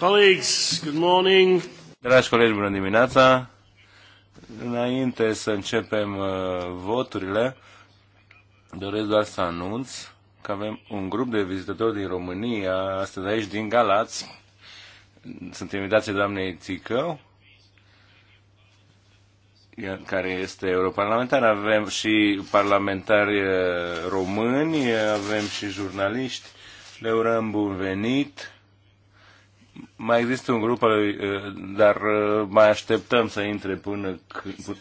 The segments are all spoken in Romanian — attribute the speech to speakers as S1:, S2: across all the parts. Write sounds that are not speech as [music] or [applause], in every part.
S1: Colleagues, good morning. Dragi colegi, bună dimineața. Înainte să începem uh, voturile, doresc doar să anunț că avem un grup de vizitatori din România, astăzi aici din Galați. Sunt invitații doamnei Țică, care este europarlamentar. Avem și parlamentari uh, români, avem și jurnaliști. Le urăm bun venit mai există un grup, uh, dar uh, mai așteptăm să intre până când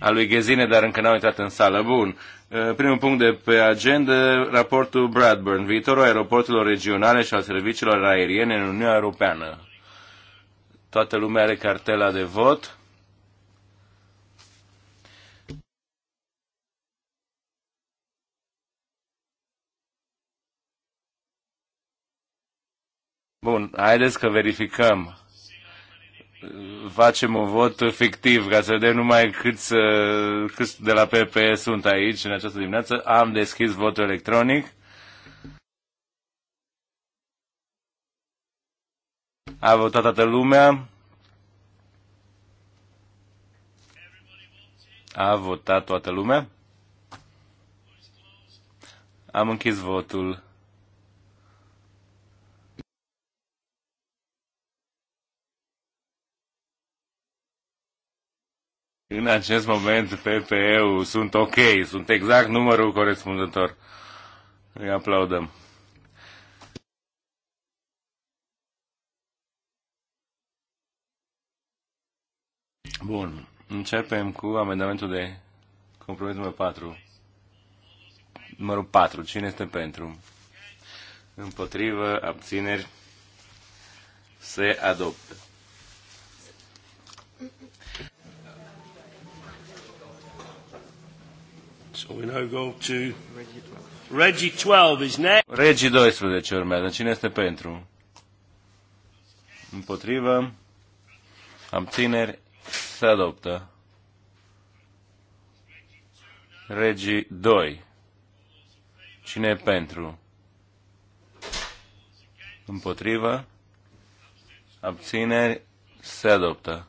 S1: a lui Ghezine, dar încă n-au intrat în sală. Bun. Uh, primul punct de pe agenda, raportul Bradburn, viitorul aeroporturilor regionale și al serviciilor aeriene în Uniunea Europeană. Toată lumea are cartela de vot. Bun, haideți că verificăm. Facem un vot fictiv ca să vedem numai câți, uh, câți de la PPS sunt aici în această dimineață. Am deschis votul electronic. A votat toată lumea. A votat toată lumea. Am închis votul. În acest moment PPE-ul sunt ok, sunt exact numărul corespunzător. Îi aplaudăm. Bun. Începem cu amendamentul de compromis numărul 4. Numărul 4. Cine este pentru? Împotrivă, abțineri, se adoptă.
S2: So we now go to... Reggie 12 is next. Regii
S1: 12 urmează. Cine este pentru? Împotrivă. Abțineri. Se adoptă. Regii 2. Cine e pentru? Împotrivă. Abțineri. Se adoptă.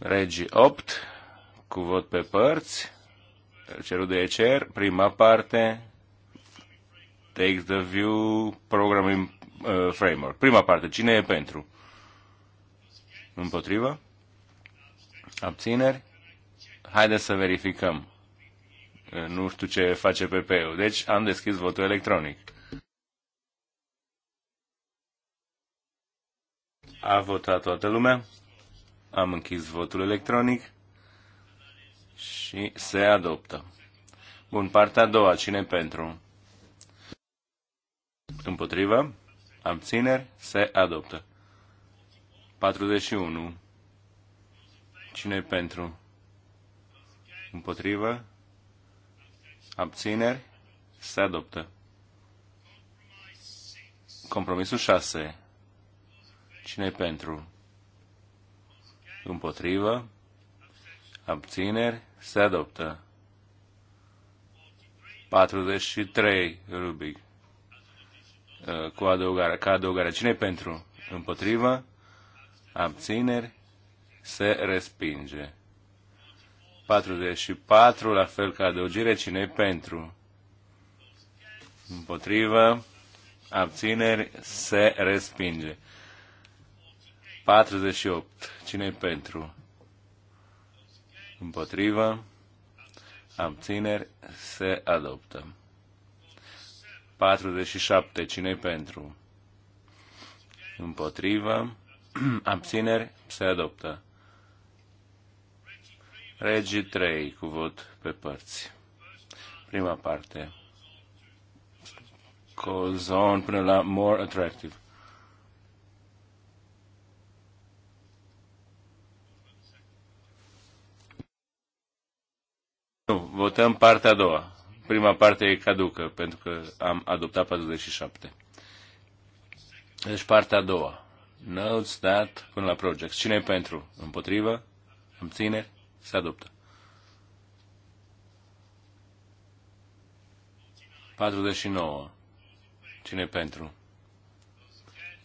S1: Regi 8, cu vot pe părți, cerul de cer, prima parte, Take the View Programming uh, Framework. Prima parte, cine e pentru? Împotrivă? Abțineri? Haideți să verificăm. Uh, nu știu ce face PP-ul. Deci am deschis votul electronic. A votat toată lumea? Am închis votul electronic și se adoptă. Bun, partea a doua, cine pentru? Împotrivă, abțineri, se adoptă. 41. cine pentru? Împotrivă, abțineri, se adoptă. Compromisul 6. cine pentru? împotrivă, abțineri, se adoptă. 43 rubic uh, cu adăugare, ca adăugare. cine pentru? Împotrivă, abțineri, se respinge. 44, la fel ca adăugire, cine pentru? Împotrivă, abțineri, se respinge. 48. cine e pentru? Împotrivă. Abțineri. Se adoptă. 47. cine e pentru? Împotrivă. [clears throat] Abțineri. Se adoptă. Regii 3 cu vot pe părți. Prima parte. Cozon până la more attractive. Nu, votăm partea a doua. Prima parte e caducă, pentru că am adoptat 47. Deci partea a doua. Notes that până la project. Cine e pentru? Împotrivă? ține? Se adoptă. 49. Cine pentru?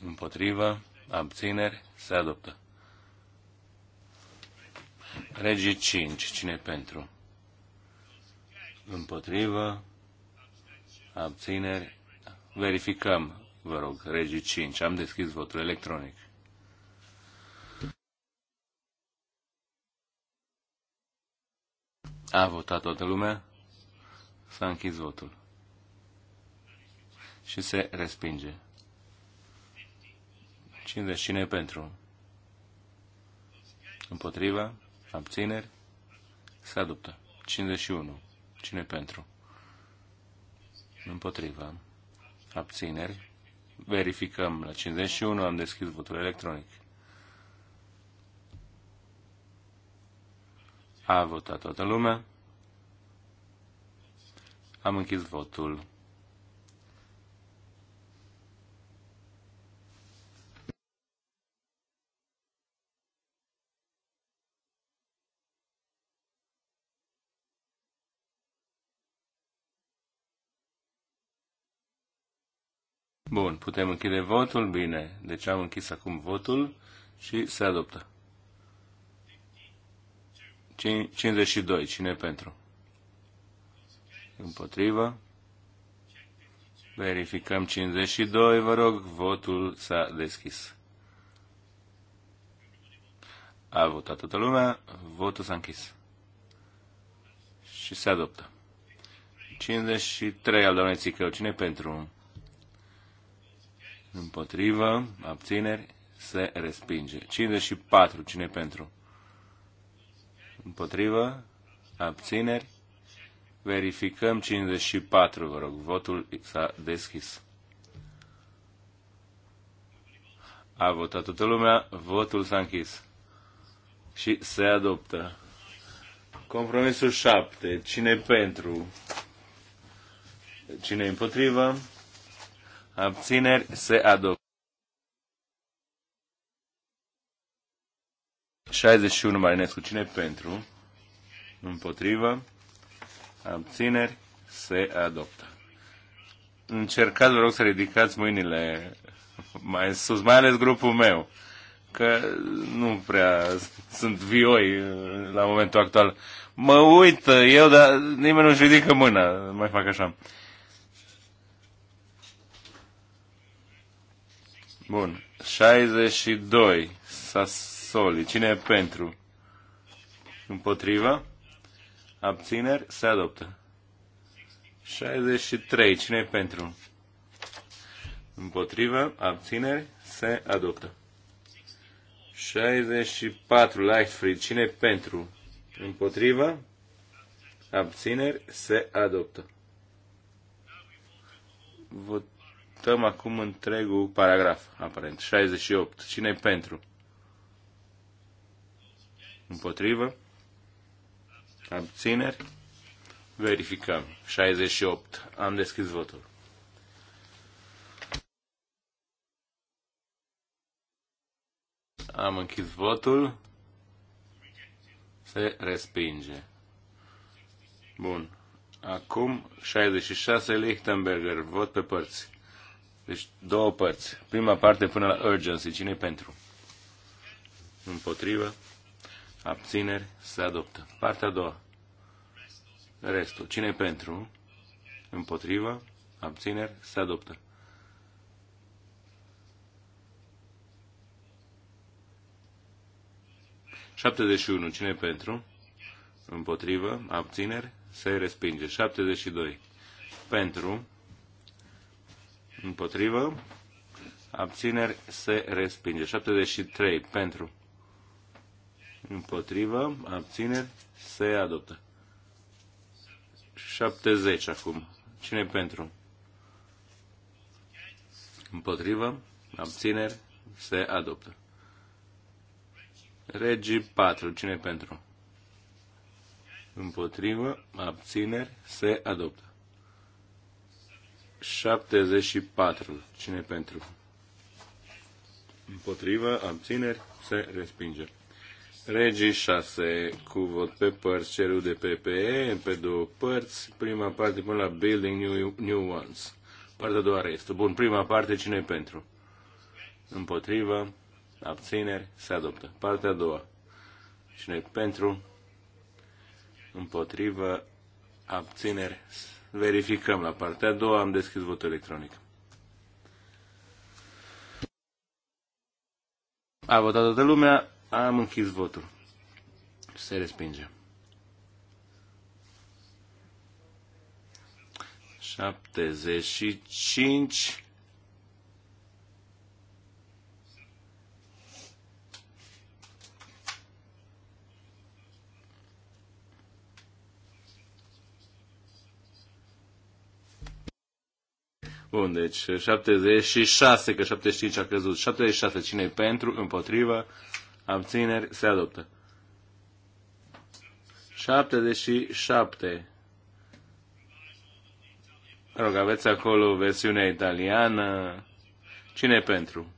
S1: Împotrivă, abțineri, se adoptă. Regii 5. Cine pentru? împotrivă, abțineri, verificăm, vă rog, regii 5, am deschis votul electronic. A votat toată lumea? S-a închis votul. Și se respinge. 50 cine pentru? Împotriva? Abțineri? Se adoptă. 51 Cine pentru? Împotriva. Abțineri. Verificăm. La 51 am deschis votul electronic. A votat toată lumea. Am închis votul. Putem închide votul? Bine. Deci am închis acum votul și se adoptă. 52. Cine pentru? Împotrivă. Verificăm 52. Vă rog, votul s-a deschis. A votat toată lumea, votul s-a închis. Și se adoptă. 53 al doamnei Țicău. Cine pentru? Împotrivă. Abțineri. Se respinge. 54. Cine pentru? Împotrivă. Abțineri. Verificăm 54, vă rog. Votul s-a deschis. A votat toată lumea, votul s-a închis. Și se adoptă. Compromisul 7. Cine pentru? Cine împotrivă? abțineri, se adoptă. 61 Marinescu, cine pentru? Împotrivă, abțineri, se adoptă. Încercați, vă rog, să ridicați mâinile mai sus, mai ales grupul meu, că nu prea sunt vioi la momentul actual. Mă uit eu, dar nimeni nu-și ridică mâna, mai fac așa. Bun. 62. Sassoli. Cine e pentru? Împotriva? Abțineri? Se adoptă. 63. Cine e pentru? Împotriva? Abțineri? Se adoptă. 64. Lightfried. Cine e pentru? Împotriva? Abțineri? Se adoptă. Vot votăm acum întregul paragraf, aparent. 68. cine e pentru? Împotrivă? Abțineri? Verificăm. 68. Am deschis votul. Am închis votul. Se respinge. Bun. Acum 66 Lichtenberger. Vot pe părți. Deci două părți. Prima parte până la urgency. Cine pentru? Împotrivă. Abțineri. Se adoptă. Partea a doua. Restul. cine pentru? Împotrivă. Abțineri. Se adoptă. Șaptezeci unu. Cine pentru? Împotrivă. Abțineri. Se respinge. 72. doi. Pentru Împotrivă. Abțineri se respinge. 73 pentru. Împotrivă. Abțineri se adoptă. 70 acum. Cine pentru? Împotrivă. Abțineri se adoptă. Regii 4. Cine pentru? Împotrivă. Abțineri se adoptă. 74. Cine pentru? Împotrivă, abțineri, se respinge. Regii 6, cu vot pe părți, cerul de PPE, pe două părți, prima parte până la Building New, new Ones. Partea a doua restul. Bun, prima parte, cine pentru? Împotrivă, abțineri, se adoptă. Partea a doua. Cine pentru? Împotrivă, abțineri, Verificăm la partea a doua, am deschis votul electronic. A votat toată lumea, am închis votul. Se respinge. 75 Bun, deci 76, că 75 a căzut. 76, cine pentru, împotrivă, abțineri, se adoptă. 77. Rog, aveți acolo versiunea italiană. Cine pentru?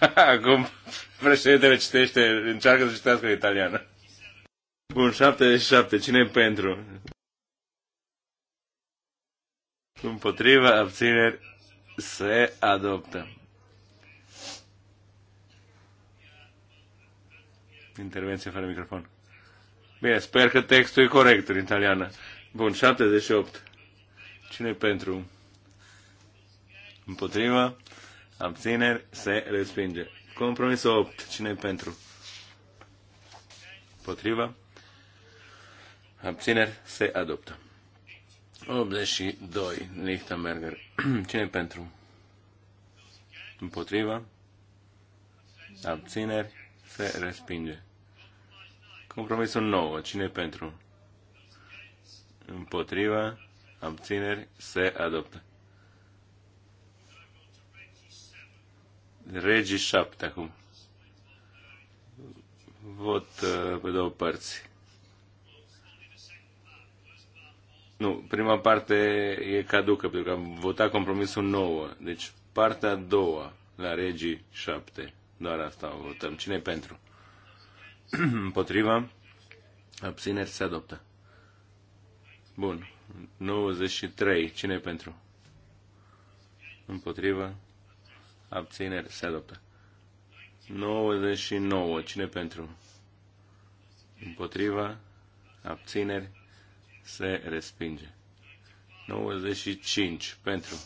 S1: [laughs] Acum Președintele citește, încearcă să citească italiană. Bun, 77. Cine e pentru? Împotriva abțineri se adoptă. Intervenție fără microfon. Bine, sper că textul e corect în italiană. Bun, 78. Cine pentru? Împotriva, abțineri, se respinge. Compromisul 8. cine pentru? Potriva. Abțineri se adoptă. 82. Lichtenberger. [clears throat] cine pentru? Împotriva. Abțineri se respinge. Compromisul 9. cine pentru? Împotriva. Abțineri se adoptă. Regii acum. Vot uh, pe două părți. Nu, prima parte e caducă, pentru că am votat compromisul nouă. Deci partea a doua la regii șapte. Doar asta o votăm. Cine pentru? [clears throat] Împotriva? Abțineri se adoptă. Bun. 93. Cine pentru? Împotriva? abțineri, se adoptă. 99. Cine pentru? Împotriva, abțineri, se respinge. 95. Pentru.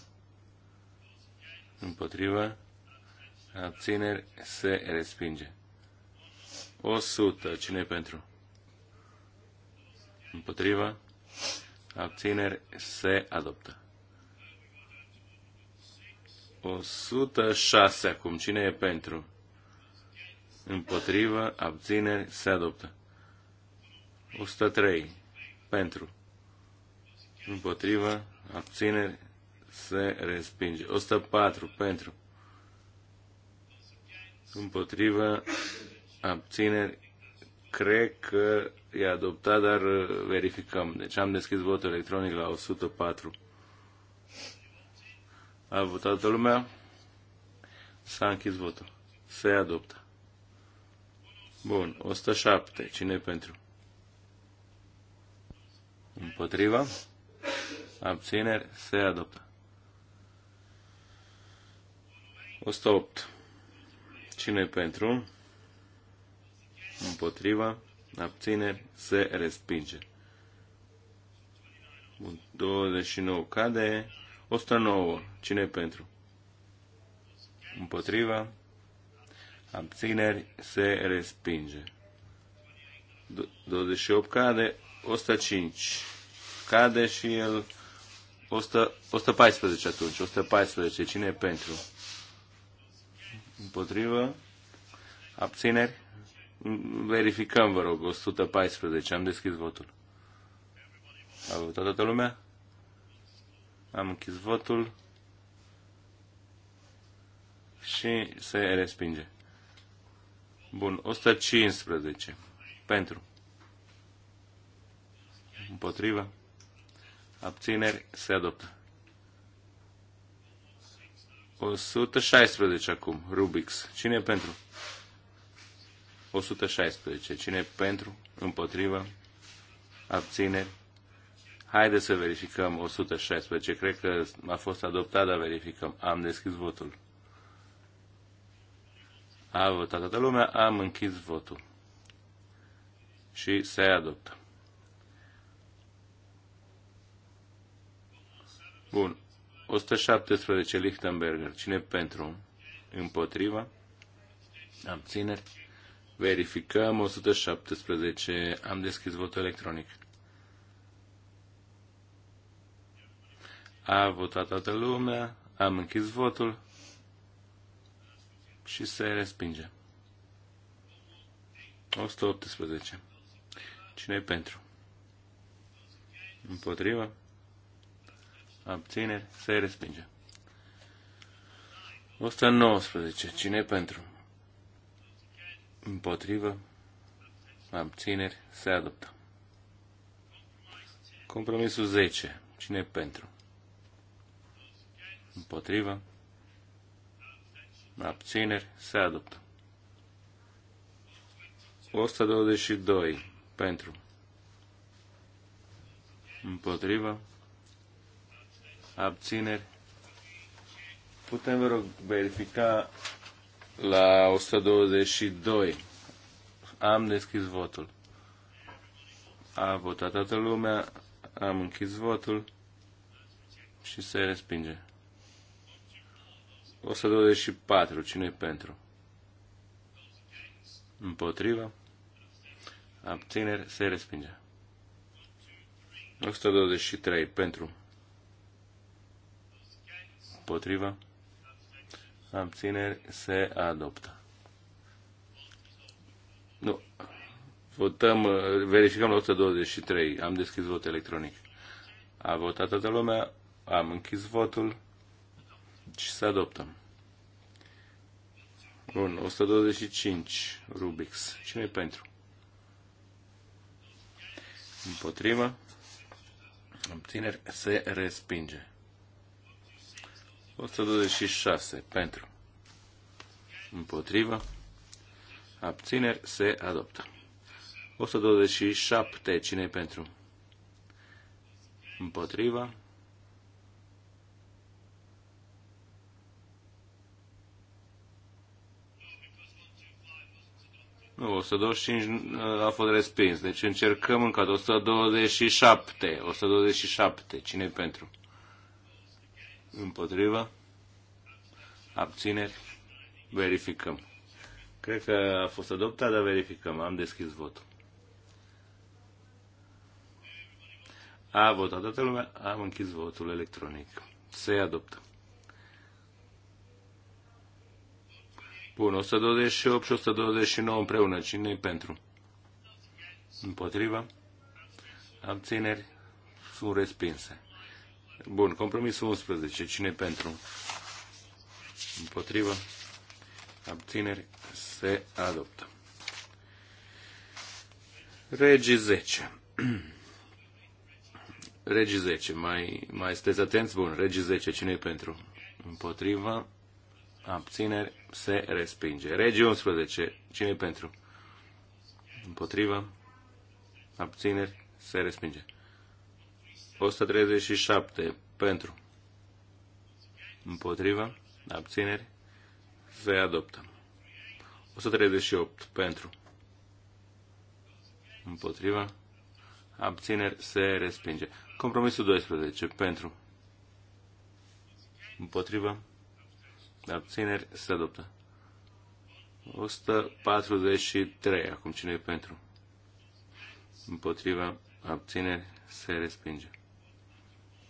S1: Împotriva, abțineri, se respinge. 100. Cine pentru? Împotriva, abțineri, se adoptă. 106 acum. Cine e pentru? Împotrivă, abțineri, se adoptă. 103. Pentru. Împotrivă, abțineri, se respinge. 104. Pentru. Împotrivă, abțineri, cred că e adoptat, dar verificăm. Deci am deschis votul electronic la 104. A votat toată lumea? S-a închis votul. Se adoptă. Bun. 107. Cine e pentru? Împotriva? Abțineri? Se adoptă. 108. Cine e pentru? Împotriva? Abțineri? Se respinge. Bun. 29 cade. 109. Cine pentru? Împotriva. Abțineri se respinge. 28 cade, 105 cade și el 100, 114 atunci, 114, cine e pentru? Împotrivă? Abțineri? Verificăm, vă rog, 114, am deschis votul. A votat toată lumea? Am închis votul și se respinge. Bun, 115 pentru. Împotriva. Abțineri se adoptă. 116 acum, Rubix. Cine e pentru? 116. Cine e pentru? Împotriva? Abțineri? Haideți să verificăm 116. Cred că a fost adoptat, dar verificăm. Am deschis votul. A votat toată lumea, am închis votul. Și se adoptă. Bun. 117 Lichtenberger. Cine pentru? Împotriva? Abțineri? Verificăm 117. Am deschis votul electronic. A votat toată lumea. Am închis votul. Și se respinge. 118. cine e pentru? Împotrivă? Abțineri? Se respinge. 119. cine e pentru? Împotrivă? Abțineri? Se adoptă. Compromisul 10. cine e pentru? Împotrivă. Abțineri. Se adoptă. 122 pentru. Împotrivă. Abțineri. Putem, vă rog, verifica la 122. Am deschis votul. A votat toată lumea, am închis votul și se respinge. 124. cine pentru? Împotrivă. Abțineri. Se respinge. 123. Pentru. Împotrivă. Abțineri. Se adoptă. Nu. Votăm, verificăm la 123. Am deschis vot electronic. A votat toată lumea. Am închis votul și să adoptăm. Bun, 125 Rubix. cine e pentru? Împotrivă. Obțineri se respinge. 126 pentru. Împotrivă. Abțineri se adoptă. 127 cine e pentru? Împotriva. Nu, uh, 125 a fost respins. Deci încercăm încă 127. 127. cine pentru? Împotriva? Abțineri? Verificăm. Cred că a fost adoptat, dar verificăm. Am deschis votul. A votat toată lumea, am închis votul electronic. Se adoptă. Bun, 128 și 129 împreună. Cine-i pentru? Împotriva? Abțineri? Sunt respinse. Bun, compromisul 11. Cine-i pentru? Împotriva? Abțineri? Se adoptă. Regi 10. Regi 10. Mai, mai sunteți atenți? Bun, Regi 10. Cine-i pentru? Împotriva? abțineri, se respinge. Regi 11, cine pentru? Împotrivă, abțineri, se respinge. 137, pentru. Împotrivă, abțineri, se adoptă. 138, pentru. Împotrivă, abțineri, se respinge. Compromisul 12, pentru. Împotrivă, abțineri, se adoptă. 143. Acum cine e pentru? Împotriva, abțineri, se respinge.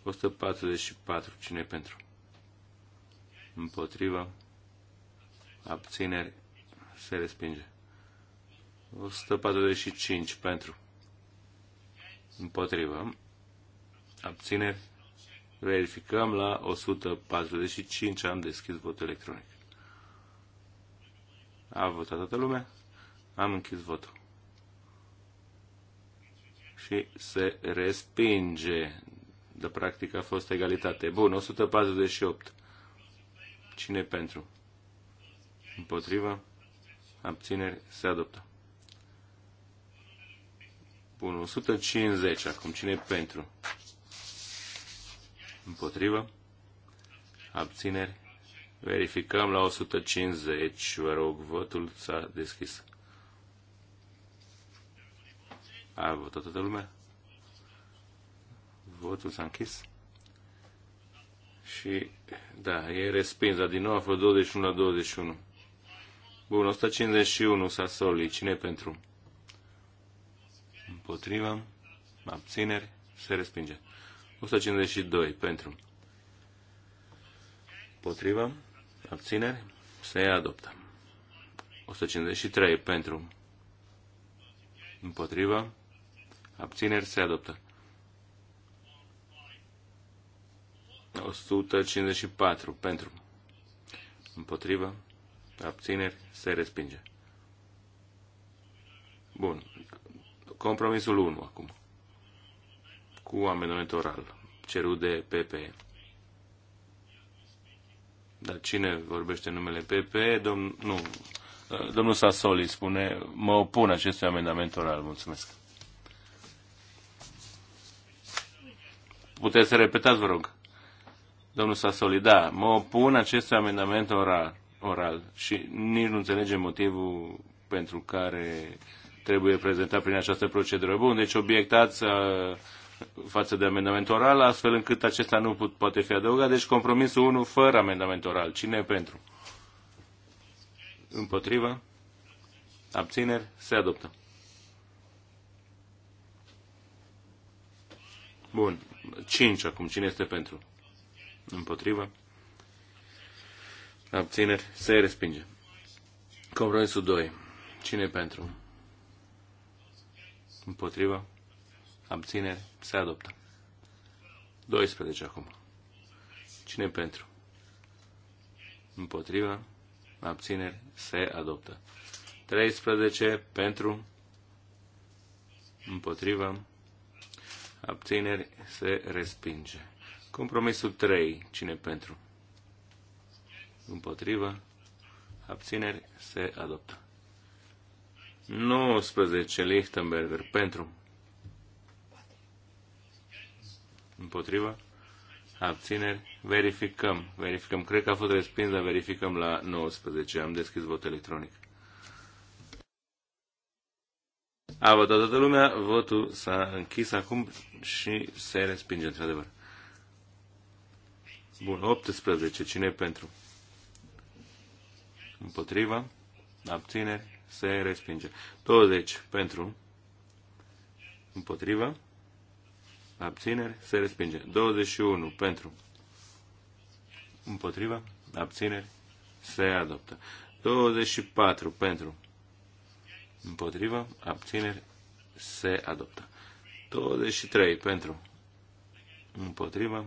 S1: 144. Cine e pentru? Împotriva, abțineri, se respinge. 145. Pentru. Împotriva, abțineri, Verificăm la 145. Am deschis votul electronic. A votat toată lumea? Am închis votul. Și se respinge. De practic a fost egalitate. Bun, 148. Cine pentru? Împotrivă? Abțineri? Se adoptă. Bun, 150 acum. Cine pentru? Împotrivă? Abțineri? Verificăm la 150. Vă rog, votul s-a deschis. A votat toată lumea? Votul s-a închis? Și, da, e respins, dar din nou a fost 21 la 21. Bun, 151 s-a soli. Cine pentru? Împotriva? Abțineri? Se respinge. 152 pentru. Potrivă. Abțineri. Se adoptă. 153 pentru. Împotrivă. Abțineri. Se adoptă. 154 pentru. Împotrivă. Abțineri. Se respinge. Bun. Compromisul 1 acum cu amendament oral cerut de PPE. Dar cine vorbește numele PPE? Domn... Nu. Uh, domnul Sasoli spune, mă opun acestui amendament oral. Mulțumesc. Puteți să repetați, vă rog. Domnul Sasoli, da, mă opun acestui amendament oral, oral și nici nu înțelegem motivul pentru care trebuie prezentat prin această procedură. Bun, deci obiectați uh, față de amendament oral, astfel încât acesta nu put, poate fi adăugat. Deci compromisul 1 fără amendament oral. Cine e pentru? Împotrivă? Abțineri? Se adoptă. Bun. 5 acum. Cine este pentru? Împotrivă? Abțineri? Se respinge. Compromisul 2. Cine e pentru? Împotrivă? abținere, se adoptă. 12 acum. Cine pentru? Împotriva, abținere, se adoptă. 13 pentru, împotriva, abțineri, se respinge. Compromisul 3, cine pentru? Împotriva, abțineri, se adoptă. 19 Lichtenberger pentru Împotrivă? Abțineri? Verificăm. Verificăm. Cred că a fost respins, dar verificăm la 19. Am deschis vot electronic. A votat toată lumea, votul s-a închis acum și se respinge, într-adevăr. Bun, 18. Cine pentru? Împotriva? Abțineri? Se respinge. 20. Pentru? Împotriva? abțineri, se respinge. 21 pentru, împotriva, abțineri, se adoptă. 24 pentru, împotriva, abțineri, se adoptă. 23 pentru, împotriva,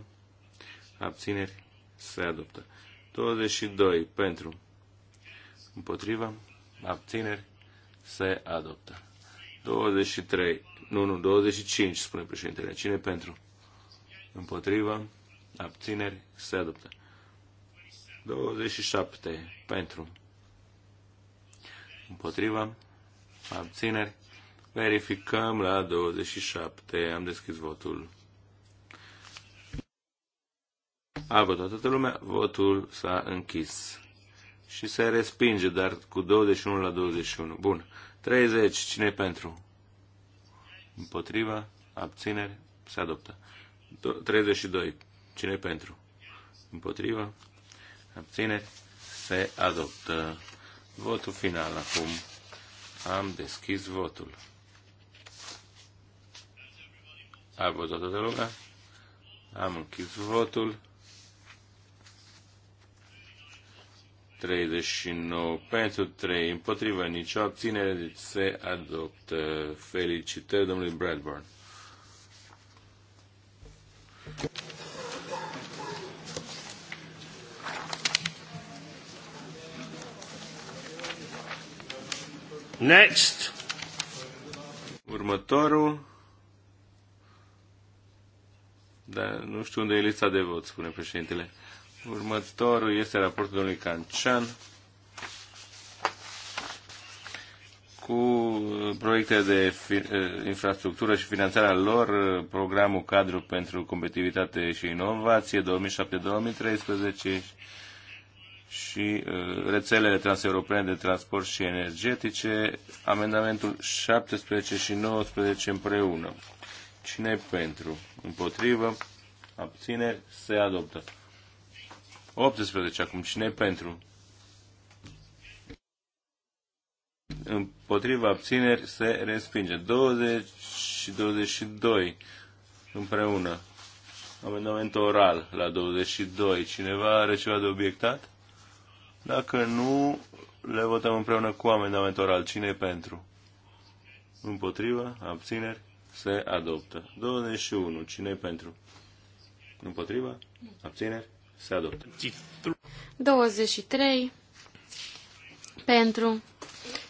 S1: abțineri, se adoptă. 22 pentru, împotriva, abțineri, se adoptă. 23 nu, nu, 25, spune președintele. Cine pentru? Împotriva? Abțineri? Se adoptă. 27 pentru. Împotriva? Abțineri? Verificăm la 27. Am deschis votul. A votat toată lumea, votul s-a închis. Și se respinge, dar cu 21 la 21. Bun. 30. Cine pentru? Împotriva. Abțineri. Se adoptă. 32. Cine pentru? Împotriva. Abțineri. Se adoptă. Votul final acum. Am deschis votul. A votat toată lumea? Am închis votul. 39 pentru 3, împotriva nicio abținere, deci se adoptă. Felicitări domnului Bradburn. Next. Următorul. Dar nu știu unde e lista de vot, spune președintele. Următorul este raportul domnului Cancian cu proiecte de eh, infrastructură și finanțarea lor, eh, programul cadru pentru competitivitate și inovație 2007-2013 și eh, rețelele transeuropene de transport și energetice, amendamentul 17 și 19 împreună. Cine pentru? Împotrivă? Abține? Se adoptă. 18 acum. Cine pentru? Împotriva abțineri se respinge. 20 și 22 împreună. Amendament oral la 22. Cineva are ceva de obiectat? Dacă nu, le votăm împreună cu amendament oral. Cine pentru? Împotriva, abțineri, se adoptă. 21. Cine pentru? Împotriva, abțineri, se
S3: 23 pentru,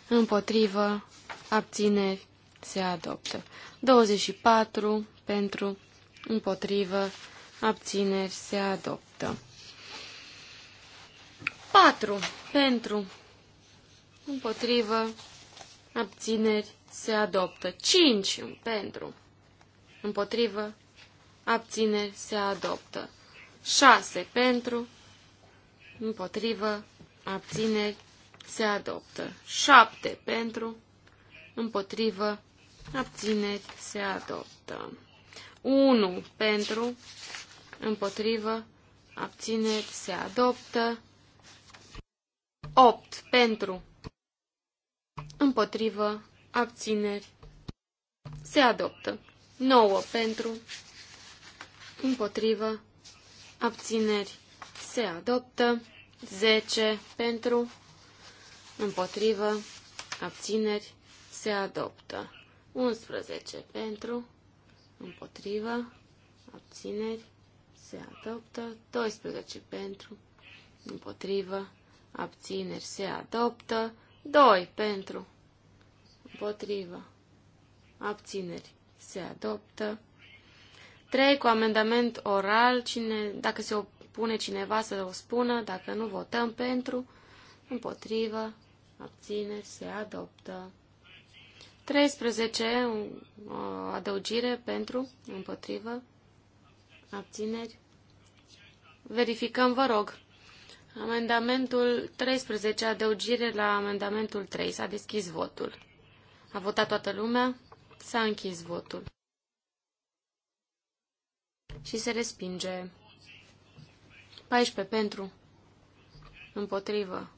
S3: împotrivă, abțineri, se adoptă. 24 pentru, împotrivă, abțineri, se adoptă. 4 pentru, împotrivă, abțineri, se adoptă. 5 pentru, împotrivă, abțineri, se adoptă. 6 pentru, împotrivă, abțineri, se adoptă. 7 pentru, împotrivă, abțineri, se adoptă. 1 pentru, împotrivă, abțineri, se adoptă. 8 pentru, împotrivă, abțineri, se adoptă. 9 pentru, împotrivă, abțineri se adoptă, 10 pentru, împotrivă, abțineri se adoptă, 11 pentru, împotrivă, abțineri se adoptă, 12 pentru, împotrivă, abțineri se adoptă, 2 pentru, împotrivă, abțineri se adoptă, 3 cu amendament oral, cine, dacă se opune cineva să o spună, dacă nu votăm pentru, împotrivă, abține, se adoptă. 13, o adăugire pentru, împotrivă, abțineri. Verificăm, vă rog. Amendamentul 13, adăugire la amendamentul 3. S-a deschis votul. A votat toată lumea? S-a închis votul și se respinge. 14 pentru, împotrivă.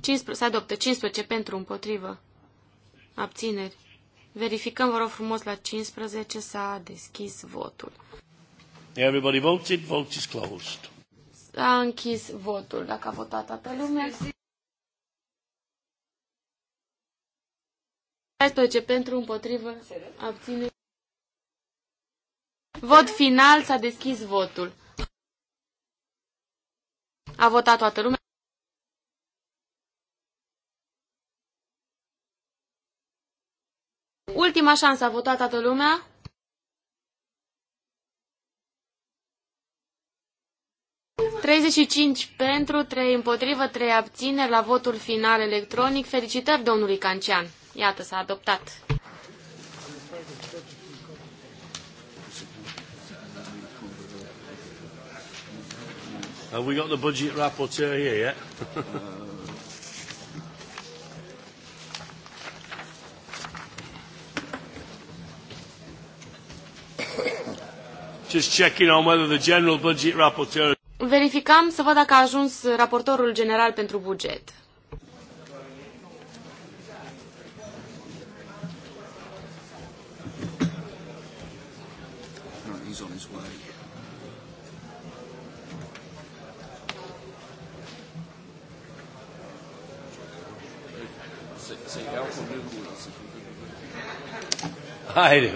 S3: 15, se adoptă 15 pentru, împotrivă. Abțineri. Verificăm, vă rog frumos, la 15 s-a deschis votul.
S2: Everybody voted, vote is closed.
S3: S-a închis votul, dacă a votat toată lumea. 16 pentru, împotrivă, abține. Vot final, s-a deschis votul. A votat toată lumea. Ultima șansă, a votat toată lumea. Treizeci și cinci pentru, trei împotrivă, trei abțineri la votul final electronic. Felicitări domnului Cancian! Iată, s-a adoptat.
S2: Have we got the budget rapporteur here yet? [laughs] Just checking on whether the general budget rapporteur
S3: Verificam să văd dacă a ajuns raportorul general pentru buget.
S2: Haide.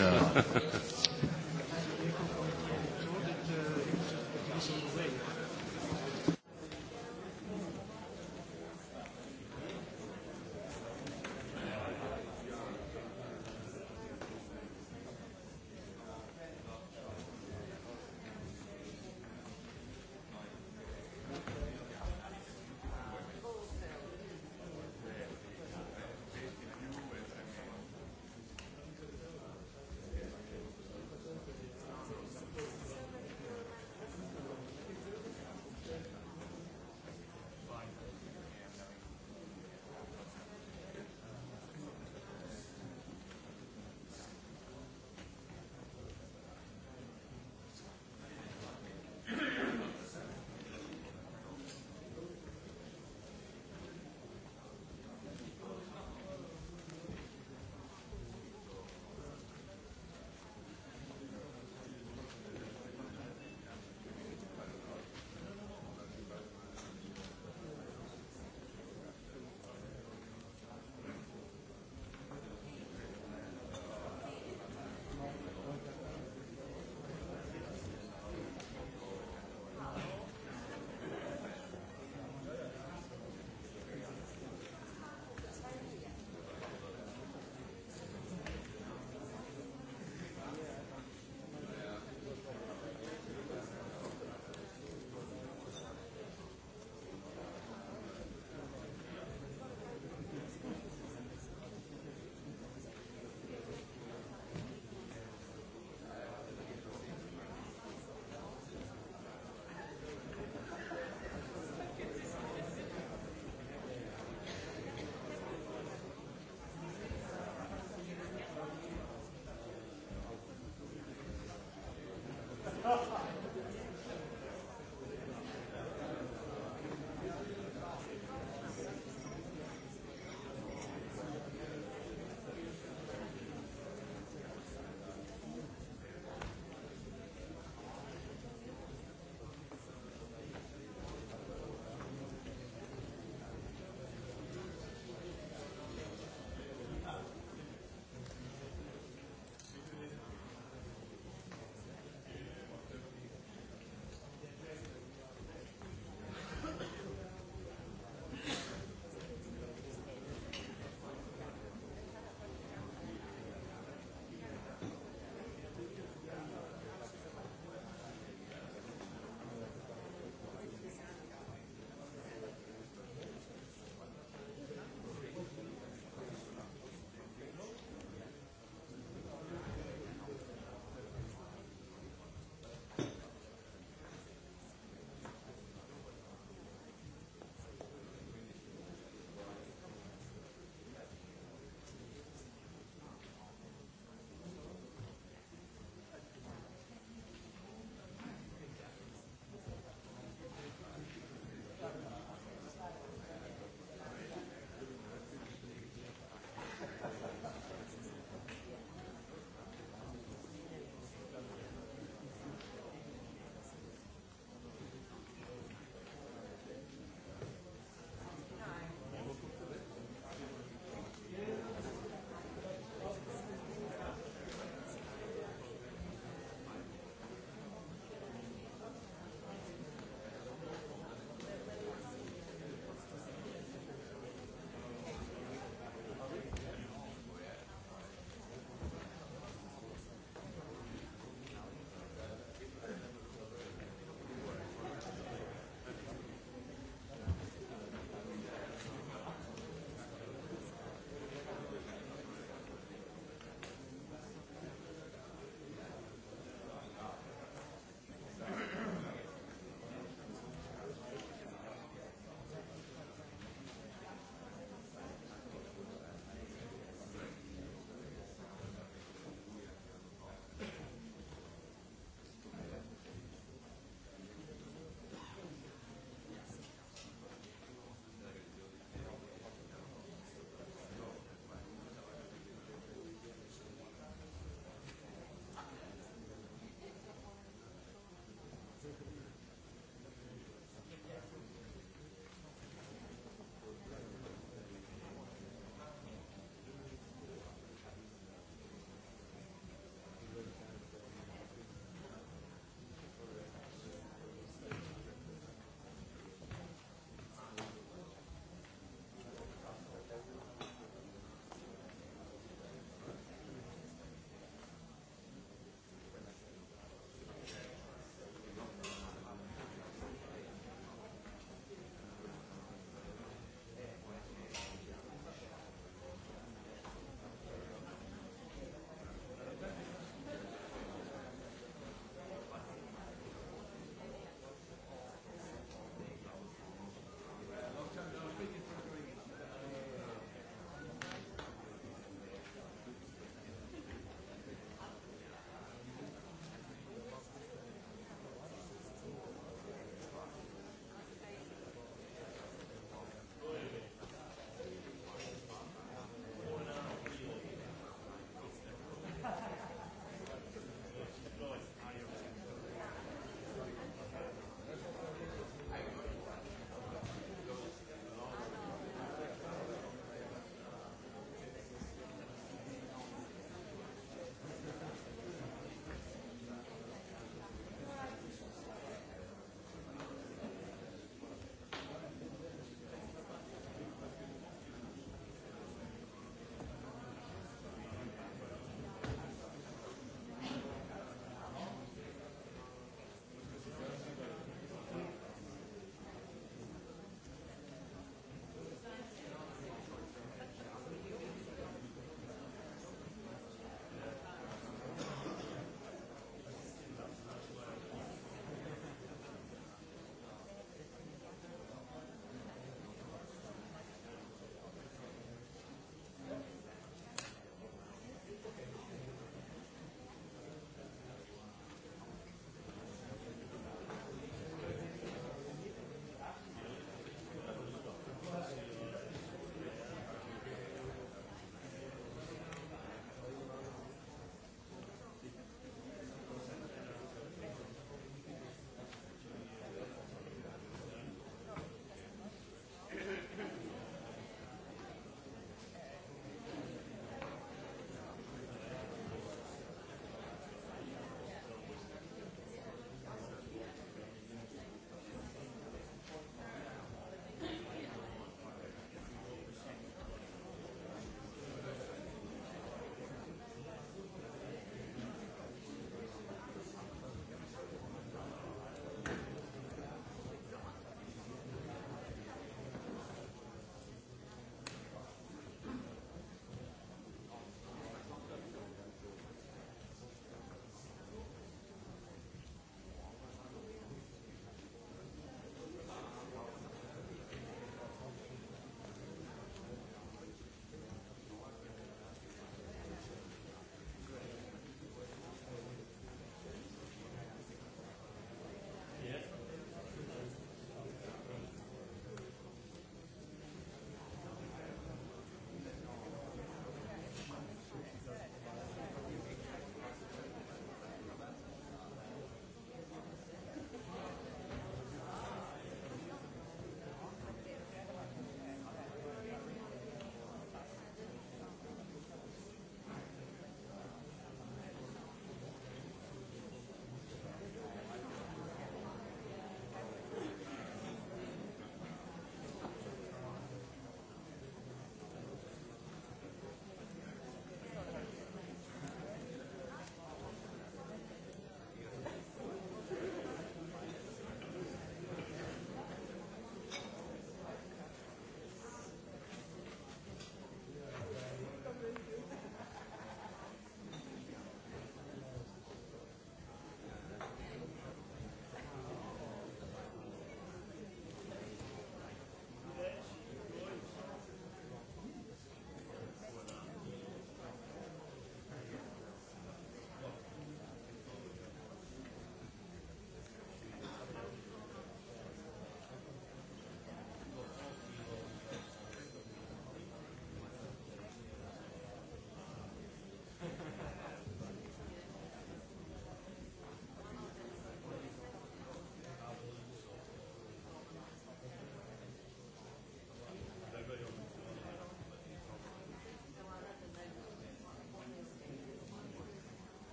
S2: uh,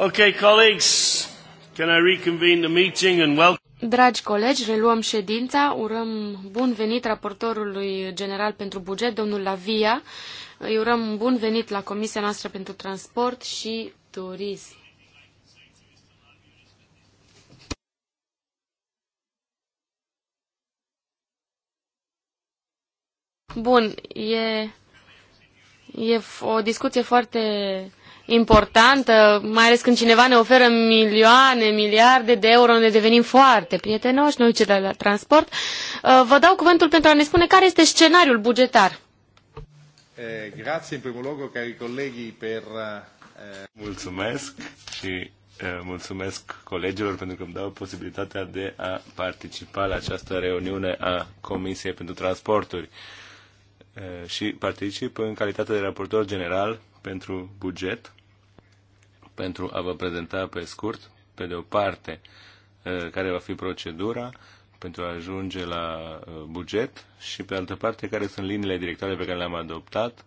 S2: Okay, colleagues, can I reconvene the meeting and welcome...
S3: Dragi colegi, reluăm ședința. Urăm bun venit raportorului general pentru buget, domnul Lavia. Îi urăm bun venit la Comisia noastră pentru transport și turism. Bun, e, e o discuție foarte importantă, mai ales când cineva ne oferă milioane, miliarde de euro, ne devenim foarte prietenoși, noi cei de la transport. Uh, vă dau cuvântul pentru a ne spune care este scenariul bugetar.
S4: Eh, grazie,
S1: în primul loc, cari colegi, per... Eh, mulțumesc și eh, mulțumesc colegilor pentru că îmi dau posibilitatea de a participa la această reuniune a Comisiei pentru Transporturi și particip în calitate de raportor general pentru buget pentru a vă prezenta pe scurt, pe de o parte, uh, care va fi procedura pentru a ajunge la uh, buget și pe altă parte care sunt liniile directoare pe care le-am adoptat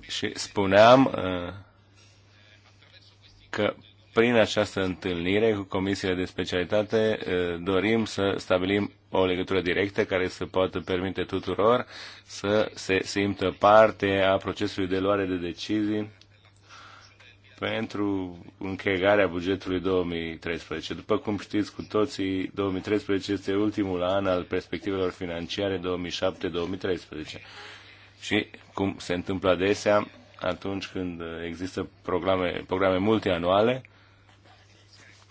S1: Și spuneam uh, că prin această întâlnire cu comisia de specialitate dorim să stabilim o legătură directă care să poată permite tuturor să se simtă parte a procesului de luare de decizii pentru închegarea bugetului 2013. După cum știți cu toții, 2013 este ultimul an al perspectivelor financiare 2007-2013. Și cum se întâmplă adesea, atunci când există programe, programe multianuale,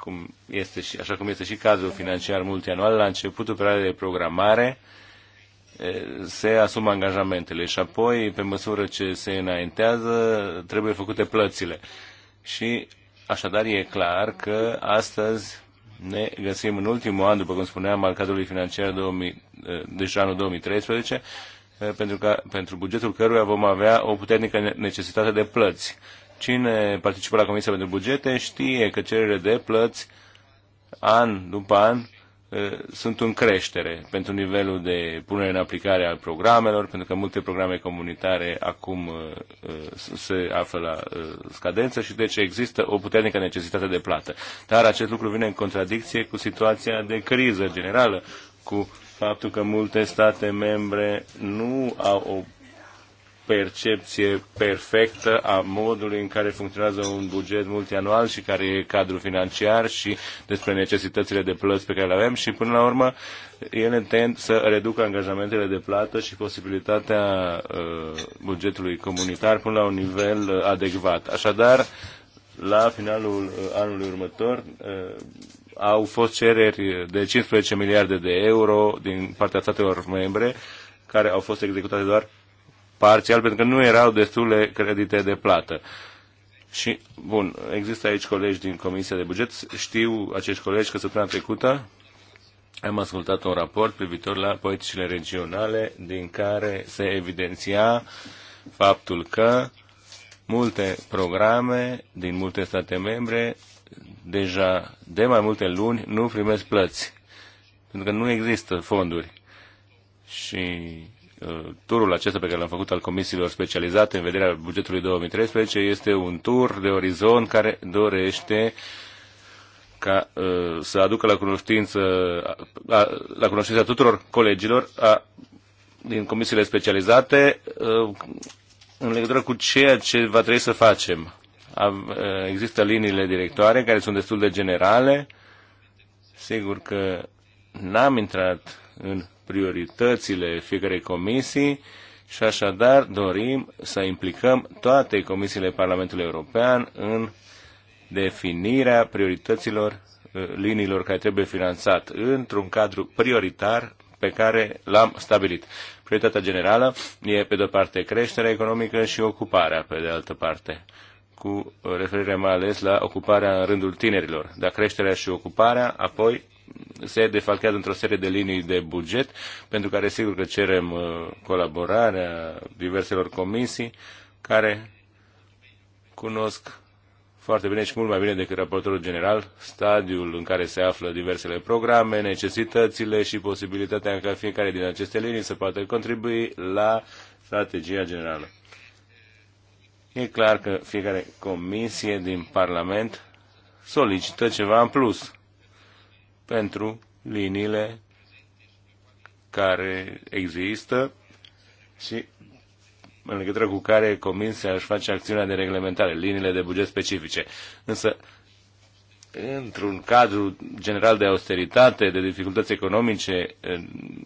S1: cum este și, așa cum este și cadrul financiar multianual, la începutul perioadei de programare se asumă angajamentele și apoi, pe măsură ce se înaintează, trebuie făcute plățile. Și așadar e clar că astăzi ne găsim în ultimul an, după cum spuneam, al cadrului financiar 2000, deci anul 2013, pentru, că, pentru bugetul căruia vom avea o puternică necesitate de plăți. Cine participă la Comisia pentru Bugete știe că cererile de plăți an după an eh, sunt în creștere pentru nivelul de punere în aplicare al programelor, pentru că multe programe comunitare acum eh, se află la eh, scadență și deci există o puternică necesitate de plată. Dar acest lucru vine în contradicție cu situația de criză generală, cu faptul că multe state membre nu au o percepție perfectă a modului în care funcționează un buget multianual și care e cadrul financiar și despre necesitățile de plăți pe care le avem și până la urmă ele tend să reducă angajamentele de plată și posibilitatea uh, bugetului comunitar până la un nivel uh, adecvat. Așadar, la finalul uh, anului următor au fost cereri de 15 miliarde de euro din partea statelor membre care au fost executate doar parțial pentru că nu erau destule credite de plată. Și, bun, există aici colegi din Comisia de Buget. Știu acești colegi că săptămâna trecută am ascultat un raport privitor la politicile regionale din care se evidenția faptul că multe programe din multe state membre deja de mai multe luni nu primesc plăți, pentru că nu există fonduri. Și turul acesta pe care l-am făcut al comisiilor specializate în vederea bugetului 2013 este un tur de orizont care dorește ca uh, să aducă la cunoștință, la cunoștința tuturor colegilor a, din comisiile specializate uh, în legătură cu ceea ce va trebui să facem. Uh, există liniile directoare care sunt destul de generale. Sigur că n-am intrat în prioritățile fiecarei comisii și așadar dorim să implicăm toate comisiile Parlamentului European în definirea priorităților uh, liniilor care trebuie finanțat într-un cadru prioritar pe care l-am stabilit. Prioritatea generală e, pe de-o parte, creșterea economică și ocuparea, pe de altă parte, cu referire mai ales la ocuparea în rândul tinerilor. Dar creșterea și ocuparea, apoi se defalchează într-o serie de linii de buget, pentru care sigur că cerem uh, colaborarea diverselor comisii, care cunosc foarte bine și mult mai bine decât raportorul general stadiul în care se află diversele programe, necesitățile și posibilitatea ca fiecare din aceste linii să poată contribui la strategia generală. E clar că fiecare comisie din Parlament solicită ceva în plus pentru liniile care există și în legătură cu care Comisia își face acțiunea de reglementare, liniile de buget specifice. Însă, într-un cadru general de austeritate, de dificultăți economice,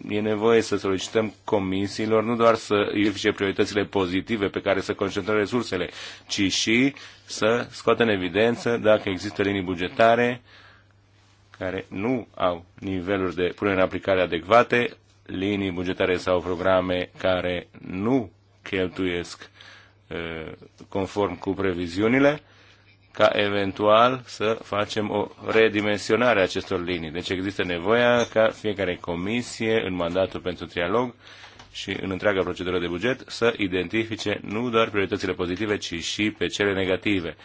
S1: e nevoie să solicităm comisiilor nu doar să identifice prioritățile pozitive pe care să concentrăm resursele, ci și să scoată în evidență dacă există linii bugetare uh, care nu au niveluri de punere în aplicare adecvate, linii bugetare sau programe care nu cheltuiesc conform cu previziunile, ca eventual să facem o redimensionare a acestor linii. Deci există nevoia ca fiecare comisie în mandatul pentru trialog și în întreaga procedură de buget să identifice nu doar prioritățile pozitive, ci și pe cele negative.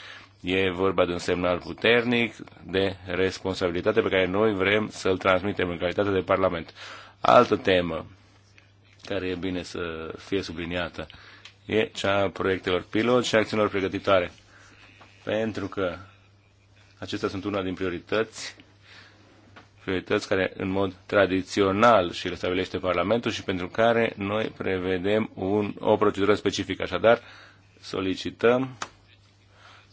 S1: E vorba de un semnal puternic de responsabilitate pe care noi vrem să-l transmitem în calitate de Parlament. Altă temă care e bine să fie subliniată e cea a proiectelor pilot și acțiunilor pregătitoare. Pentru că acestea sunt una din priorități, priorități care în mod tradițional și le stabilește Parlamentul și pentru care noi prevedem un, o procedură specifică. Așadar, solicităm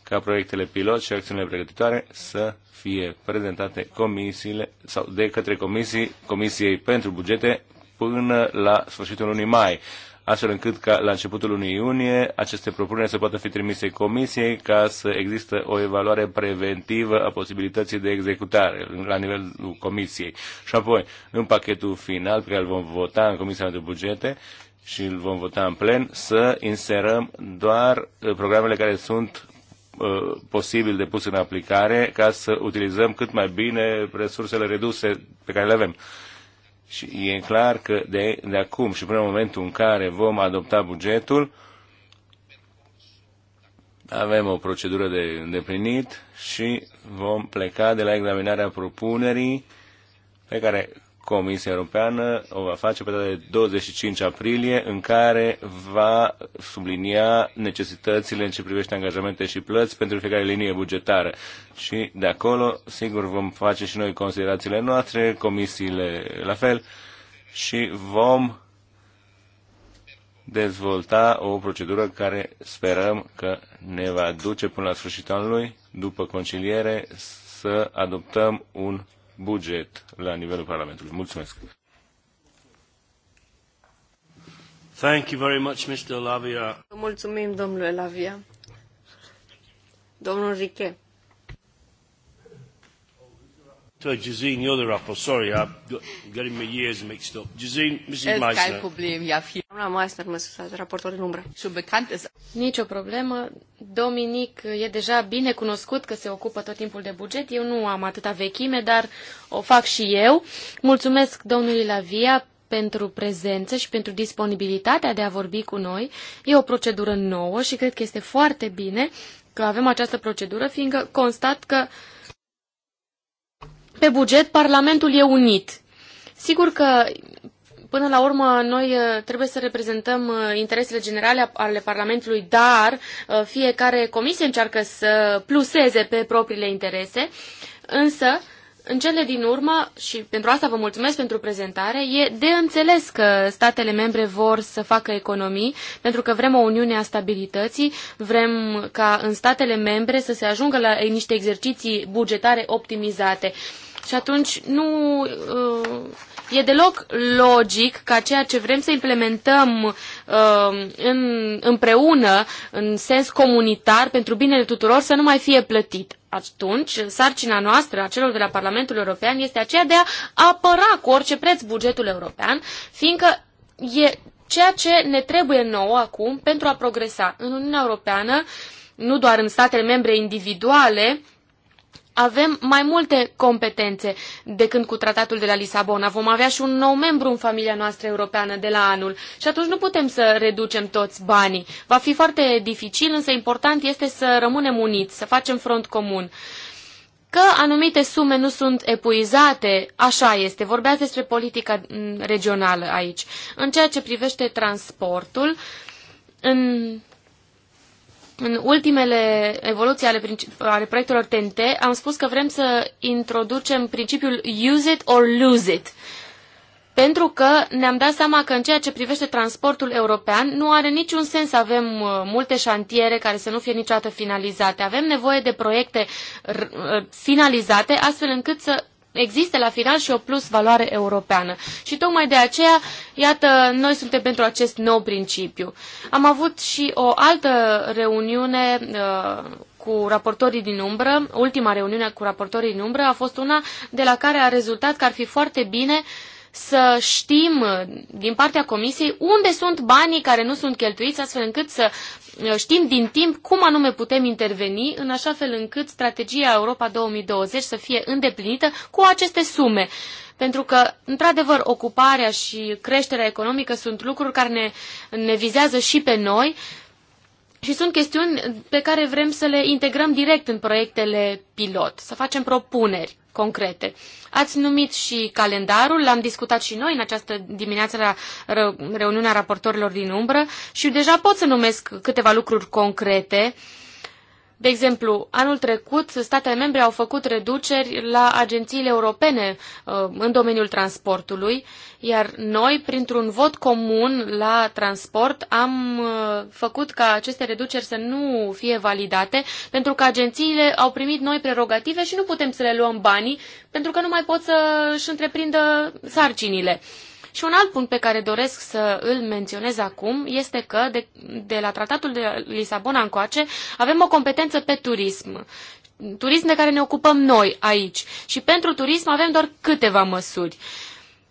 S1: ca proiectele pilot și acțiunile pregătitoare să fie prezentate comisiile sau de către comisii, Comisiei pentru Bugete până la sfârșitul lunii mai, astfel încât ca la începutul lunii iunie aceste propuneri să poată fi trimise comisiei ca să există o evaluare preventivă a posibilității de executare la nivelul comisiei. Și apoi, în pachetul final pe care îl vom vota în Comisia pentru Bugete, și îl vom vota în plen, să inserăm doar eh, programele care sunt Uh, posibil de pus în aplicare ca să utilizăm cât mai bine resursele reduse pe care le avem. Și e clar că de, de acum și până în momentul în care vom adopta bugetul, avem o procedură de îndeplinit și vom pleca de la examinarea propunerii pe care Comisia Europeană o va face pe data de 25 aprilie, în care va sublinia necesitățile în ce privește angajamente și plăți pentru fiecare linie bugetară. Și de acolo, sigur, vom face și noi considerațiile noastre, comisiile la fel, și vom dezvolta o procedură care sperăm că ne va duce până la sfârșitul anului, după conciliere, să adoptăm un buget la nivelul Parlamentului. Mulțumesc! Thank you very much, Mr. Lavia.
S5: Mulțumim, domnule Lavia. Domnul Riche.
S2: To Jazeen, you're the rapper. Sorry, I'm getting my years mixed up. Jazeen, Mrs. Meisner. Es Kein
S5: Problem,
S3: ja, viel. Doamna Meisner, mă scuzați, raportor în umbră. Și bekannt ist. Nicio problemă. Dominic e deja bine cunoscut că se ocupă tot timpul de buget. Eu nu am atâta vechime, dar o fac și eu. Mulțumesc domnului Lavia pentru prezență și pentru disponibilitatea de a vorbi cu noi. E o procedură nouă și cred că este foarte bine că avem această procedură, fiindcă constat că pe buget, Parlamentul e unit. Sigur că, până la urmă, noi uh, trebuie să reprezentăm uh, interesele generale ale Parlamentului, dar uh, fiecare comisie încearcă să pluseze pe propriile interese, însă, în cele din urmă, și pentru asta vă mulțumesc pentru prezentare, e de înțeles că statele membre vor să facă economii, pentru că vrem o uniune a stabilității, vrem ca în statele membre să se ajungă la niște exerciții bugetare optimizate. Și atunci nu uh, e deloc logic ca ceea ce vrem să implementăm uh, în, împreună, în sens comunitar, pentru binele tuturor, să nu mai fie plătit. Atunci, sarcina noastră, a celor de la Parlamentul European, este aceea de a apăra cu orice preț bugetul european, fiindcă e ceea ce ne trebuie nouă acum pentru a progresa în Uniunea Europeană, nu doar în statele membre individuale, avem mai multe competențe decât cu tratatul de la Lisabona. Vom avea și un nou membru în familia noastră europeană de la anul și atunci nu putem să reducem toți banii. Va fi foarte dificil, însă important este să rămânem uniți, să facem front comun. Că anumite sume nu sunt epuizate, așa este. Vorbeați despre politica mm, regională aici. În ceea ce privește transportul, în în ultimele evoluții ale, ale proiectelor TNT am spus că vrem să introducem principiul use it or lose it. Pentru că ne-am dat seama că în ceea ce privește transportul european nu are niciun sens să avem uh, multe șantiere care să nu fie niciodată finalizate. Avem nevoie de proiecte uh, finalizate astfel încât să existe la final și o plus valoare europeană. Și tocmai de aceea, iată, noi suntem pentru acest nou principiu. Am avut și o altă reuniune uh, cu raportorii din umbră, ultima reuniune cu raportorii din umbră a fost una de la care a rezultat că ar fi foarte bine uh, să știm uh, din partea comisiei unde sunt banii care nu sunt cheltuiți, astfel încât să uh, știm din timp cum anume putem interveni, în așa fel încât strategia Europa 2020 să fie îndeplinită cu aceste sume. Pentru că, într-adevăr, ocuparea și creșterea economică sunt lucruri care ne, ne vizează și pe noi și sunt chestiuni pe care vrem să le integrăm direct în proiectele pilot, să facem propuneri concrete. Ați numit și calendarul, l-am discutat și noi în această dimineață la reuniunea raportorilor din umbră și deja pot să numesc câteva lucruri concrete uh, de exemplu, anul trecut, statele membre au făcut reduceri la agențiile europene uh, în domeniul transportului, iar noi, printr-un vot comun la transport, am uh, făcut ca aceste reduceri să nu fie validate, pentru că agențiile au primit noi prerogative și nu putem să le luăm banii, pentru că nu mai pot să își întreprindă sarcinile. Și un alt punct pe care doresc să îl menționez acum este că de, de la Tratatul de Lisabona încoace avem o competență pe turism turism de care ne ocupăm noi aici. Și pentru turism avem doar câteva măsuri.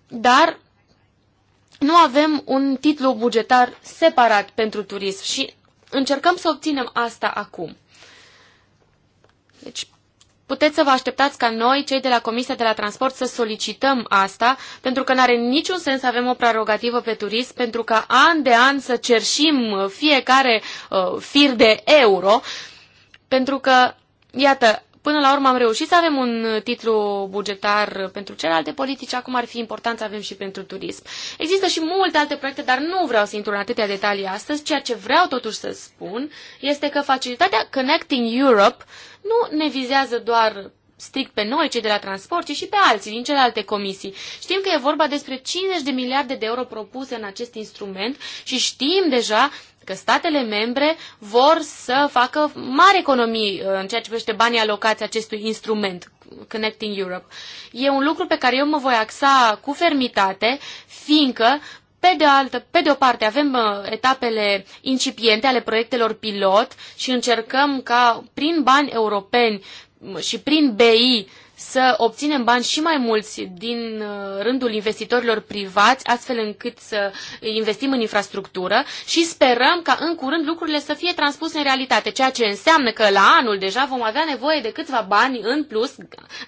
S3: Dar nu avem un titlu bugetar separat pentru turism și încercăm să obținem asta acum. Deci, Puteți să vă așteptați ca noi, cei de la Comisia de la Transport, să solicităm asta, pentru că nu are niciun sens să avem o prerogativă pe turism, pentru că an de an să cerșim fiecare uh, fir de euro, pentru că, iată, Până la urmă am reușit să avem un titlu bugetar pentru celelalte politici, acum ar fi important să avem și pentru turism. Există și multe alte proiecte, dar nu vreau să intru în atâtea detalii astăzi. Ceea ce vreau totuși să spun este că facilitatea Connecting Europe nu ne vizează doar strict pe noi, cei de la transport, ci și pe alții din celelalte comisii. Știm că e vorba despre 50 de miliarde de euro propuse în acest instrument și știm deja că statele membre vor să facă mari economii uh, în ceea ce privește banii alocați acestui instrument, Connecting Europe. E un lucru pe care eu mă voi axa cu fermitate, fiindcă pe de, altă, pe de o parte avem uh, etapele incipiente ale proiectelor pilot și încercăm ca prin bani europeni și prin BI să obținem bani și mai mulți din uh, rândul investitorilor privați, astfel încât să investim în infrastructură și sperăm ca în curând lucrurile să fie transpuse în realitate, ceea ce înseamnă că la anul deja vom avea nevoie de câțiva bani în plus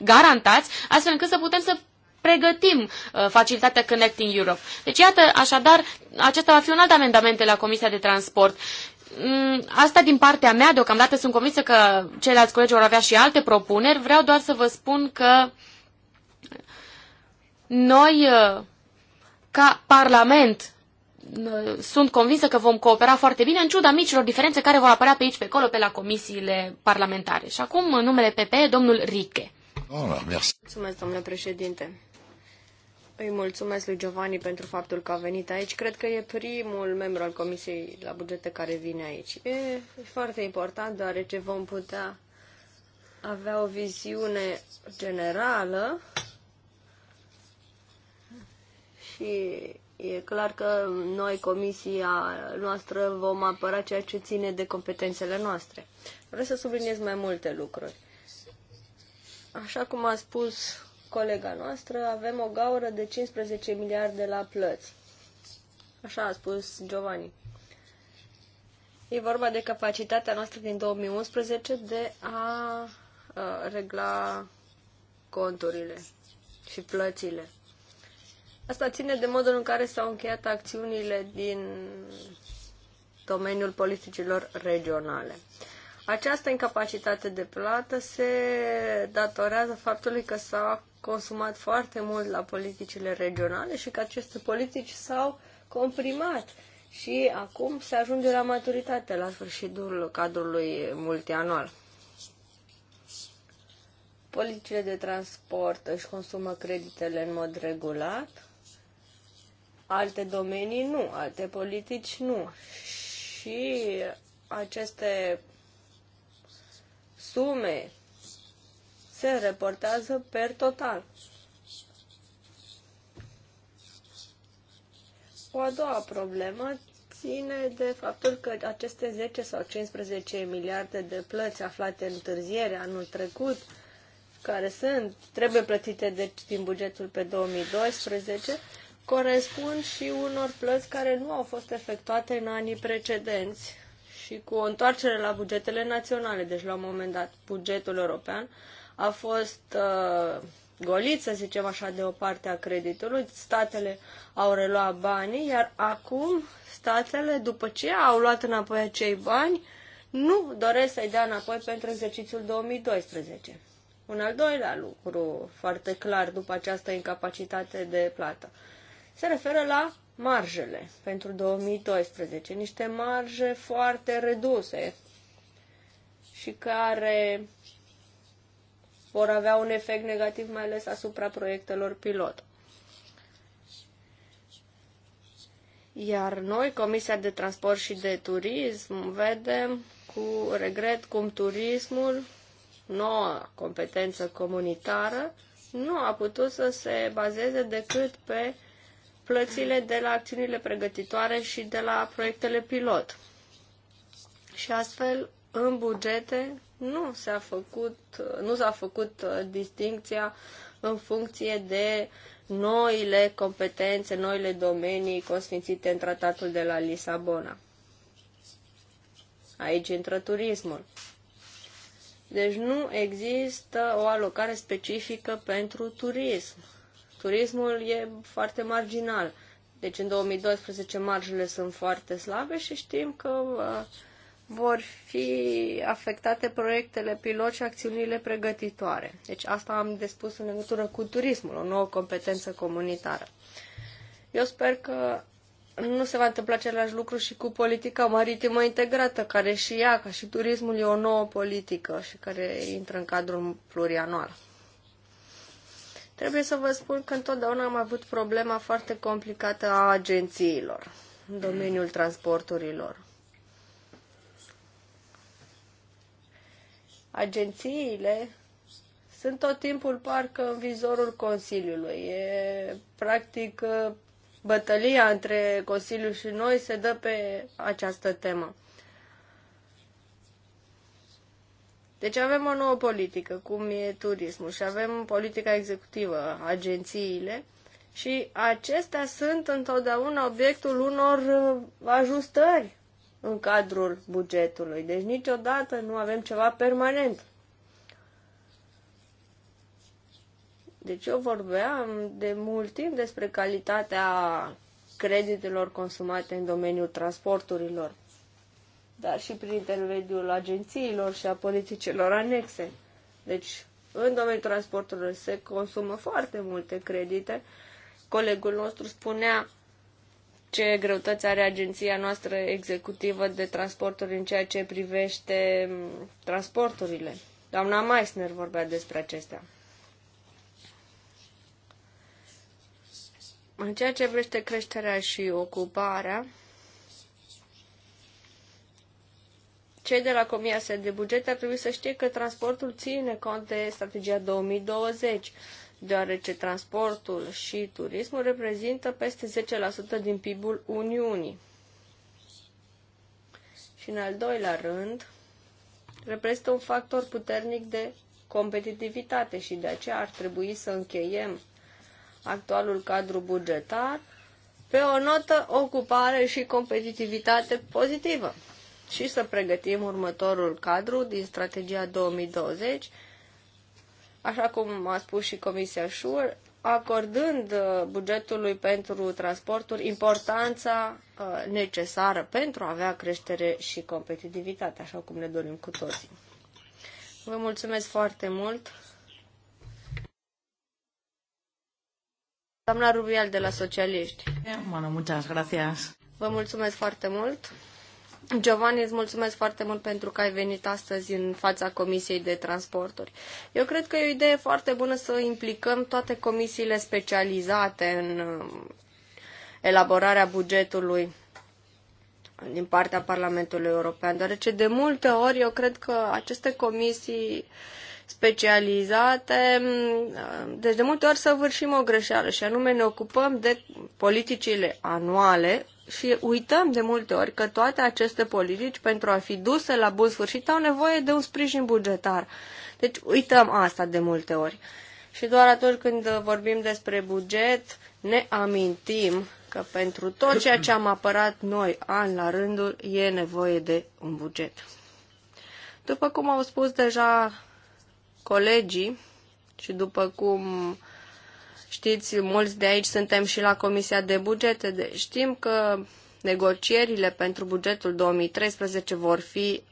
S3: garantați, astfel încât să putem să pregătim uh, facilitatea Connecting Europe. Deci, iată, așadar, acesta va fi un alt amendament de la Comisia de Transport Mm, asta din partea mea, deocamdată sunt convinsă că ceilalți colegi vor avea și alte propuneri. Vreau doar să vă spun că noi, uh, ca Parlament, uh, sunt convinsă că vom coopera foarte bine, în ciuda micilor diferențe care vor apărea pe aici, pe acolo, pe la comisiile parlamentare. Și acum, în numele PP, domnul Riche.
S5: Mulțumesc, domnule președinte. Îi mulțumesc lui Giovanni pentru faptul că a venit aici. Cred că e primul membru al Comisiei la bugete care vine aici. E foarte important deoarece vom putea avea o viziune generală și e clar că noi, comisia noastră, vom apăra ceea ce ține de competențele noastre. Vreau să subliniez mai multe lucruri. Așa cum a spus colega noastră, avem o gaură de 15 miliarde la plăți. Așa a spus Giovanni. E vorba de capacitatea noastră din 2011 de a regla conturile și plățile. Asta ține de modul în care s-au încheiat acțiunile din domeniul politicilor regionale. Această incapacitate de plată se datorează faptului că s au consumat foarte mult la politicile regionale și că aceste politici s-au comprimat. Și acum se ajunge la maturitate la sfârșitul cadrului multianual. Politicile de transport își consumă creditele în mod regulat, alte domenii nu, alte politici nu. Și aceste sume se reportează per total. O a doua problemă ține de faptul că aceste 10 sau 15 miliarde de plăți aflate în târziere anul trecut, care sunt, trebuie plătite deci din bugetul pe 2012, corespund și unor plăți care nu au fost efectuate în anii precedenți și cu o întoarcere la bugetele naționale, deci la un moment dat bugetul european, a fost uh, golit, să zicem așa, de o parte a creditului. Statele au reluat banii, iar acum statele, după ce au luat înapoi acei bani, nu doresc să-i dea înapoi pentru exercițiul 2012. Un al doilea lucru foarte clar după această incapacitate de plată se referă la marjele pentru 2012, niște marje foarte reduse și care vor avea un efect negativ mai ales asupra proiectelor pilot. Iar noi, Comisia de Transport și de Turism, vedem cu regret cum turismul, noua competență comunitară, nu a putut să se bazeze decât pe plățile de la acțiunile pregătitoare și de la proiectele pilot. Și astfel în bugete nu s-a făcut, nu s-a făcut uh, distincția în funcție de noile competențe, noile domenii consfințite în tratatul de la Lisabona. Aici intră turismul. Deci nu există o alocare specifică pentru turism. Turismul e foarte marginal. Deci în 2012 marjele sunt foarte slabe și știm că uh, vor fi afectate proiectele pilot și acțiunile pregătitoare. Deci asta am de spus în legătură cu turismul, o nouă competență comunitară. Eu sper că nu se va întâmpla același lucru și cu politica maritimă integrată, care și ea, ca și turismul, e o nouă politică și care intră în cadrul plurianual. Trebuie să vă spun că întotdeauna am avut problema foarte complicată a agențiilor în domeniul transporturilor. agențiile sunt tot timpul parcă în vizorul Consiliului. E practic bătălia între Consiliu și noi se dă pe această temă. Deci avem o nouă politică, cum e turismul, și avem politica executivă, agențiile, și acestea sunt întotdeauna obiectul unor uh, ajustări în cadrul bugetului. Deci niciodată nu avem ceva permanent. Deci eu vorbeam de mult timp despre calitatea creditelor consumate în domeniul transporturilor, dar și prin intermediul agențiilor și a politicilor anexe. Deci, în domeniul transporturilor se consumă foarte multe credite. Colegul nostru spunea ce greutăți are agenția noastră executivă de transporturi în ceea ce privește transporturile. Doamna Meissner vorbea despre acestea. În ceea ce privește creșterea și ocuparea, cei de la Comisia de Buget ar trebui să știe că transportul ține cont de strategia 2020 deoarece transportul și turismul reprezintă peste 10% din PIB-ul Uniunii. Și în al doilea rând, reprezintă un factor puternic de competitivitate și de aceea ar trebui să încheiem actualul cadru bugetar pe o notă ocupare și competitivitate pozitivă și să pregătim următorul cadru din strategia 2020 așa cum a spus și Comisia Șur, acordând uh, bugetului pentru transporturi importanța uh, necesară pentru a avea creștere și competitivitate, așa cum ne dorim cu toții. Vă mulțumesc foarte mult! Doamna Rubial de la Socialiști. Bueno,
S1: muchas gracias.
S5: Vă mulțumesc foarte mult! Giovanni, îți mulțumesc foarte mult pentru că ai venit astăzi în fața Comisiei de Transporturi. Eu cred că e o idee foarte bună să implicăm toate comisiile specializate în um, elaborarea bugetului din partea Parlamentului European, deoarece de multe ori eu cred că aceste comisii uh, specializate. Mm, deci de multe ori săvârșim o greșeală și anume ne ocupăm de politicile anuale și uităm de multe ori că toate aceste politici pentru a fi duse la bun sfârșit au nevoie de un sprijin bugetar. Deci uităm asta de multe ori. Și doar atunci când vorbim despre buget, ne amintim că pentru tot ceea ce am apărat noi an la rândul e nevoie de un buget. După cum au spus deja colegii și după cum știți, mulți de aici suntem și la Comisia de Bugete, de știm că negocierile pentru bugetul 2013 vor fi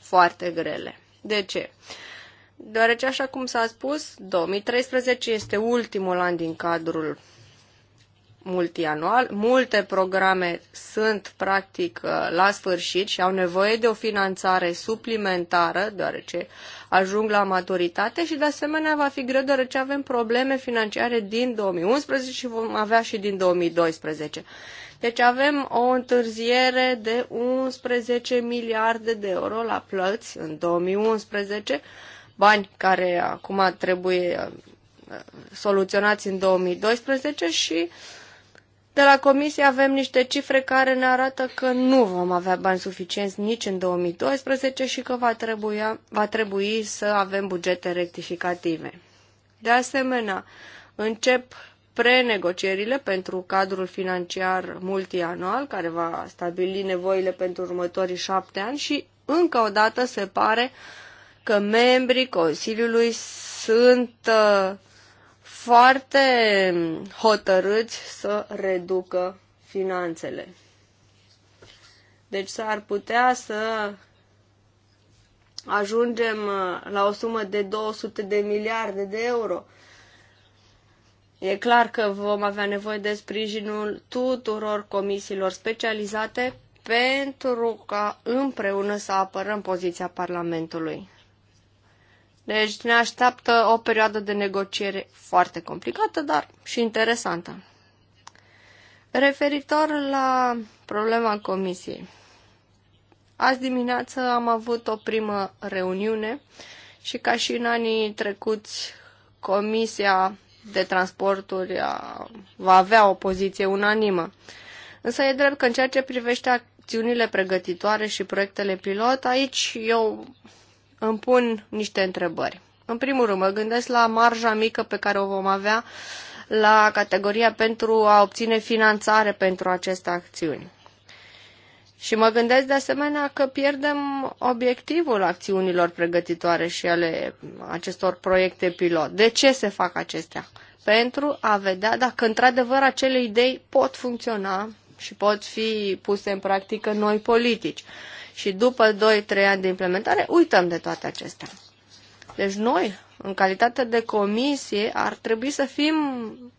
S5: foarte grele. De ce? Deoarece, așa cum s-a spus, 2013 este ultimul an din cadrul multianual. Multe programe sunt practic uh, la sfârșit și au nevoie de o finanțare suplimentară, deoarece ajung la maturitate și de asemenea va fi greu deoarece avem probleme financiare din 2011 și vom avea și din 2012. Deci avem o întârziere de 11 miliarde de euro la plăți în 2011, bani care acum trebuie uh, uh, soluționați în 2012 și uh, de la comisie avem niște cifre care ne arată că nu vom avea bani suficienți nici în 2012 și că va, trebuia, va trebui să avem bugete rectificative. De asemenea, încep prenegocierile pentru cadrul financiar multianual, care va stabili nevoile pentru următorii șapte ani și încă o dată se pare că membrii Consiliului sunt uh, foarte hotărâți să reducă finanțele. Deci s-ar putea să ajungem uh, la o sumă de 200 de miliarde de euro. E clar că vom avea nevoie de sprijinul tuturor comisiilor specializate pentru ca împreună să apărăm poziția Parlamentului. Deci ne așteaptă o perioadă de negociere foarte complicată, dar și interesantă. Referitor la problema comisiei. Azi dimineață am avut o primă reuniune și ca și în anii trecuți, Comisia de Transporturi va avea o poziție unanimă. Însă e drept că în ceea ce privește acțiunile pregătitoare și proiectele pilot, aici eu îmi pun niște întrebări. În primul rând, mă gândesc la marja mică pe care o vom avea la categoria pentru a obține finanțare pentru aceste acțiuni. Și mă gândesc de asemenea că pierdem obiectivul acțiunilor pregătitoare și ale acestor proiecte pilot. De ce se fac acestea? Pentru a vedea dacă într-adevăr acele idei pot funcționa și pot fi puse în practică noi politici și după 2-3 ani de implementare uităm de toate acestea. Deci noi, în calitate de comisie, ar trebui să fim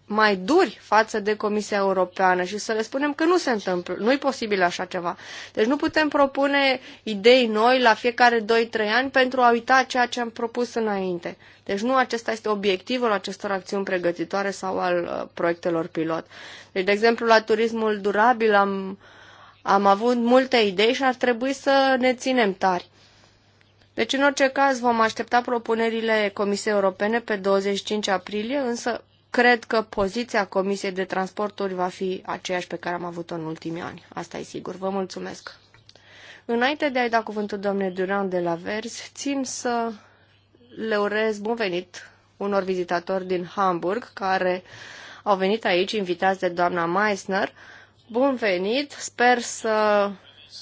S5: mai duri față de Comisia Europeană și să le spunem că nu se întâmplă, nu e posibil așa ceva. Deci nu putem propune idei noi la fiecare 2-3 ani pentru a uita ceea ce am propus înainte. Deci nu acesta este obiectivul acestor acțiuni pregătitoare sau al uh, proiectelor pilot. Deci, de exemplu, la turismul durabil am uh, am avut multe idei și ar trebui să ne ținem tari. Deci, în orice caz, vom aștepta propunerile Comisiei Europene pe 25 aprilie, însă cred că poziția Comisiei de Transporturi va fi aceeași pe care am avut-o în ultimii ani. Asta e sigur. Vă mulțumesc. Înainte de a-i da cuvântul domnului Duran de la Vers, țin să le urez bun venit unor vizitatori din Hamburg care au venit aici invitați de doamna Meissner, Bun venit! Sper să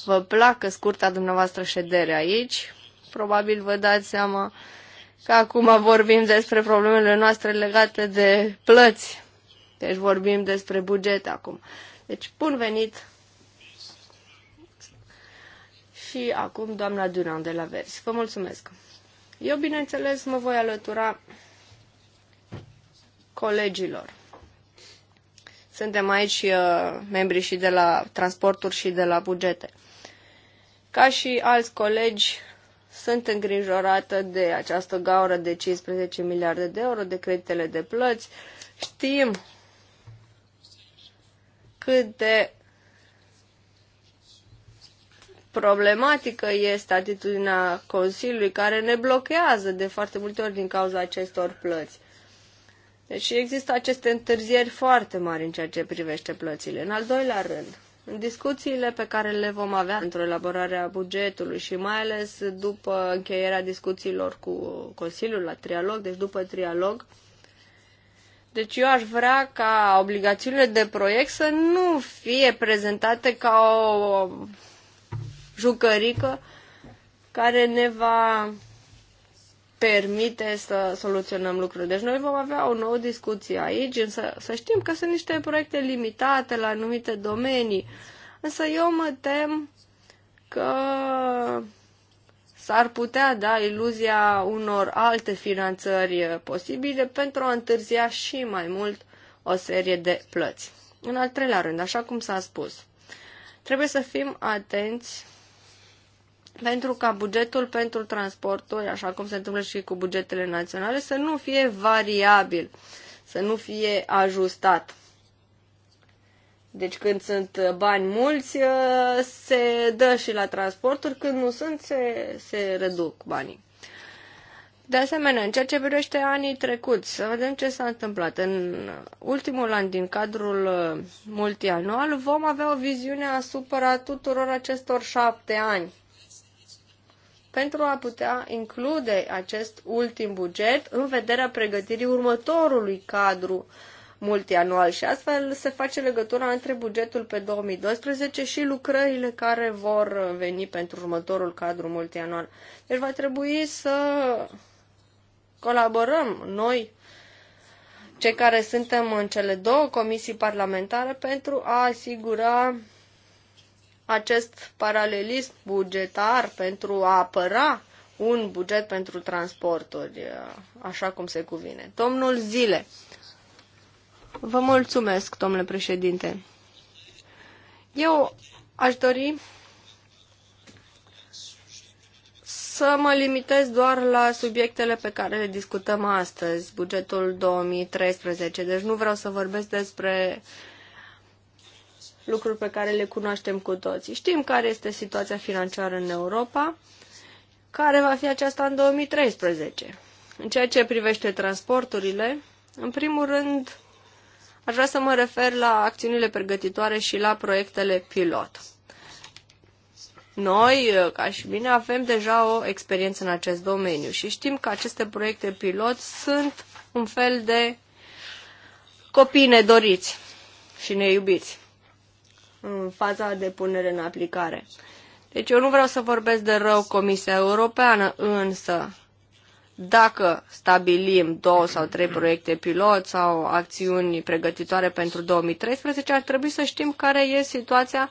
S5: vă placă scurta dumneavoastră ședere aici. Probabil vă dați seama că acum vorbim despre problemele noastre legate de plăți. Deci vorbim despre buget acum. Deci, bun venit! Și acum doamna Dunan de la Versi. Vă mulțumesc! Eu, bineînțeles, mă voi alătura colegilor. Suntem aici uh, membri și de la transporturi și de la bugete. Ca și alți colegi, sunt îngrijorată de această gaură de 15 miliarde de euro, de creditele de plăți. Știm cât de problematică este atitudinea Consiliului care ne blochează de foarte multe ori din cauza acestor plăți. Deci există aceste întârzieri foarte mari în ceea ce privește plățile. În al doilea rând, în discuțiile pe care le vom avea într-o elaborare a bugetului și mai ales după încheierea discuțiilor cu Consiliul la trialog, deci după trialog, deci eu aș vrea ca obligațiunile de proiect să nu fie prezentate ca o jucărică care ne va permite să soluționăm lucrurile. Deci noi vom avea o nouă discuție aici, însă să știm că sunt niște proiecte limitate la anumite domenii. Însă eu mă tem că s-ar putea da iluzia unor alte finanțări posibile pentru a întârzia și mai mult o serie de plăți. În al treilea rând, așa cum s-a spus, trebuie să fim atenți pentru ca bugetul pentru transporturi, așa cum se întâmplă și cu bugetele naționale, să nu fie variabil, să nu fie ajustat. Deci când sunt bani mulți, ă, se dă și la transporturi, când nu sunt, se, se reduc banii. De asemenea, în ceea ce privește anii trecuți, să vedem ce s-a întâmplat. În ultimul an din cadrul ă, multianual vom avea o viziune asupra tuturor acestor șapte ani pentru a putea include acest ultim buget în vederea pregătirii următorului cadru multianual și astfel se face legătura între bugetul pe 2012 și lucrările care vor veni pentru următorul cadru multianual. Deci va trebui să colaborăm noi, cei care suntem în cele două comisii parlamentare, pentru a asigura acest paralelism bugetar pentru a apăra un buget pentru transporturi, așa cum se cuvine. Domnul Zile. Vă mulțumesc, domnule președinte. Eu aș dori să mă limitez doar la subiectele pe care le discutăm astăzi, bugetul 2013. Deci nu vreau să vorbesc despre uh, lucruri pe care le cunoaștem cu toții. Știm care este situația financiară în Europa, care va fi aceasta în 2013. În ceea ce privește transporturile, în primul rând, aș vrea să mă refer la acțiunile pregătitoare și la proiectele pilot. Noi, ca și mine, avem deja o experiență în acest domeniu și știm că aceste proiecte pilot sunt un fel de copii nedoriți și neiubiți în faza de punere în aplicare. Deci eu nu vreau să vorbesc de rău Comisia Europeană, însă dacă stabilim două sau trei proiecte pilot sau acțiuni pregătitoare pentru 2013, ar trebui să știm care e situația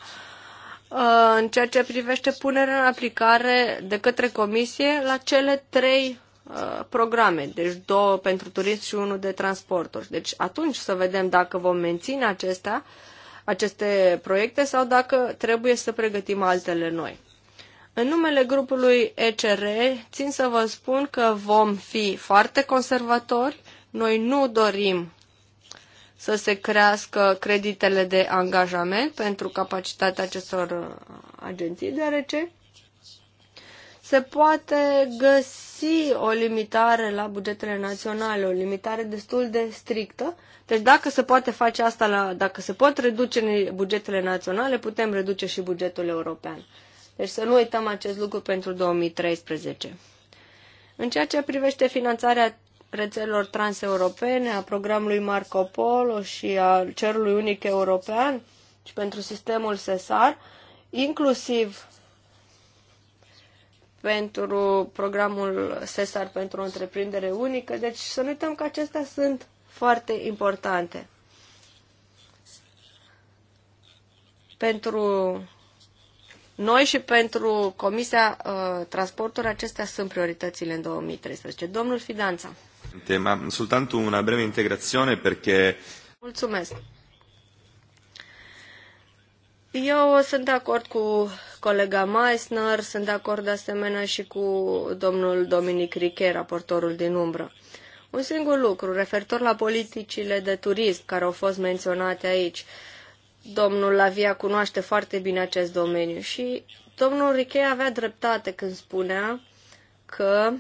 S5: uh, în ceea ce privește punerea în aplicare de către Comisie la cele trei uh, programe, deci două pentru turism și unul de transporturi. Deci atunci să vedem dacă vom menține acestea aceste proiecte sau dacă trebuie să pregătim altele noi. În numele grupului ECR țin să vă spun că vom fi foarte conservatori. Noi nu dorim să se crească creditele de angajament pentru capacitatea acestor uh, agenții, deoarece se poate găsi o limitare la bugetele naționale, o limitare destul de strictă. Deci dacă se poate face asta, la, dacă se pot reduce bugetele naționale, putem reduce și bugetul european. Deci să nu uităm acest lucru pentru 2013. În ceea ce privește finanțarea rețelor transeuropene, a programului Marco Polo și a cerului unic european și pentru sistemul SESAR, inclusiv pentru programul SESAR pentru o întreprindere unică, deci să nu uităm că acestea sunt foarte importante. Pentru noi și pentru Comisia uh, Transporturi, acestea sunt prioritățile în 2013. Domnul Fidanța.
S1: Tema, soltanto una breve integrazione perché...
S5: Mulțumesc. Eu sunt de acord cu colega Meissner, sunt de acord de asemenea și cu domnul Dominic Riche, raportorul din umbră. Un singur lucru, referitor la politicile de turism care au fost menționate aici. Domnul Lavia cunoaște foarte bine acest domeniu și domnul Riche avea dreptate când spunea că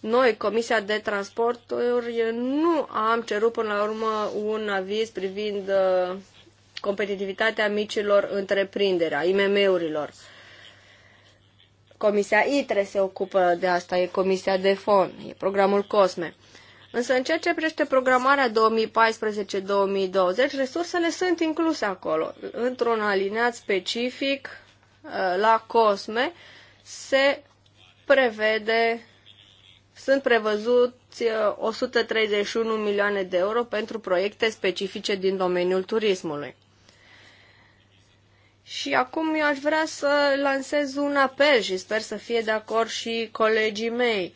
S5: noi, Comisia de Transporturi, nu am cerut până la urmă un aviz privind uh, competitivitatea micilor întreprinderi, a IMM-urilor. Comisia ITRE se ocupă de asta, e Comisia de Fond, e programul COSME. Însă în ceea ce prește programarea 2014-2020, resursele sunt incluse acolo. Într-un alineat specific uh, la COSME se prevede, sunt prevăzuți 131 uh, milioane de euro pentru proiecte specifice din domeniul turismului. Și acum eu aș vrea să lansez un apel și sper să fie de acord și colegii mei.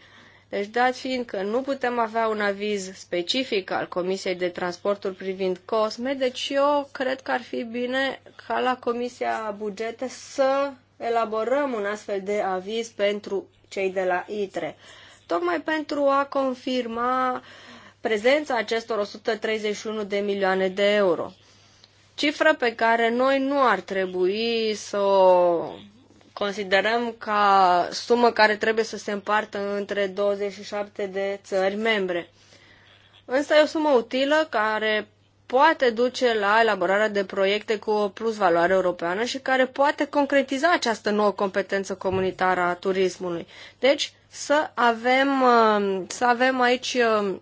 S5: Deci, dat fiind că nu putem avea un aviz specific al Comisiei de Transporturi privind COSME, deci eu cred că ar fi bine ca la Comisia Bugete să elaborăm un astfel de aviz pentru cei de la ITRE, tocmai pentru a confirma prezența acestor 131 de milioane de euro cifră pe care noi nu ar trebui să o considerăm ca sumă care trebuie să se împartă între 27 de țări membre. Însă e o sumă utilă care poate duce la elaborarea de proiecte cu o plusvaloare europeană și care poate concretiza această nouă competență comunitară a turismului. Deci să avem, uh, să avem aici, uh,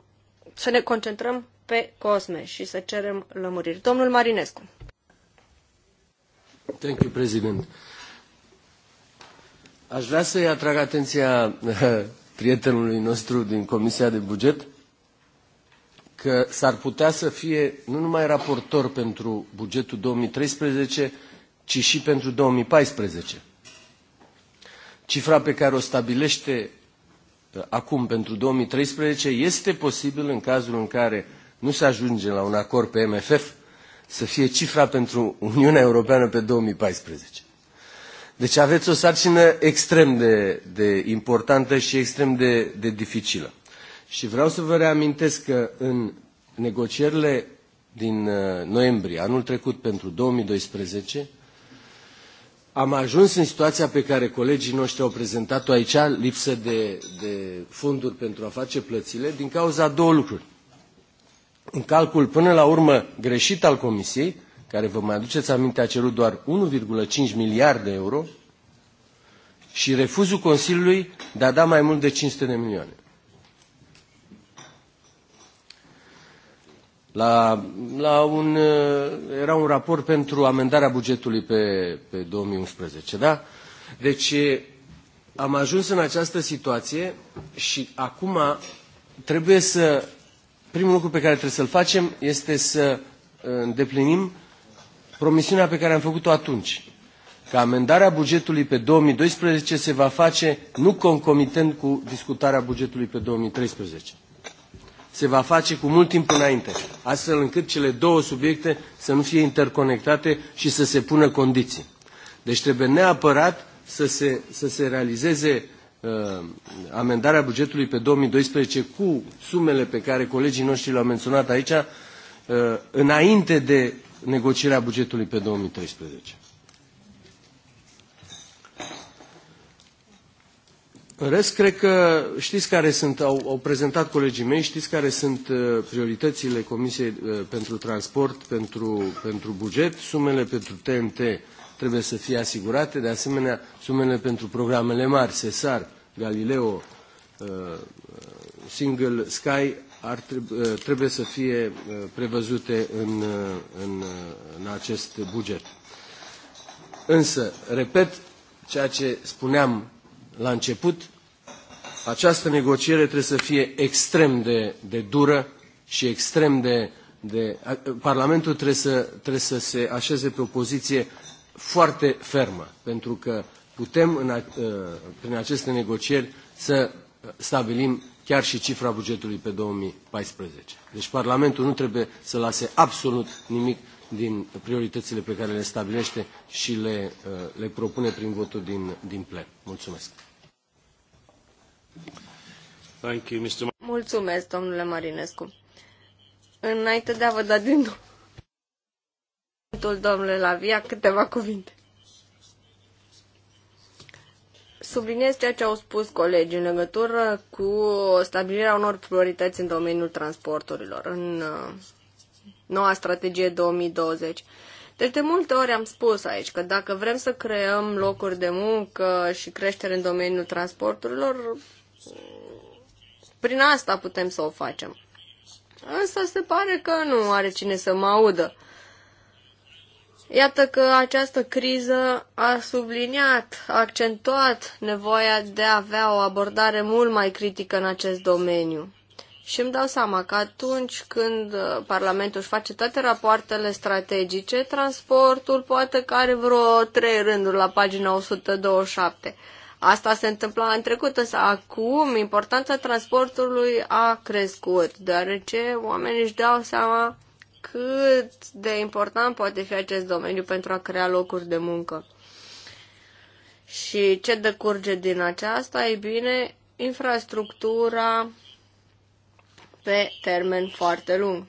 S5: să ne concentrăm pe Cosme și să cerem lămuriri. Domnul Marinescu.
S4: Thank you, President. Aș vrea să-i atrag atenția [laughs] prietenului nostru din Comisia de Buget că s-ar putea să fie nu numai raportor pentru bugetul 2013, ci și pentru 2014. Cifra pe care o stabilește uh, acum pentru 2013 este posibil în cazul în care nu se ajunge la un acord pe MFF să fie cifra pentru Uniunea Europeană pe 2014. Deci aveți o sarcină extrem de, de importantă și extrem de, de dificilă. Și vreau să vă reamintesc că în negocierile din uh, noiembrie anul trecut pentru 2012 am ajuns în situația pe care colegii noștri au prezentat-o aici, lipsă de, de fonduri pentru a face plățile, din cauza două lucruri un calcul până la urmă greșit al Comisiei, care vă mai aduceți aminte a cerut doar 1,5 miliarde de euro și refuzul Consiliului de a da mai mult de 500 de milioane. La, la un, uh, era un raport pentru amendarea bugetului pe, pe 2011, da? Deci am ajuns în această situație și acum trebuie să primul lucru pe care trebuie să-l facem este să uh, îndeplinim promisiunea pe care am făcut-o atunci, că amendarea bugetului pe 2012 se va face nu concomitent cu discutarea bugetului pe 2013. Se va face cu mult timp înainte, astfel încât cele două subiecte să nu fie interconectate și să se pună condiții. Deci trebuie neapărat să se, să se realizeze Uh, amendarea bugetului pe 2012 cu sumele pe care colegii noștri le-au menționat aici, uh, înainte de negocierea bugetului pe 2013. În rest, cred că știți care sunt, au, au prezentat colegii mei, știți care sunt uh, prioritățile Comisiei uh, pentru transport, pentru, pentru buget, sumele pentru TNT trebuie să fie asigurate, de asemenea sumele pentru programele mari, SESAR, Galileo, uh, Single Sky, ar trebui, uh, trebuie să fie uh, prevăzute în, în, în acest buget. Însă, repet ceea ce spuneam la început, această negociere trebuie să fie extrem de, de dură și extrem de, de... Parlamentul trebuie să, trebuie să se așeze pe o poziție foarte fermă, pentru că putem în, ă, prin aceste negocieri să stabilim chiar și cifra bugetului pe 2014. Deci Parlamentul nu trebuie să lase absolut nimic din prioritățile pe care le stabilește și le, ă, le propune prin votul din, din plen. Mulțumesc.
S5: Mulțumesc, domnule Marinescu. Înainte de a vă da din nou cuvântul, domnule Lavia, câteva cuvinte. Subliniez ceea ce au spus colegii în legătură cu stabilirea unor priorități în domeniul transporturilor, în uh, noua strategie 2020. Deci de multe ori am spus aici că dacă vrem să creăm locuri de muncă și creștere în domeniul transporturilor, prin asta putem să o facem. Însă se pare că nu are cine să mă audă. Iată că această criză a subliniat, accentuat nevoia de a avea o abordare mult mai critică în acest domeniu. Și îmi dau seama că atunci când uh, Parlamentul își face toate rapoartele strategice, transportul poate că are vreo trei rânduri la pagina 127. Asta se întâmpla în trecut, însă acum importanța transportului a crescut, deoarece oamenii își dau seama cât de important poate fi acest domeniu pentru a crea locuri de muncă. Și ce decurge din aceasta? E bine, infrastructura pe termen foarte lung.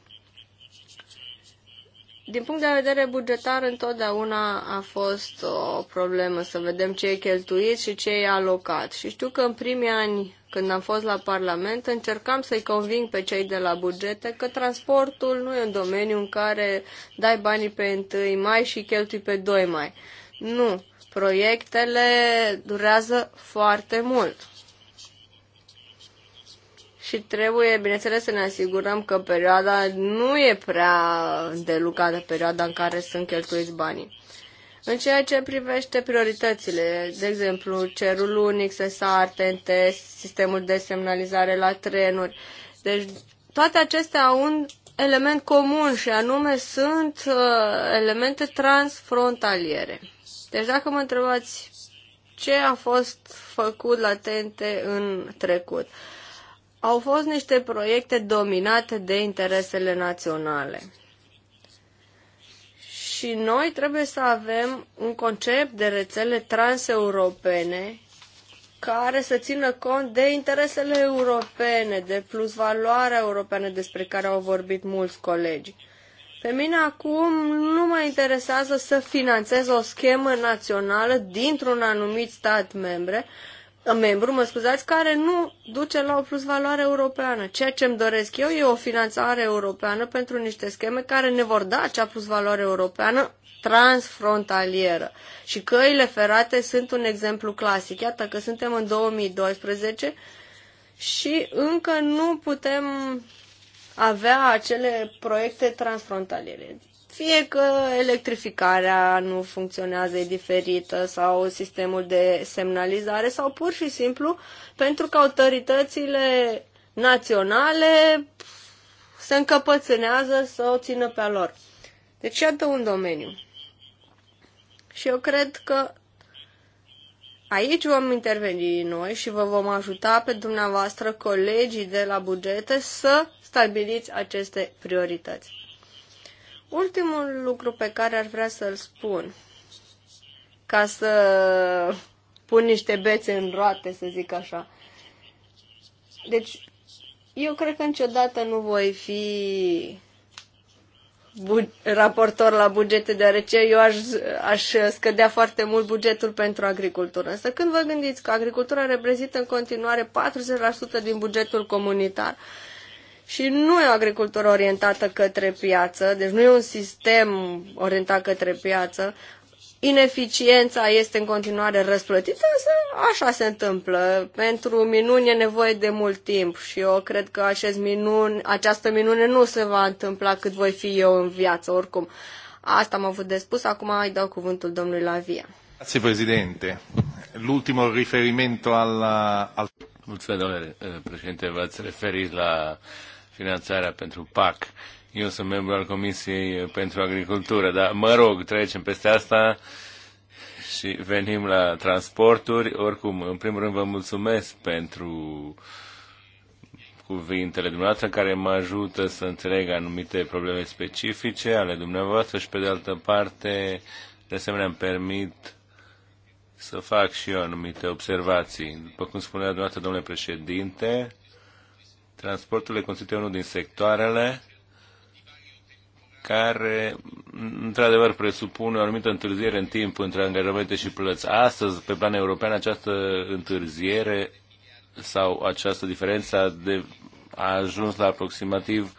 S5: Din punct de vedere bugetar, întotdeauna a fost o problemă să vedem ce e cheltuit și ce e alocat. Și știu că în primii ani când am fost la Parlament, încercam să-i conving pe cei de la bugete că transportul nu e un domeniu în care dai banii pe 1 mai și cheltui pe 2 mai. Nu, proiectele durează foarte mult. Și trebuie, bineînțeles, să ne asigurăm că perioada nu e prea delucată, perioada în care sunt cheltuiți banii. În ceea ce privește prioritățile, de exemplu, cerul unic, SESAR, TNT, sistemul de semnalizare la trenuri, deci toate acestea au un element comun și anume sunt uh, elemente transfrontaliere. Deci dacă mă întrebați ce a fost făcut la TNT în trecut, au fost niște proiecte dominate de interesele naționale. Și noi trebuie să avem un concept de rețele transeuropene care să țină cont de interesele europene, de plus valoarea europeană despre care au vorbit mulți colegi. Pe mine acum nu mă interesează să finanțez o schemă națională dintr-un anumit stat membre, membru, mă scuzați, care nu duce la o plusvaloare europeană. Ceea ce îmi doresc eu e o finanțare europeană pentru niște scheme care ne vor da acea plusvaloare europeană transfrontalieră. Și căile ferate sunt un exemplu clasic. Iată că suntem în 2012 și încă nu putem avea acele proiecte transfrontaliere. Fie că electrificarea nu funcționează, e diferită, sau sistemul de semnalizare, sau pur și simplu pentru că autoritățile naționale se încăpățânează să o țină pe a lor. Deci iată un domeniu. Și eu cred că aici vom interveni noi și vă vom ajuta pe dumneavoastră, colegii de la bugete, să stabiliți aceste priorități. Ultimul lucru pe care ar vrea să-l spun, ca să pun niște bețe în roate, să zic așa. Deci, eu cred că niciodată nu voi fi raportor la bugete, deoarece eu aș, aș scădea foarte mult bugetul pentru agricultură. Însă când vă gândiți că agricultura reprezintă în continuare 40% din bugetul comunitar, și nu e o agricultură orientată către piață, deci nu e un sistem orientat către piață. Ineficiența este în continuare răsplătită, însă așa se întâmplă. Pentru minuni e nevoie de mult timp și eu cred că acest minun, această minune nu se va întâmpla cât voi fi eu în viață, oricum. Asta am avut de spus, acum îi dau cuvântul domnului Lavia.
S1: Grazie Presidente. L'ultimo riferimento alla... al... Mulțumesc, domnule eh, președinte, v-ați referit la uh, finanțarea pentru PAC. Eu sunt membru al Comisiei pentru Agricultură, dar mă rog, trecem peste asta și venim la transporturi. Oricum, în primul rând vă mulțumesc pentru cuvintele dumneavoastră care mă ajută să înțeleg anumite probleme specifice ale dumneavoastră și pe de altă parte, de asemenea, îmi permit să fac și eu anumite observații. După cum spunea dumneavoastră, domnule președinte, Transporturile constituie unul din sectoarele care, într-adevăr, presupune o anumită întârziere în timp între angajamente și plăți. Astăzi, pe plan european, această întârziere sau această diferență a, de, a ajuns la aproximativ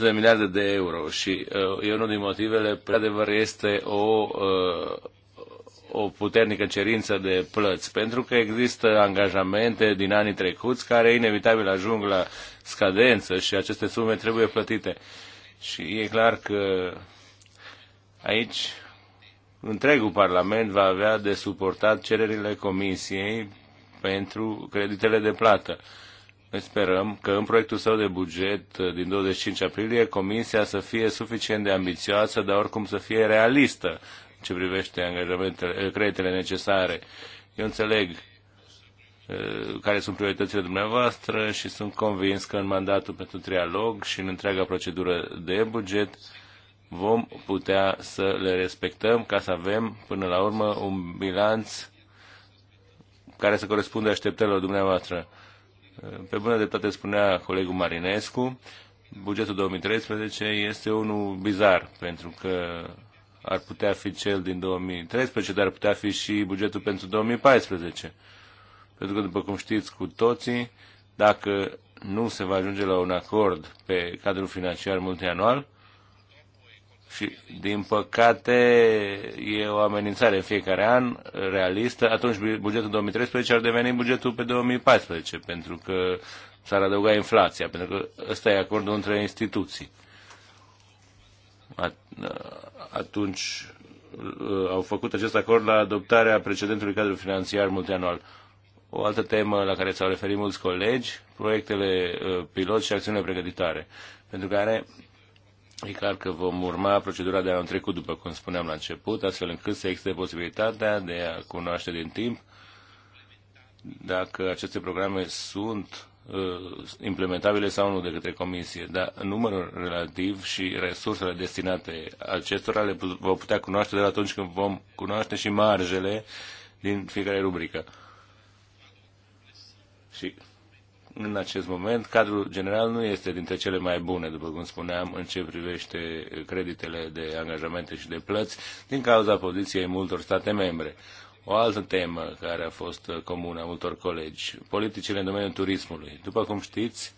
S1: de miliarde de euro și uh, e unul din motivele, pe adevăr, este o uh, o puternică cerință de plăți, pentru că există angajamente din anii trecuți care inevitabil ajung la scadență și aceste sume trebuie plătite. Și e clar că aici întregul Parlament va avea de suportat cererile Comisiei pentru creditele de plată. Noi sperăm că în proiectul său de buget din 25 aprilie Comisia să fie suficient de ambițioasă, dar oricum să fie realistă ce privește angajamentele, eh, creditele necesare. Eu înțeleg eh, care sunt prioritățile dumneavoastră și sunt convins că în mandatul pentru trialog și în întreaga procedură de buget vom putea să le respectăm ca să avem până la urmă un bilanț care să corespundă așteptărilor dumneavoastră. Eh, pe bună dreptate spunea colegul Marinescu, bugetul 2013 este unul bizar pentru că ar putea fi cel din 2013, dar ar putea fi și bugetul pentru 2014. Pentru că, după cum știți cu toții, dacă nu se va ajunge la un acord pe cadrul financiar multianual, și, din păcate, e o amenințare în fiecare an realistă, atunci bugetul 2013 ar deveni bugetul pe 2014, pentru că s-ar adăuga inflația, pentru că ăsta e acordul între instituții atunci uh, au făcut acest acord la adoptarea precedentului cadru financiar multianual. O altă temă la care s-au referit mulți colegi, proiectele uh, pilot și acțiunile pregătitoare, pentru care e clar că vom urma procedura de anul trecut, după cum spuneam la început, astfel încât să existe posibilitatea de a cunoaște din timp dacă aceste programe sunt Uh, implementabile sau nu de către comisie, dar numărul relativ și resursele destinate acestora le vom putea cunoaște de atunci când vom cunoaște și marjele din fiecare rubrică. Și în acest moment, cadrul general nu este dintre cele mai bune, după cum spuneam, în ce privește creditele de angajamente și de plăți, din cauza poziției multor state membre o altă temă care a fost comună a multor colegi, politicile în domeniul turismului. După cum știți,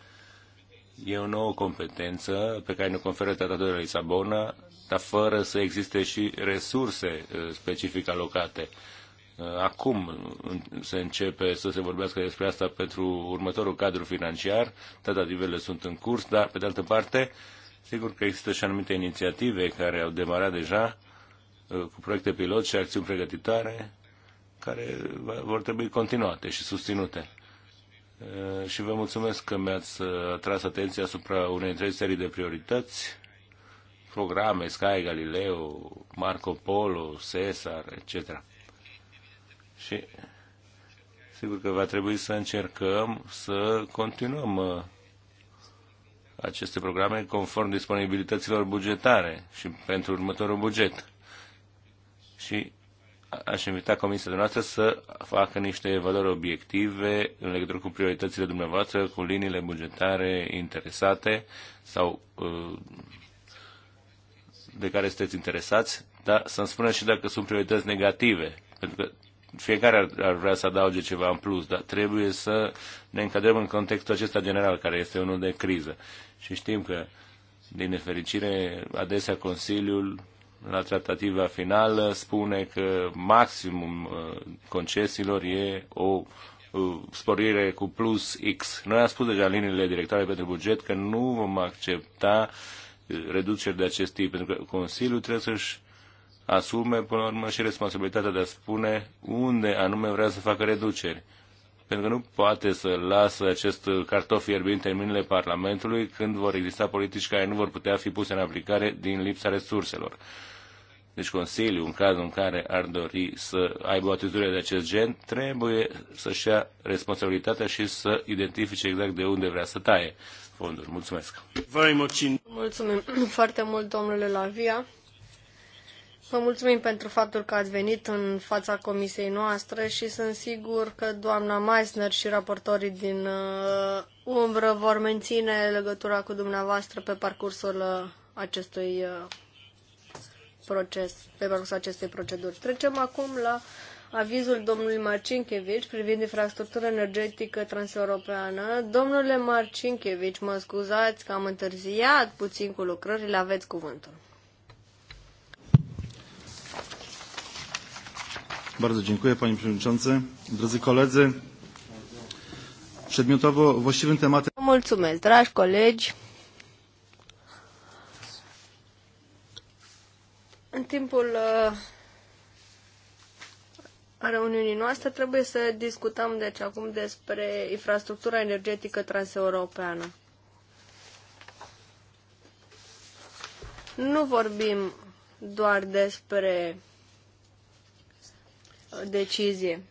S1: e o nouă competență pe care ne conferă Tratatul de la Lisabona, dar fără să existe și resurse eh, specific alocate. Eh, acum se începe să se vorbească despre asta pentru următorul cadru financiar, tratativele sunt în curs, dar, pe de altă parte, sigur că există și anumite inițiative care au demarat deja eh, cu proiecte pilot și acțiuni pregătitoare care vor trebui continuate și susținute. Uh, și vă mulțumesc că mi-ați uh, atras atenția asupra unei întregi serii de priorități, programe, Sky, Galileo, Marco Polo, Cesar, etc. Și sigur că va trebui să încercăm să continuăm uh, aceste programe conform disponibilităților bugetare și pentru următorul buget. Și aș invita comisia dumneavoastră să facă niște valori obiective în legătură cu prioritățile dumneavoastră, cu liniile bugetare interesate sau uh, de care sunteți interesați, dar să-mi spuneți și dacă sunt priorități negative, pentru că fiecare ar, ar vrea să adauge ceva în plus, dar trebuie să ne încadrăm în contextul acesta general, care este unul de criză. Și știm că, din nefericire, adesea Consiliul la tratativa finală spune că maximum uh, concesiilor e o uh, sporire cu plus X. Noi am spus deja în liniile directoare pentru buget că nu vom accepta uh, reduceri de acest tip, pentru că Consiliul trebuie să-și asume, până la urmă, și responsabilitatea de a spune unde anume vrea să facă reduceri. Pentru că nu poate să lasă acest cartof fierbinte în mâinile Parlamentului când vor exista politici care nu vor putea fi puse în aplicare din lipsa resurselor. Deci Consiliul, în cazul în care ar dori să aibă o atitudine de acest gen, trebuie să-și ia responsabilitatea și să identifice exact de unde vrea să taie fonduri. Mulțumesc!
S5: Mulțumim [clears throat] foarte mult, domnule Lavia! Vă mulțumim pentru faptul că ați venit în fața comisiei noastre și sunt sigur că doamna Meissner și raportorii din uh, umbră vor menține legătura cu dumneavoastră pe parcursul uh, acestui uh, proces, pe parcursul acestei proceduri. Trecem acum la avizul domnului Marcinkevici privind infrastructura energetică transeuropeană. Domnule Marcinkevici, mă scuzați că am întârziat puțin cu lucrările, aveți cuvântul.
S4: Bardzo dziękuję panie przewodniczący. Drodzy koledzy, przedmiotowo właściwym tematem
S5: Mulțumesc, dragi colegi. În timpul uh, reuniunii noastre trebuie să discutăm deci acum despre infrastructura energetică transeuropeană. Nu vorbim doar despre uh, decizie.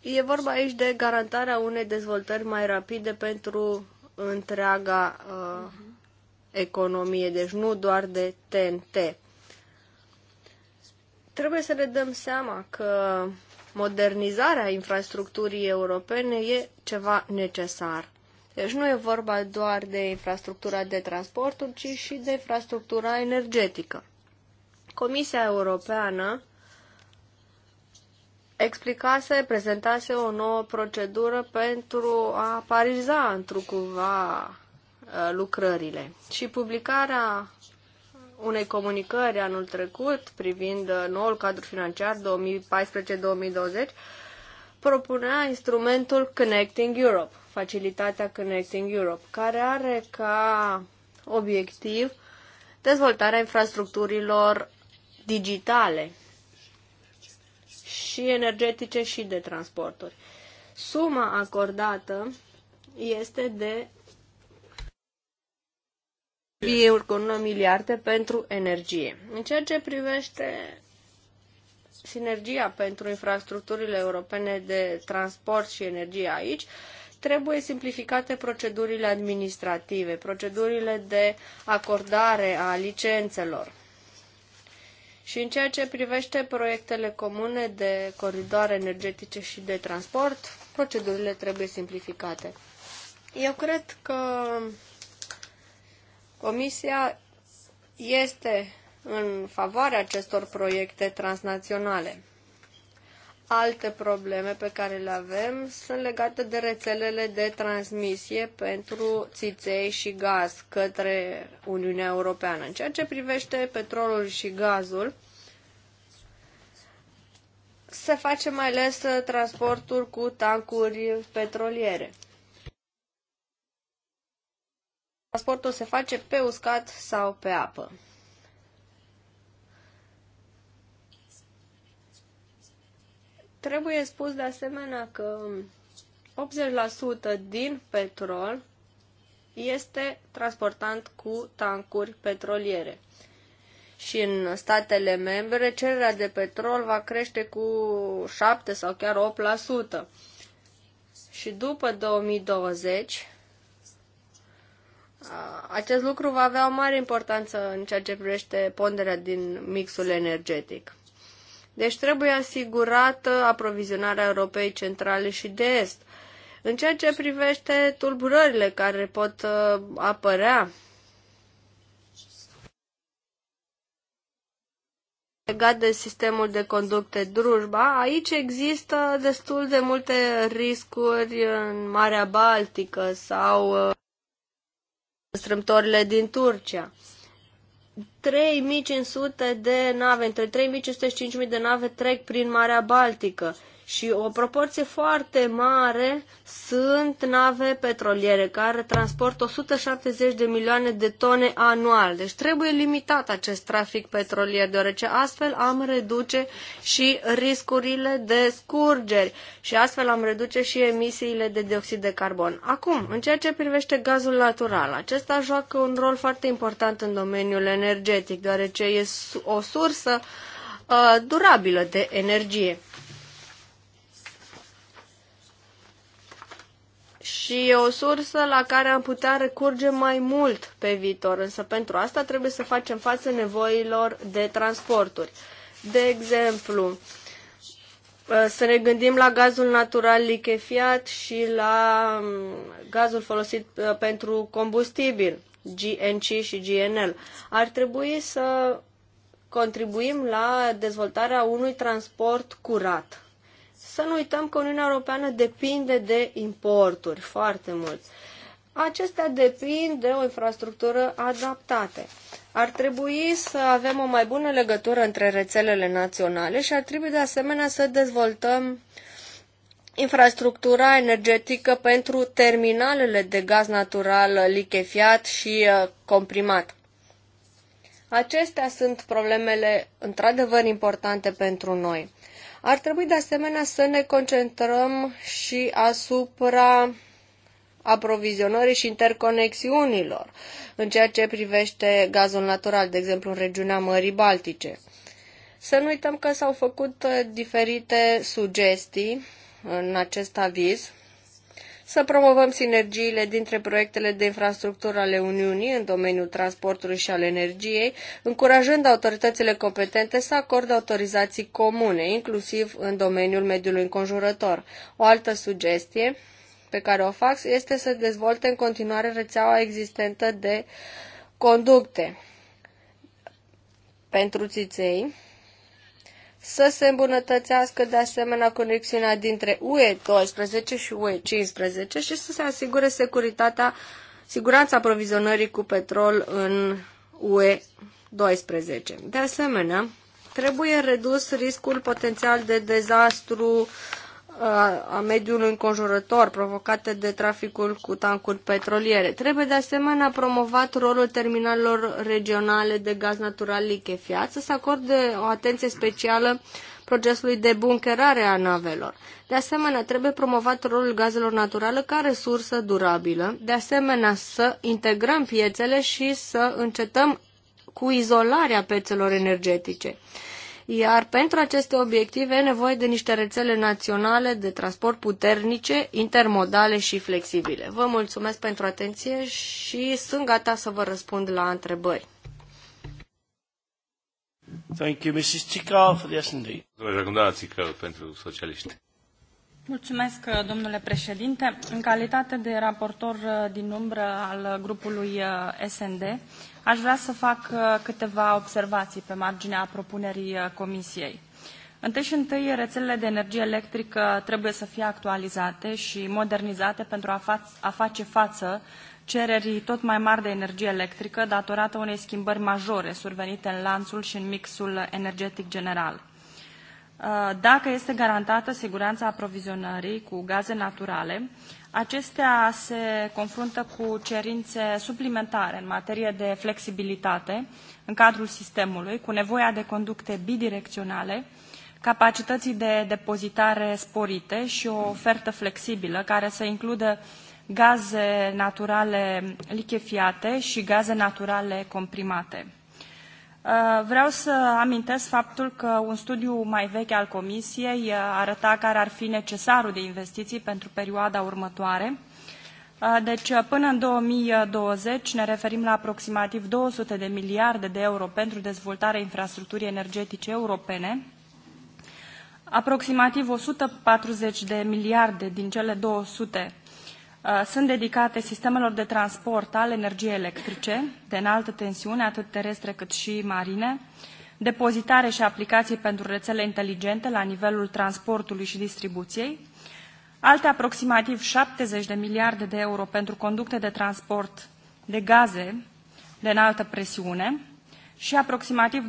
S5: E vorba aici de garantarea unei dezvoltări mai rapide pentru întreaga uh, mhm economie, deci nu doar de TNT. Trebuie să ne dăm seama că modernizarea infrastructurii europene e ceva necesar. Deci nu e vorba doar de infrastructura de transporturi, ci și de infrastructura energetică. Comisia Europeană explicase, prezentase o nouă procedură pentru a pariza întrucumva Uh, lucrările. Și publicarea unei comunicări anul trecut privind uh, noul cadru financiar 2014-2020 propunea instrumentul Connecting Europe, facilitatea Connecting Europe, care are ca obiectiv dezvoltarea infrastructurilor digitale și energetice și de transporturi. Suma acordată este de 1,9 miliarde pentru energie. În ceea ce privește sinergia pentru infrastructurile europene de transport și energie aici, trebuie simplificate procedurile administrative, procedurile de acordare a licențelor. Și în ceea ce privește proiectele comune de coridoare energetice și de transport, procedurile trebuie simplificate. Eu cred că Comisia este în favoarea acestor proiecte transnaționale. Alte probleme pe care le avem sunt legate de rețelele de transmisie pentru țiței și gaz către Uniunea Europeană. În ceea ce privește petrolul și gazul, se face mai ales transportul cu tancuri petroliere. transportul se face pe uscat sau pe apă. Trebuie spus de asemenea că 80% din petrol este transportat cu tancuri petroliere. Și în statele membre, cererea de petrol va crește cu 7 sau chiar 8%. Și după 2020, acest lucru va avea o mare importanță în ceea ce privește ponderea din mixul energetic. Deci trebuie asigurată aprovizionarea Europei centrale și de est. În ceea ce privește tulburările care pot uh, apărea legat de sistemul de conducte drujba, aici există destul de multe riscuri în Marea Baltică sau uh, strâmtorile din Turcia. 3500 de nave, între 3500 și 5000 de nave trec prin Marea Baltică și o proporție foarte mare sunt nave petroliere care transportă 170 de milioane de tone anual. Deci trebuie limitat acest trafic petrolier, deoarece astfel am reduce și riscurile de scurgeri și astfel am reduce și emisiile de dioxid de carbon. Acum, în ceea ce privește gazul natural, acesta joacă un rol foarte important în domeniul energetic, deoarece e o sursă uh, durabilă de energie. și e o sursă la care am putea recurge mai mult pe viitor, însă pentru asta trebuie să facem față nevoilor de transporturi. De exemplu, ă, să ne gândim la gazul natural lichefiat și la hm, gazul folosit ă, pentru combustibil, GNC și GNL. Ar trebui să contribuim la dezvoltarea unui transport curat. Să nu uităm că Uniunea Europeană depinde de importuri foarte mult. Acestea depind de o infrastructură adaptată. Ar trebui să avem o mai bună legătură între rețelele naționale și ar trebui de asemenea să dezvoltăm infrastructura energetică pentru terminalele de gaz natural lichefiat și uh, comprimat. Acestea sunt problemele într-adevăr importante pentru noi. Ar trebui de asemenea să ne concentrăm și asupra aprovizionării și interconexiunilor în ceea ce privește gazul natural, de exemplu în regiunea Mării Baltice. Să nu uităm că s-au făcut uh, diferite sugestii în acest aviz să promovăm sinergiile dintre proiectele de infrastructură ale Uniunii în domeniul transportului și al energiei, încurajând autoritățile competente să acorde autorizații comune, inclusiv în domeniul mediului înconjurător. O altă sugestie pe care o fac este să dezvolte în continuare rețeaua existentă de conducte pentru țiței, să se îmbunătățească de asemenea conexiunea dintre UE12 și UE15 și să se asigure securitatea, siguranța aprovizionării cu petrol în UE12. De asemenea, trebuie redus riscul potențial de dezastru uh, a mediului înconjurător provocate de traficul cu tancuri petroliere. Trebuie de asemenea promovat rolul terminalelor regionale de gaz natural lichefiat să se acorde o atenție specială procesului de buncherare a navelor. De asemenea, trebuie promovat rolul gazelor naturale ca resursă durabilă. De asemenea, să integrăm piețele și să încetăm cu izolarea piețelor energetice. Iar pentru aceste obiective e nevoie de niște rețele naționale de transport puternice, intermodale și flexibile. Vă mulțumesc pentru atenție și sunt gata să vă răspund la întrebări.
S1: Thank you, Mrs. Ticau, for the S&D. Doamna Ticau, pentru socialiști.
S6: Mulțumesc, domnule președinte. În calitate de raportor din umbră al grupului uh, SND, Aș vrea să fac uh, câteva observații pe marginea propunerii uh, Comisiei. Întâi și întâi, rețelele de energie electrică trebuie să fie actualizate și modernizate pentru a, fa- a face față cererii tot mai mari de energie electrică datorată unei schimbări majore survenite în lanțul și în mixul energetic general. Uh, dacă este garantată siguranța aprovizionării cu gaze naturale, Acestea se confruntă cu cerințe suplimentare în materie de flexibilitate în cadrul sistemului, cu nevoia de conducte bidirecționale, capacității de depozitare sporite și o ofertă flexibilă care să includă gaze naturale lichefiate și gaze naturale comprimate. Uh, vreau să amintesc faptul că un studiu mai vechi al Comisiei uh, arăta care ar fi necesarul de investiții pentru perioada următoare. Uh, deci, până în 2020 ne referim la aproximativ 200 de miliarde de euro pentru dezvoltarea infrastructurii energetice europene. Aproximativ 140 de miliarde din cele 200 Uh, sunt dedicate sistemelor de transport al energiei electrice de înaltă tensiune, atât terestre cât și marine, depozitare și aplicații pentru rețele inteligente la nivelul transportului și distribuției, alte aproximativ 70 de miliarde de euro pentru conducte de transport de gaze de înaltă presiune și aproximativ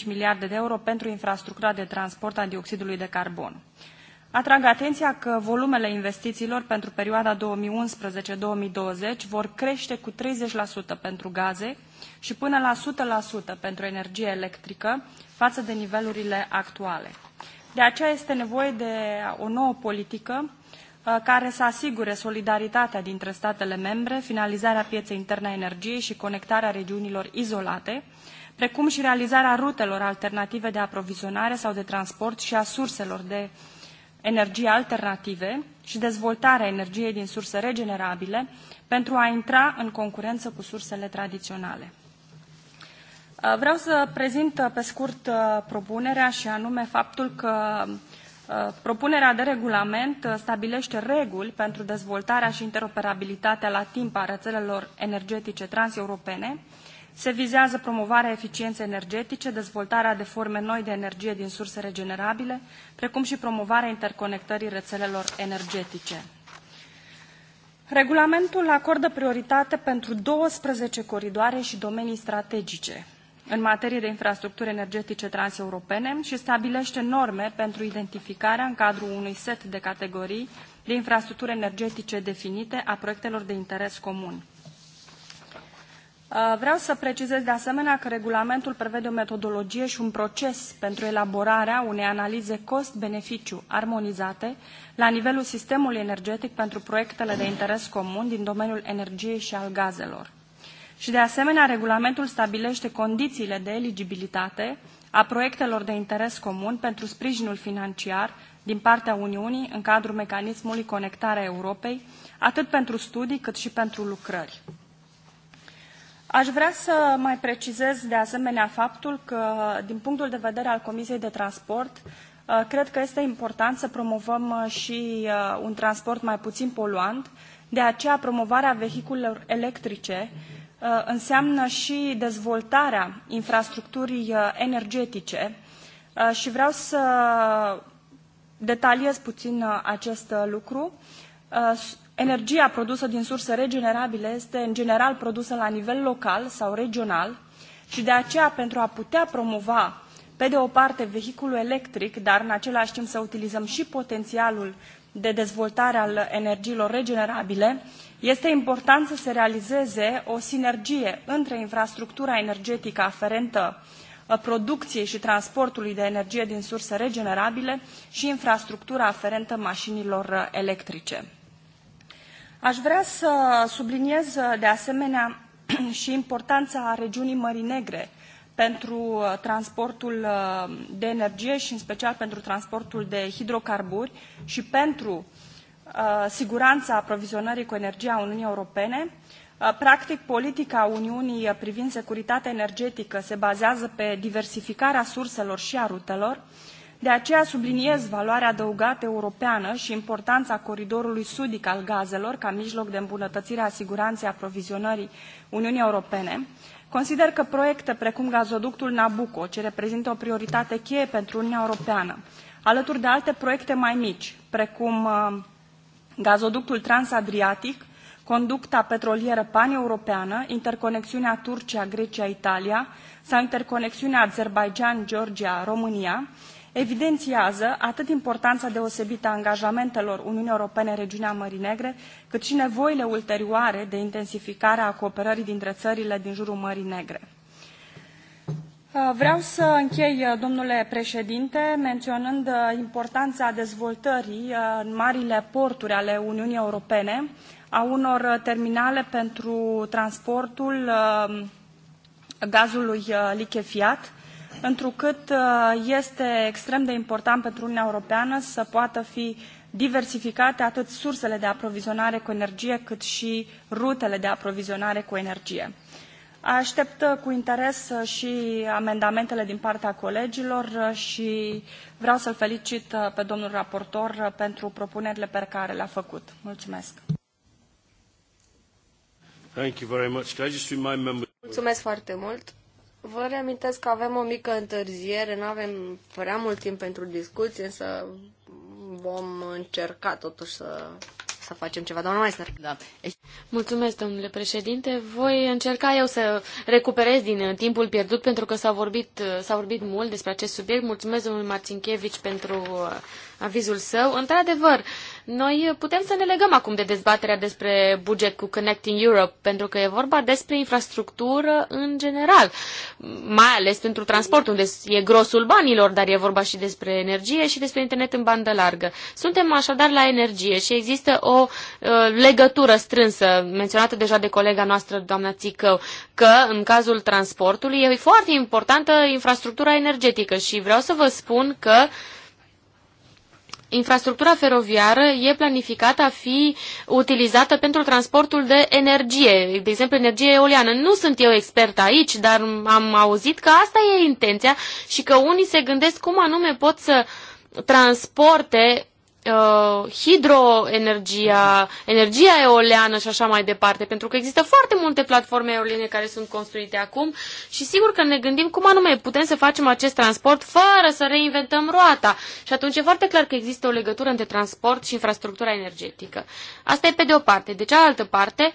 S6: 2,5 miliarde de euro pentru infrastructura de transport a dioxidului de carbon. Atrag atenția că volumele investițiilor pentru perioada 2011-2020 vor crește cu 30% pentru gaze și până la 100% pentru energie electrică față de nivelurile actuale. De aceea este nevoie de o nouă politică uh, care să asigure solidaritatea dintre statele membre, finalizarea pieței interne a energiei și conectarea regiunilor izolate, precum și realizarea rutelor alternative de aprovizionare sau de transport și a surselor de energii alternative și dezvoltarea energiei din surse regenerabile pentru a intra în concurență cu sursele tradiționale. Uh, vreau să prezint uh, pe scurt uh, propunerea și anume faptul că propunerea de regulament stabilește reguli pentru dezvoltarea și interoperabilitatea la timp a rețelelor energetice transeuropene, se vizează promovarea eficienței energetice, dezvoltarea de forme noi de energie din surse regenerabile, precum și promovarea interconectării rețelelor energetice. Regulamentul acordă prioritate pentru 12 coridoare și domenii strategice în materie de infrastructuri energetice transeuropene și stabilește norme pentru identificarea în cadrul unui set de categorii de infrastructuri energetice definite a proiectelor de interes comun. Uh, vreau să precizez de asemenea că regulamentul prevede o metodologie și un proces pentru elaborarea unei analize cost-beneficiu armonizate la nivelul sistemului energetic pentru proiectele de interes comun din domeniul energiei și al gazelor. Și de asemenea, regulamentul stabilește condițiile de eligibilitate a proiectelor de interes comun pentru sprijinul financiar din partea Uniunii în cadrul mecanismului Conectarea Europei, atât pentru studii cât și pentru lucrări. Aș vrea să mai precizez de asemenea faptul că, din punctul de vedere al Comisiei de Transport, uh, cred că este important să promovăm uh, și uh, un transport mai puțin poluant. De aceea, promovarea vehiculelor electrice înseamnă și dezvoltarea infrastructurii energetice și vreau să detaliez puțin acest lucru. Energia produsă din surse regenerabile este în general produsă la nivel local sau regional și de aceea pentru a putea promova pe de o parte vehiculul electric, dar în același timp să utilizăm și potențialul de dezvoltare al energiilor regenerabile, este important să se realizeze o sinergie între infrastructura energetică aferentă ă, producției și transportului de energie din surse regenerabile și infrastructura aferentă mașinilor ă, electrice. Aș vrea să subliniez de asemenea [clears throat] și importanța regiunii Mării Negre pentru uh, transportul uh, de energie și în special pentru transportul de hidrocarburi și pentru uh, siguranța aprovizionării cu energie a Uniunii Europene. Practic, politica Uniunii privind securitatea energetică se bazează pe diversificarea surselor și a rutelor, de aceea subliniez valoarea adăugată europeană și importanța coridorului sudic al gazelor ca mijloc de îmbunătățire a siguranței aprovizionării Uniunii Europene. Consider că proiecte precum gazoductul Nabucco, ce reprezintă o prioritate cheie pentru Uniunea Europeană, alături de alte proiecte mai mici, precum uh, gazoductul transadriatic, conducta petrolieră paneuropeană, interconexiunea Turcia-Grecia-Italia sau interconexiunea Azerbaijan-Georgia-România, evidențiază atât importanța deosebită a angajamentelor Uniunii Europene în regiunea Mării Negre, cât și nevoile ulterioare de intensificare a cooperării dintre țările din jurul Mării Negre. Uh, vreau să închei, uh, domnule președinte, menționând uh, importanța dezvoltării în marile porturi ale Uniunii Europene a unor terminale pentru transportul gazului lichefiat, întrucât uh, este extrem de important pentru Uniunea Europeană să poată fi diversificate atât sursele de aprovizionare cu energie, cât și rutele de aprovizionare cu energie. Aștept uh, cu interes uh, și amendamentele din partea colegilor și vreau să-l felicit pe domnul raportor pentru propunerile pe care le-a făcut.
S2: Mulțumesc! Mulțumesc
S5: foarte mult! Vă reamintesc că avem o mică întârziere, nu avem prea mult timp pentru discuție, însă vom încerca totuși să, să
S3: facem ceva. Doamna Meister. Da. Mulțumesc, domnule președinte. Voi încerca eu să recuperez din uh, timpul pierdut, pentru că s-a vorbit, uh, s-a vorbit mult despre acest subiect. Mulțumesc, domnul Marținchevici, pentru uh, avizul său. Într-adevăr, uh, noi putem să ne legăm acum de dezbaterea despre buget cu Connecting Europe, pentru că e vorba despre infrastructură în general, mai ales pentru transport, unde e grosul banilor, dar e vorba și despre energie și despre internet în bandă largă. Suntem așadar la energie și există o uh, legătură strânsă, menționată deja de colega noastră, doamna Țicău, că în cazul transportului e foarte importantă infrastructura energetică și vreau să vă spun că infrastructura feroviară e planificată a fi utilizată pentru transportul de energie, de exemplu energie eoliană. Nu sunt eu expert aici, dar am auzit că asta e intenția și că unii se gândesc cum anume pot să transporte uh, hidroenergia, energia eoleană și așa mai departe, pentru că există foarte multe platforme eoliene care sunt construite acum și sigur că ne gândim cum anume putem să facem acest transport fără să reinventăm roata. Și atunci e foarte clar că există o legătură între transport și infrastructura energetică. Asta e pe de o parte. De cealaltă parte, uh,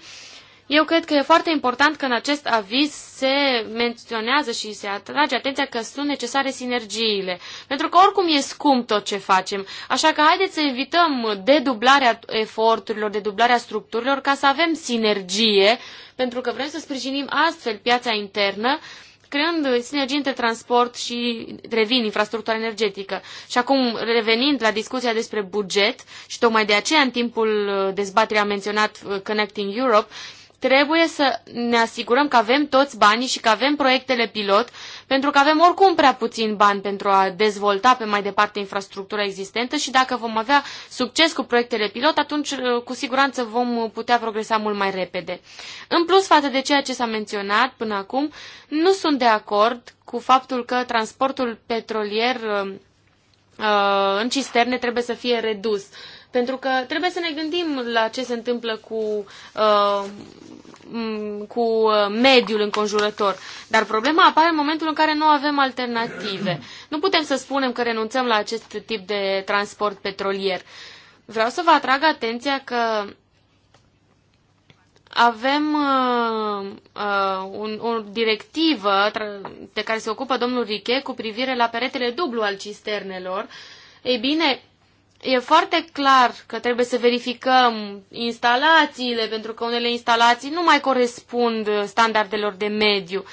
S3: eu cred că e foarte important că în acest aviz se menționează și se atrage atenția că sunt necesare sinergiile. Pentru că oricum e scump tot ce facem. Așa că haideți să evităm dedublarea eforturilor, dedublarea structurilor, ca să avem sinergie, pentru că vrem să sprijinim astfel piața internă, creând sinergii între transport și, revin, infrastructura energetică. Și acum, revenind la discuția despre buget, și tocmai de aceea, în timpul dezbaterii am menționat uh, Connecting Europe, Trebuie să ne asigurăm că avem toți banii și că avem proiectele pilot, pentru că avem oricum prea puțin bani pentru a dezvolta pe mai departe infrastructura existentă și dacă vom avea succes cu proiectele pilot, atunci uh, cu siguranță vom putea progresa mult mai repede. În plus, față de ceea ce s-a menționat până acum, nu sunt de acord cu faptul că transportul petrolier uh, uh, în cisterne trebuie să fie redus. Uh, pentru că trebuie să ne gândim la ce se întâmplă cu, uh, cu uh, mediul înconjurător. Dar problema apare în momentul în care nu avem alternative. Nu putem să spunem că renunțăm la acest tip de transport petrolier. Vreau să vă atrag atenția că avem uh, uh, un, o directivă de care se ocupă domnul Riche cu privire la peretele dublu al cisternelor. Ei bine, e foarte clar că trebuie să verificăm instalațiile, pentru că unele instalații nu mai corespund standardelor de mediu.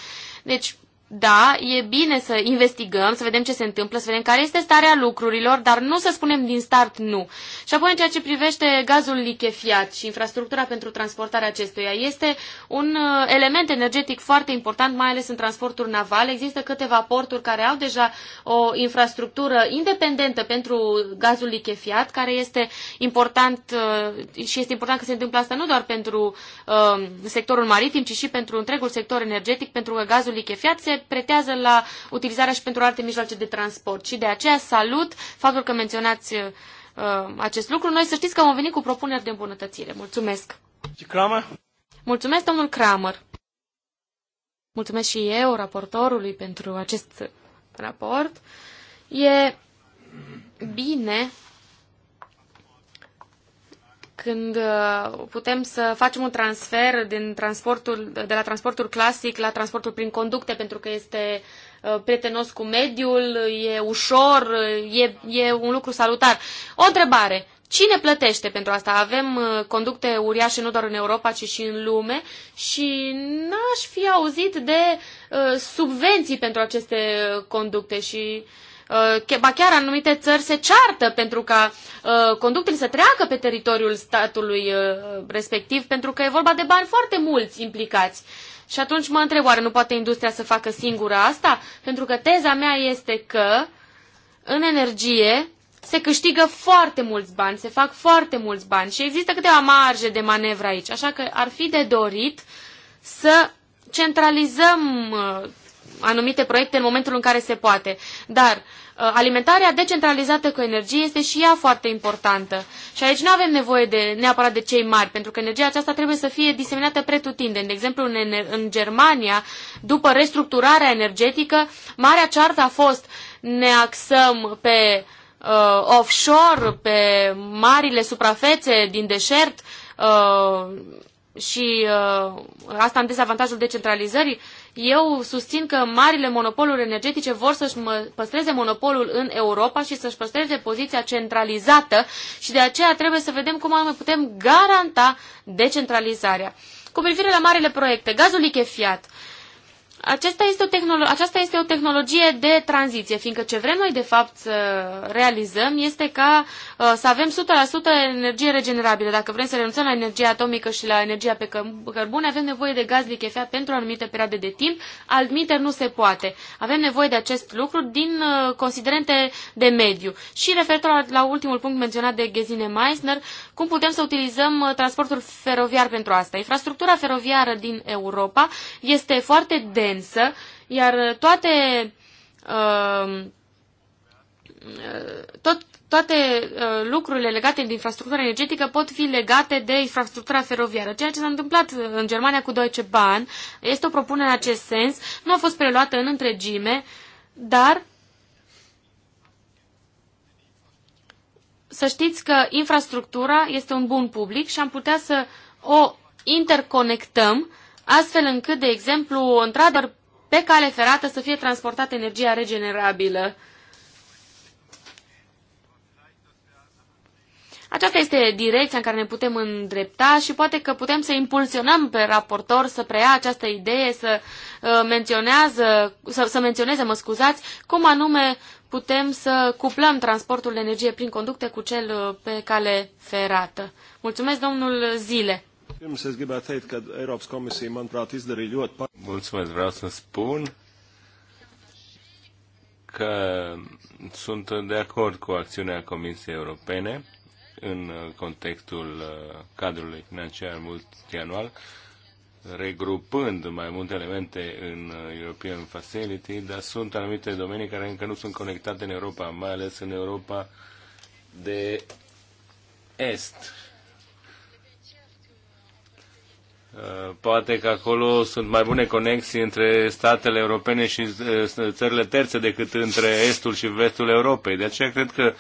S3: Deci, da, e bine să investigăm, să vedem ce se întâmplă, să vedem care este starea lucrurilor, dar nu să spunem din start nu. Și apoi în ceea ce privește gazul lichefiat și infrastructura pentru transportarea acestuia, este un uh, element energetic foarte important, mai ales în transportul naval. Există câteva porturi care au deja o infrastructură independentă pentru gazul lichefiat, care este important uh, și este important că se întâmplă asta nu doar pentru uh, sectorul maritim, ci și pentru întregul sector energetic, pentru că gazul lichefiat se pretează la utilizarea și pentru alte mijloace de transport. Și de aceea salut faptul că menționați uh, acest lucru. Noi să știți că am venit cu propuneri de îmbunătățire. Mulțumesc! Și Mulțumesc, domnul Kramer! Mulțumesc și eu, raportorului, pentru acest raport. E bine când uh, putem să facem un transfer din transportul, de la transportul clasic la transportul prin conducte, pentru că este uh, prietenos cu mediul, e ușor, uh, e, e un lucru salutar. O întrebare. Cine plătește pentru asta? Avem conducte uriașe nu doar în Europa, ci și în lume și n-aș fi auzit de subvenții pentru aceste conducte și uh, Uh, ba chiar anumite țări se ceartă pentru ca uh, conductele să treacă pe teritoriul statului uh, respectiv, pentru că e vorba de bani foarte mulți implicați. Și atunci mă întreb, oare nu poate industria să facă singură asta? Pentru că teza mea este că în energie se câștigă foarte mulți bani, se fac foarte mulți bani și există câteva marge de manevră aici, așa că ar fi de dorit să centralizăm anumite proiecte în momentul în care se poate. Dar uh, alimentarea decentralizată cu energie este și ea foarte importantă. Și aici nu avem nevoie de, neapărat de cei mari, pentru că energia aceasta trebuie să fie diseminată pretutindeni. De exemplu, în, în Germania, după restructurarea energetică, marea ceartă a fost ne axăm pe uh, offshore, pe marile suprafețe din deșert, uh, și uh, asta în dezavantajul decentralizării, eu susțin că marile monopoluri energetice vor să-și păstreze monopolul în Europa și să-și păstreze poziția centralizată și de aceea trebuie să vedem cum anume putem garanta decentralizarea. Cu privire la marile proiecte, gazul lichefiat, uh, aceasta este o aceasta este o tehnologie de tranziție, fiindcă ce vrem noi de fapt să realizăm este ca uh, să avem 100% energie regenerabilă. Dacă vrem să renunțăm la energia atomică și la energia pe cărbune, avem nevoie de gaz lichefiat pentru o anumită perioadă de timp, altminteri nu se poate. Avem nevoie de acest lucru din uh, considerente de mediu. Și referitor la, la ultimul punct menționat de Gesine Meissner, cum putem să utilizăm uh, transportul feroviar pentru asta? Infrastructura feroviară din Europa este foarte de imensă, iar toate, uh, tot, toate uh, lucrurile legate de infrastructura energetică pot fi legate de infrastructura feroviară. Ceea ce s-a întâmplat în Germania cu Deutsche Bahn este o propunere în acest sens, nu a fost preluată în întregime, dar să știți că infrastructura este un bun public și am putea să o interconectăm astfel încât, de exemplu, o întradă pe cale ferată să fie transportată energia regenerabilă. Aceasta este direcția în care ne putem îndrepta și poate că putem să impulsionăm pe raportor să preia această idee, să, uh, menționează, să, să menționeze, mă scuzați, cum anume putem să cuplăm transportul de energie prin conducte cu cel uh, pe cale ferată. Mulțumesc, domnul Zile.
S1: Pirms es gribētu teikt, ka Eiropas komisija, manuprāt, izdarīja ļoti Mulțumesc, vreau să spun că sunt de acord cu acțiunea Comisiei Europene în contextul uh, cadrului financiar multianual, regrupând mai multe elemente în uh, European Facility, dar sunt anumite domenii care încă nu sunt conectate în Europa, mai ales în Europa de Est Uh, poate că acolo sunt mai bune conexii între statele europene și uh, țările terțe decât între estul și vestul Europei. De aceea cred că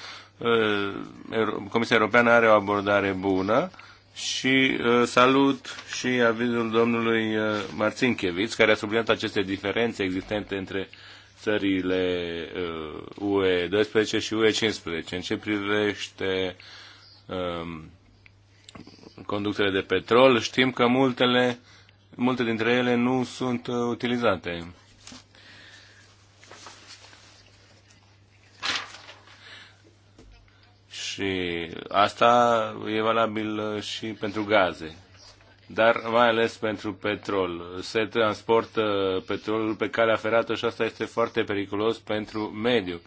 S1: uh, Comisia Europeană are o abordare bună și salut și avizul domnului Marțincheviț, care a subliniat aceste diferențe existente între țările UE 12 și UE 15. În ce privește um, conductele de petrol, știm că multele, multe dintre ele nu sunt uh, utilizate. Și asta e valabil uh, și pentru gaze, dar mai ales pentru petrol. Se transportă uh, petrolul pe calea ferată și asta este foarte periculos pentru mediu.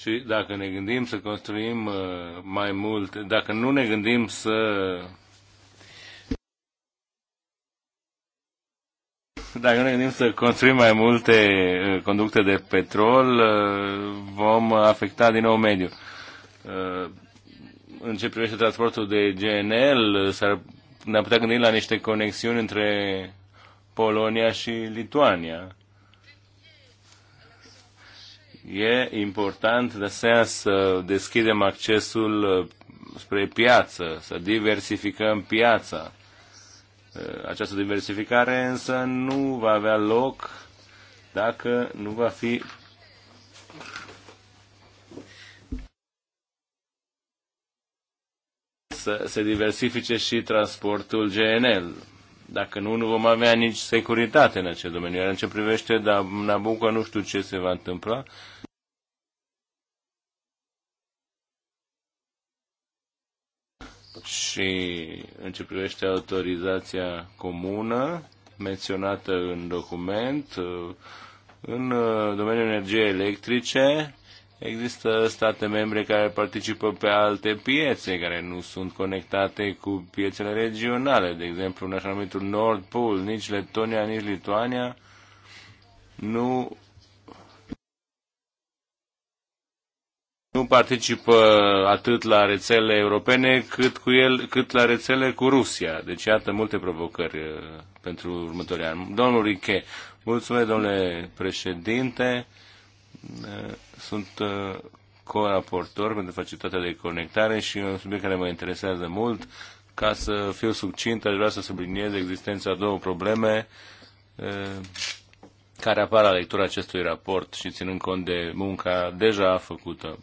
S1: Și dacă ne gândim să construim uh, mai mult, dacă nu ne gândim să dacă ne gândim să construim mai multe uh, conducte de petrol, uh, vom afecta din nou mediul. În ce privește transportul de GNL, ne-am putea gândi la niște conexiuni între Polonia și Lituania. E important de asemenea să deschidem accesul uh, spre piață, să diversificăm piața. Uh, această diversificare însă nu va avea loc dacă nu va fi să se diversifice și transportul GNL. Dacă nu, nu vom avea nici securitate în acest domeniu. Iar în ce privește Nabucco, nu știu ce se va întâmpla. și în ce privește autorizația comună menționată în document, în domeniul energiei electrice există state membre care participă pe alte piețe care nu sunt conectate cu piețele regionale, de exemplu în așa numitul Nord Pool, nici Letonia, nici Lituania nu nu participă atât la rețele europene cât, cu el, cât la rețele cu Rusia. Deci iată multe provocări uh, pentru următorii ani. Domnul Riche, mulțumesc domnule președinte. Uh, sunt uh, co-raportor pentru facilitatea de conectare și un subiect care mă interesează mult. Ca să fiu succint, aș vrea să subliniez existența două probleme care apar la lectura acestui raport și ținând cont de munca deja făcută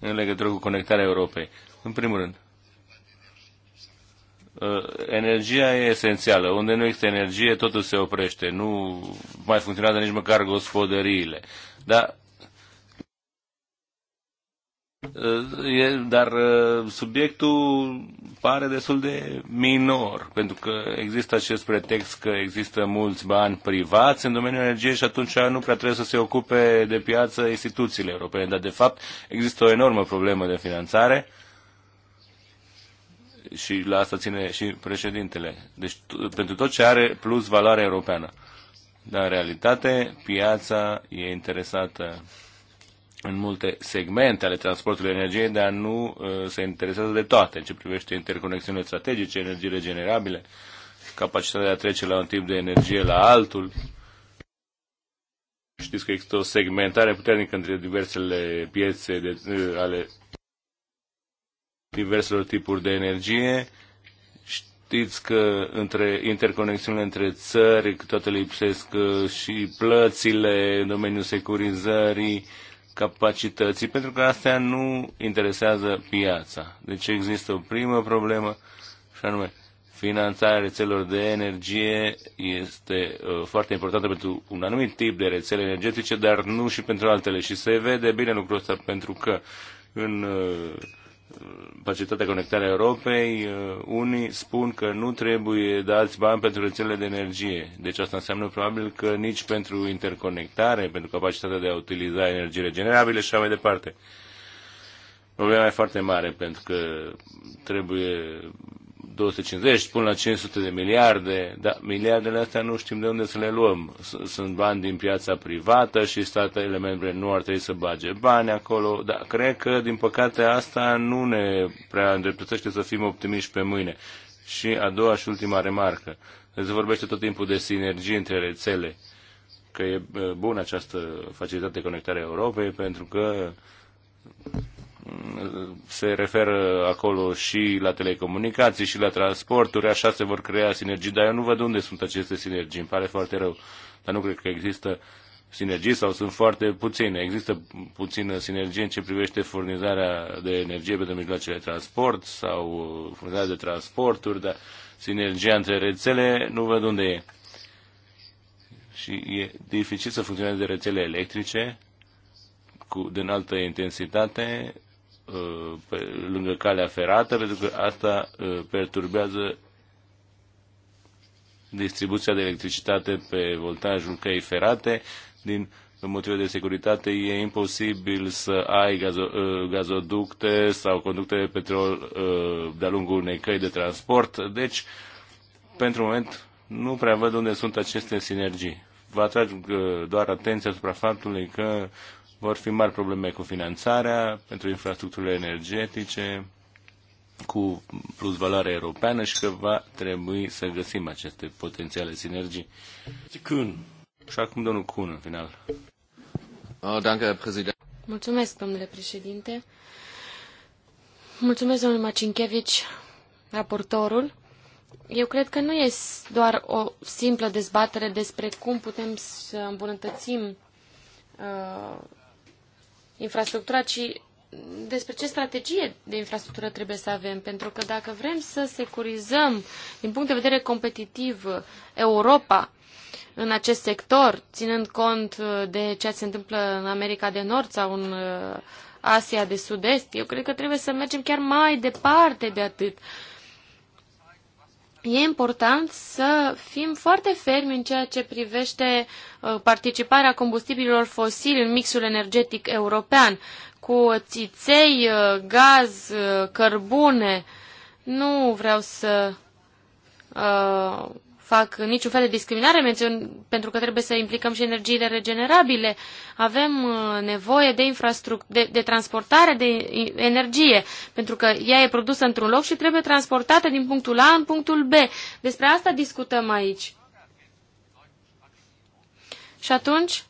S1: în legătură cu conectarea Europei. În primul rând, ă, energia e esențială. Unde nu există energie, totul se oprește. Nu mai funcționează nici măcar gospodăriile. Dar dar subiectul pare destul de minor, pentru că există acest pretext că există mulți bani privați în domeniul energiei și atunci nu prea trebuie să se ocupe de piață instituțiile europene, dar de fapt există o enormă problemă de finanțare și la asta ține și președintele. Deci pentru tot ce are plus valoare europeană. Dar în realitate piața e interesată în multe segmente ale transportului energiei, dar nu uh, se interesează de toate, în ce privește interconexiunile strategice, energii regenerabile, capacitatea de a trece la un tip de energie la altul. Știți că există o segmentare puternică între diversele piețe de, uh, ale diverselor tipuri de energie. Știți că între interconexiunile între țări, toate lipsesc uh, și plățile în domeniul securizării, capacității, pentru că astea nu interesează piața. Deci există o primă problemă, și anume, finanțarea rețelor de energie este uh, foarte importantă pentru un anumit tip de rețele energetice, dar nu și pentru altele. Și se vede bine lucrul ăsta, pentru că în uh, facilitatea conectarea Europei, uh, unii spun că nu trebuie dați bani pentru rețelele de energie. Deci asta înseamnă probabil că nici pentru interconectare, pentru capacitatea de a utiliza energie regenerabile și așa mai departe. Problema e foarte mare pentru că trebuie 250 până la 500 de miliarde, dar miliardele astea nu știm de unde să le luăm. Sunt bani din piața privată și statele membre nu ar trebui să bage bani acolo, dar cred că, din păcate, asta nu ne prea îndreptățește să fim optimiști pe mâine. Și a doua și ultima remarcă. Se vorbește tot timpul de sinergii între rețele, că e bună această facilitate de conectare a Europei, pentru că se referă acolo și la telecomunicații și la transporturi, așa se vor crea sinergii, dar eu nu văd unde sunt aceste sinergii, îmi pare foarte rău, dar nu cred că există sinergii sau sunt foarte puține. Există puțină sinergie în ce privește furnizarea de energie pentru mijloacele de transport sau furnizarea de transporturi, dar sinergia între rețele nu văd unde e. Și e dificil să funcționeze rețele electrice cu, de înaltă intensitate Uh, pe, lângă calea ferată, pentru că asta uh, perturbează distribuția de electricitate pe voltajul căi ferate. Din motive de securitate e imposibil să ai gazo, uh, gazoducte sau conducte de petrol de-a lungul unei căi de transport. Deci, pentru moment, nu prea văd unde sunt aceste sinergii. Vă atrag doar atenția asupra faptului că vor fi mari probleme cu finanțarea pentru infrastructurile energetice, cu plus valoare europeană și că va trebui să găsim aceste potențiale sinergii. Kuhn. Și acum domnul Kuhn în final.
S4: Oh, danke,
S3: Mulțumesc, domnule președinte. Mulțumesc, domnul Macinchevici, raportorul. Eu cred că nu e doar o simplă dezbatere despre cum putem să îmbunătățim uh, infrastructura, ci despre ce strategie de infrastructură trebuie să avem, pentru că dacă vrem să securizăm, din punct de vedere competitiv, Europa în acest sector, ținând cont uh, de ceea ce se întâmplă în America de Nord sau în uh, Asia de Sud-Est, eu cred că trebuie să mergem chiar mai departe de atât. Uh, e important să fim foarte fermi în ceea ce privește uh, participarea combustibililor fosili în mixul energetic european, cu țiței, uh, gaz, uh, cărbune. Nu vreau să uh, fac niciun fel de discriminare, mențion, pentru că trebuie să implicăm și energiile regenerabile. Avem uh, nevoie de, de, de transportare de energie, pentru că ea e produsă într-un loc și trebuie transportată din punctul A în punctul B. Despre asta discutăm aici. Și atunci,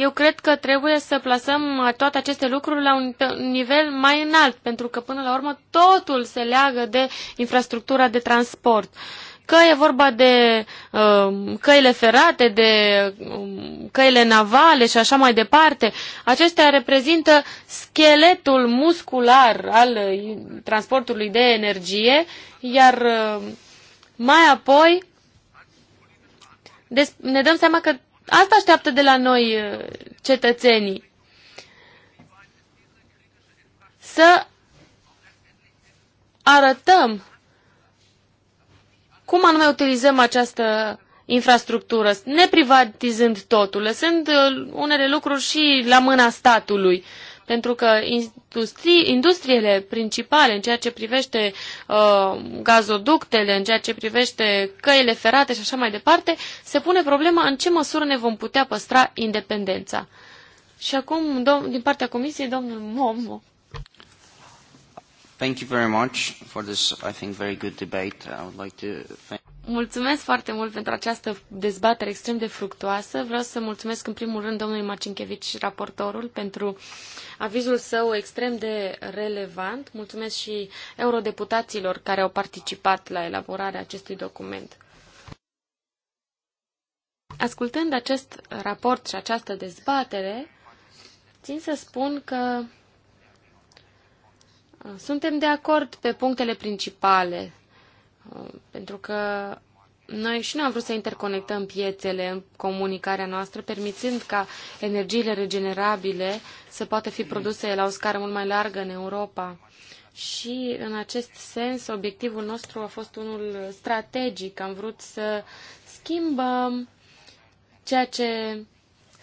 S3: Eu cred că trebuie să plasăm toate aceste lucruri la un nivel mai înalt, pentru că până la urmă totul se leagă de infrastructura de transport. Că e vorba de uh, căile ferate, de uh, căile navale și așa mai departe, acestea reprezintă scheletul muscular al uh, transportului de energie, iar uh, mai apoi ne dăm seama că Asta așteaptă de la noi uh, cetățenii. Să arătăm cum anume utilizăm această infrastructură, neprivatizând totul, lăsând uh, unele lucruri și la mâna statului pentru că industriile principale în ceea ce privește uh, gazoductele, în ceea ce privește căile ferate și așa mai departe, se pune problema în ce măsură ne vom putea păstra independența. Și acum, dom- din partea Comisiei, domnul Momo.
S2: Thank you very much for this, I think, very good debate. I would like to thank
S3: Mulțumesc foarte mult pentru această dezbatere extrem de fructuoasă. Vreau să mulțumesc în primul rând domnului Macinchevici, raportorul, pentru avizul său extrem de relevant. Mulțumesc și eurodeputaților care au participat la elaborarea acestui document. Ascultând acest raport și această dezbatere, țin să spun că suntem de acord pe punctele principale, uh, pentru că noi și nu am vrut să interconectăm piețele în comunicarea noastră, permițând ca energiile regenerabile să poată fi produse la o scară mult mai largă în Europa. Și în acest sens, obiectivul nostru a fost unul strategic. Am vrut să schimbăm ceea ce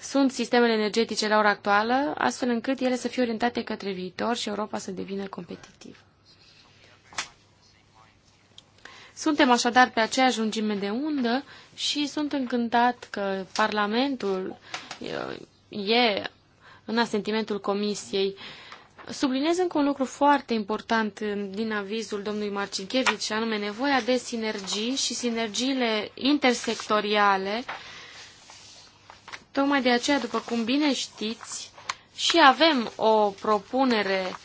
S3: sunt sistemele energetice la ora actuală, astfel încât ele să fie orientate către viitor și Europa să devină competitivă. Suntem așadar pe aceeași lungime de undă și sunt încântat că Parlamentul uh, e în asentimentul Comisiei. Subliniez încă un lucru foarte important uh, din avizul domnului Marcinchevici, anume nevoia de sinergii și sinergiile intersectoriale uh, Tocmai de aceea, după cum bine știți, și avem o propunere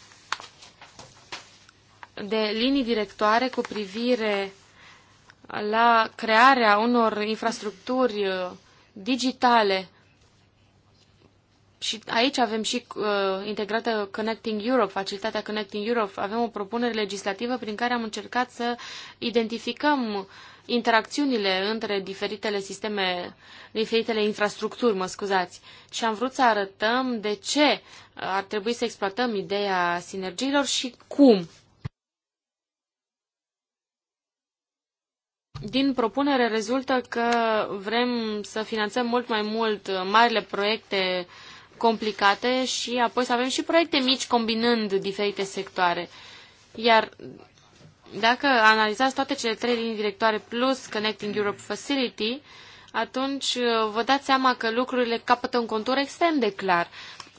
S3: de linii directoare cu privire la crearea unor infrastructuri uh, digitale. Și aici avem și uh, integrată Connecting Europe, facilitatea Connecting Europe. Avem o propunere legislativă prin care am încercat să identificăm interacțiunile între diferitele sisteme, diferitele infrastructuri, mă scuzați. Și am vrut să arătăm de ce ar trebui să exploatăm ideea sinergiilor și cum. Din propunere rezultă că vrem să finanțăm mult mai mult marile proiecte complicate și apoi să avem și proiecte mici combinând diferite sectoare. Iar dacă analizați toate cele trei linii directoare plus Connecting Europe Facility, atunci uh, vă dați seama că lucrurile capătă un contur extrem de clar.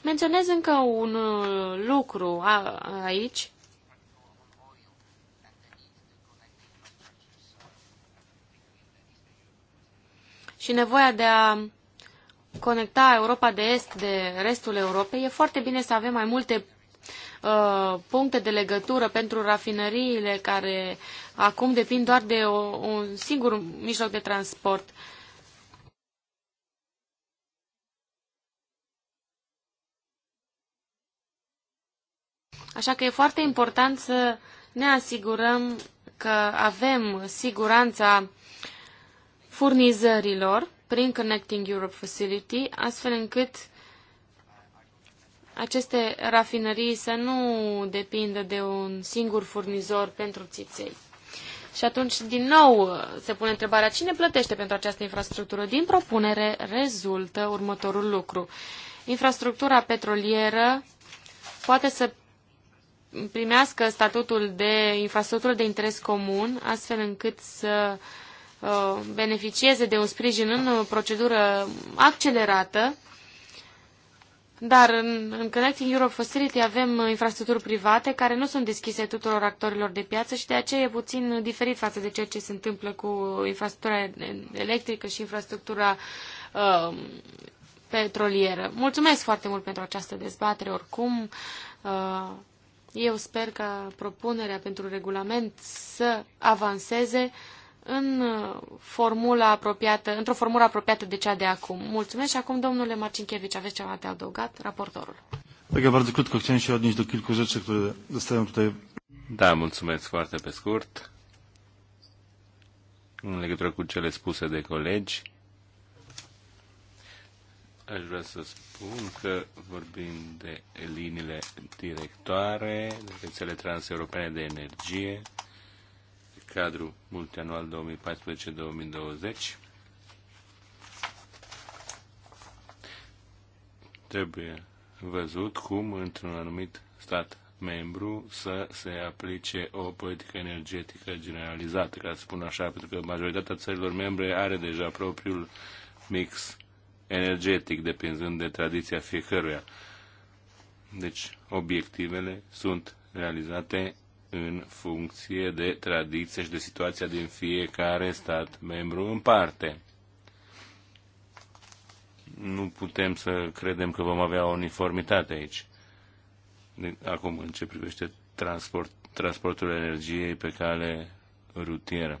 S3: Menționez încă un uh, lucru aici. Și nevoia de a conecta Europa de Est de restul Europei, e foarte bine să avem mai multe Uh, puncte de legătură pentru rafineriile care acum depind doar de o, un singur mijloc de transport. Așa că e foarte important să ne asigurăm că avem siguranța furnizărilor prin Connecting Europe Facility, astfel încât aceste rafinării să nu depindă de un singur furnizor pentru țiței. Și atunci, din nou, se pune întrebarea cine plătește pentru această infrastructură. Din propunere rezultă următorul lucru. Infrastructura petrolieră poate să primească statutul de infrastructură de interes comun, astfel încât să uh, beneficieze de un sprijin în procedură accelerată dar în, în Connecting Europe Facility avem infrastructuri private care nu sunt deschise tuturor actorilor de piață și de aceea e puțin diferit față de ceea ce se întâmplă cu infrastructura electrică și infrastructura uh, petrolieră. Mulțumesc foarte mult pentru această dezbatere oricum. Uh, eu sper ca propunerea pentru regulament să avanseze în uh, formula apropiată, într-o formulă apropiată de cea de acum. Mulțumesc și acum, domnule Marcinkiewicz, aveți ceva de adăugat? Raportorul.
S1: Da, mulțumesc foarte pe scurt. În legătură cu cele spuse de colegi, aș vrea să spun că vorbim de liniile directoare, de rețele transeuropene de energie, cadru multianual 2014-2020. Trebuie văzut cum, într-un anumit stat membru, să se aplice o politică energetică generalizată, ca să spun așa, pentru că majoritatea țărilor membre are deja propriul mix energetic, depinzând de tradiția fiecăruia. Deci, obiectivele sunt realizate în funcție de tradiție și de situația din fiecare stat membru în parte. Nu putem să credem că vom avea o uniformitate aici. Acum, în ce privește transport, transportul energiei pe cale rutieră.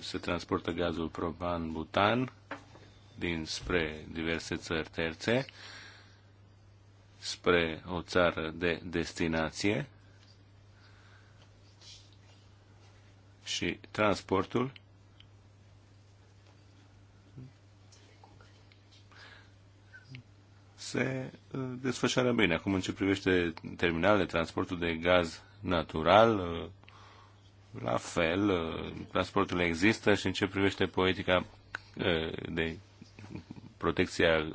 S1: Se transportă gazul propan-butan dinspre diverse țări terțe spre o țară de destinație și transportul se uh, desfășoară bine. Acum, în ce privește terminalele, transportul de gaz natural, uh, la fel, uh, transportul există și în ce privește politica de protecția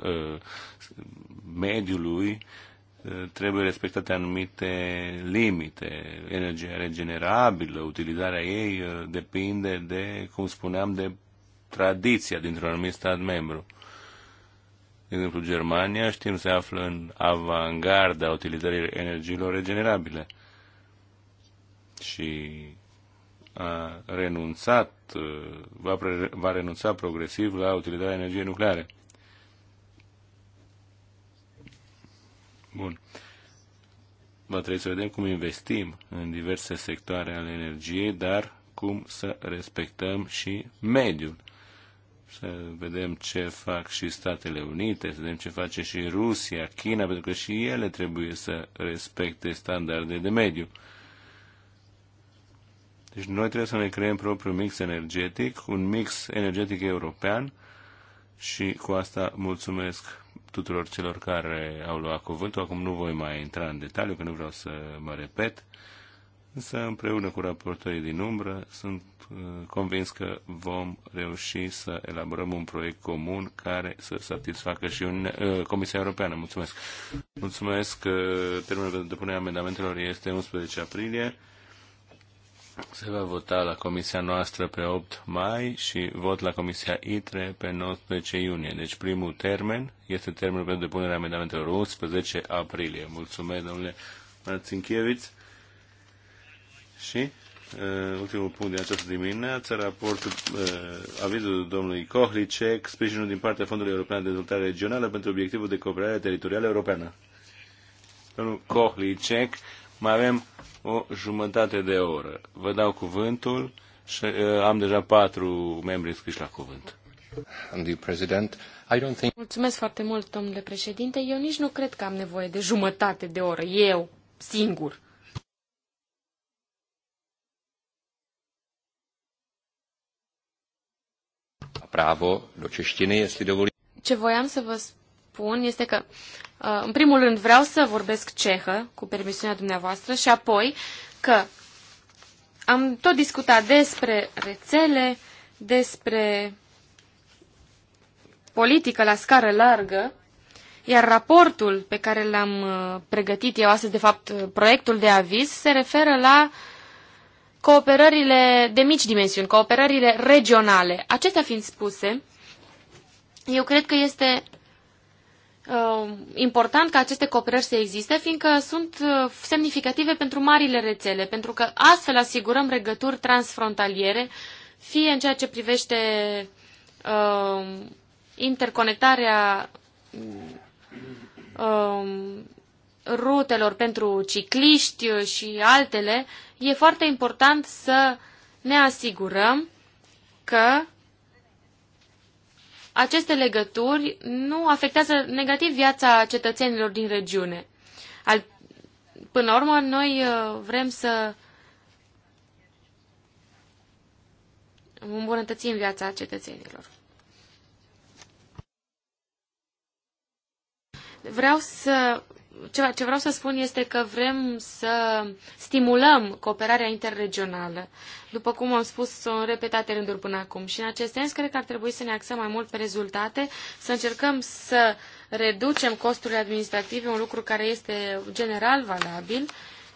S1: mediului uh, trebuie respectate anumite limite. Energia regenerabilă, utilizarea ei uh, depinde de, cum spuneam, de tradiția dintr-un anumit stat membru. De exemplu, Germania, știm, se află în avangarda utilizării energiilor regenerabile și a renunțat, uh, va, pre, va renunța progresiv la utilizarea energiei nucleare. Bun. Va trebui să vedem cum investim în diverse sectoare ale energiei, dar cum să respectăm și mediul. Să vedem ce fac și Statele Unite, să vedem ce face și Rusia, China, pentru că și ele trebuie să respecte standarde de mediu. Deci noi trebuie să ne creăm propriul mix energetic, un mix energetic european și cu asta mulțumesc tuturor celor care au luat cuvântul. Acum nu voi mai intra în detaliu, că nu vreau să mă repet, însă împreună cu raportorii din umbră sunt uh, convins că vom reuși să elaborăm un proiect comun care să satisfacă și un, uh, Comisia Europeană. Mulțumesc! Mulțumesc! Uh, termenul de depunere amendamentelor este 11 aprilie. Se va vota la comisia noastră pe 8 mai și vot la comisia ITRE pe 19 iunie. Deci primul termen este termenul pentru depunerea amendamentelor 11 aprilie. Mulțumesc, domnule Marținchieviț. Și uh, ultimul punct din această dimineață, raportul, uh, avizul domnului Kohlicek, sprijinul din partea Fondului European de Dezvoltare Regională pentru obiectivul de cooperare teritorială europeană. Domnul Kohlicek mai avem o jumătate de oră. Vă dau cuvântul și uh, am deja patru membri scriși la cuvânt.
S3: Mulțumesc foarte mult, domnule președinte. Eu nici nu cred că am nevoie de jumătate de oră. Eu, singur.
S1: Bravo, do ceștine, este dovolit.
S3: Ce voiam să vă spun spun este că, uh, în primul rând, vreau să vorbesc cehă, cu permisiunea dumneavoastră, și apoi că am tot discutat despre rețele, despre politică la scară largă, iar raportul pe care l-am uh, pregătit eu astăzi, de fapt uh, proiectul de aviz, se referă la cooperările de mici dimensiuni, cooperările regionale. Acestea fiind spuse, eu cred că este Uh, important ca aceste cooperări să existe, fiindcă sunt uh, semnificative pentru marile rețele, pentru că astfel asigurăm regături transfrontaliere, fie în ceea ce privește uh, interconectarea uh, rutelor pentru cicliști și altele, e foarte important să ne asigurăm că aceste legături nu afectează negativ viața cetățenilor din regiune. Al, până la urmă, noi uh, vrem să îmbunătățim viața cetățenilor. Vreau să ce, ce vreau să spun este că vrem să stimulăm cooperarea interregională, după cum am spus în repetate rânduri până acum. Și în acest sens, cred că ar trebui să ne axăm mai mult pe rezultate, să încercăm să reducem costurile administrative, un lucru care este general valabil.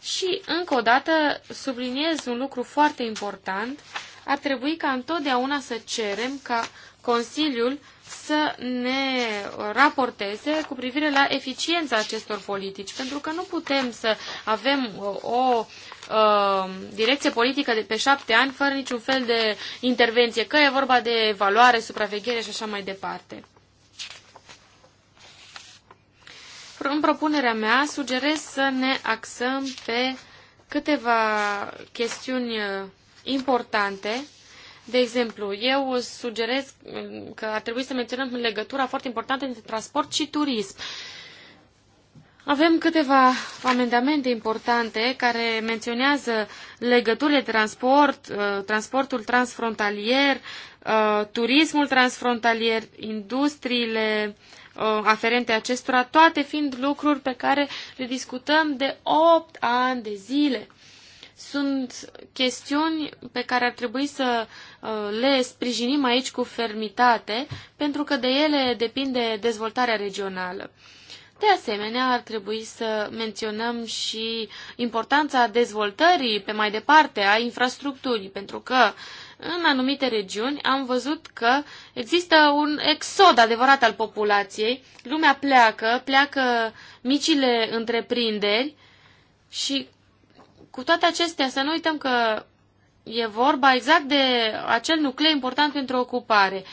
S3: Și, încă o dată, subliniez un lucru foarte important. Ar trebui ca întotdeauna să cerem ca Consiliul să ne raporteze cu privire la eficiența acestor politici, pentru că nu putem să avem uh, o, o uh, direcție politică de pe șapte ani fără niciun fel de intervenție, că e vorba de evaluare, supraveghere și așa mai departe. În propunerea mea sugerez să ne axăm pe câteva chestiuni uh, importante de exemplu, eu sugerez mm, că ar trebui să menționăm legătura foarte importantă între transport și turism. Avem câteva amendamente importante care menționează legăturile de transport, uh, transportul transfrontalier, uh, turismul transfrontalier, industriile uh, aferente acestora, toate fiind lucruri pe care le discutăm de 8 ani de zile sunt chestiuni pe care ar trebui să uh, le sprijinim aici cu fermitate, pentru că de ele depinde dezvoltarea regională. De asemenea, ar trebui să menționăm și importanța dezvoltării pe mai departe a infrastructurii, pentru că în anumite regiuni am văzut că există un exod adevărat al populației, lumea pleacă, pleacă micile întreprinderi și cu toate acestea, să nu uităm că e vorba exact de acel nucleu important pentru ocupare.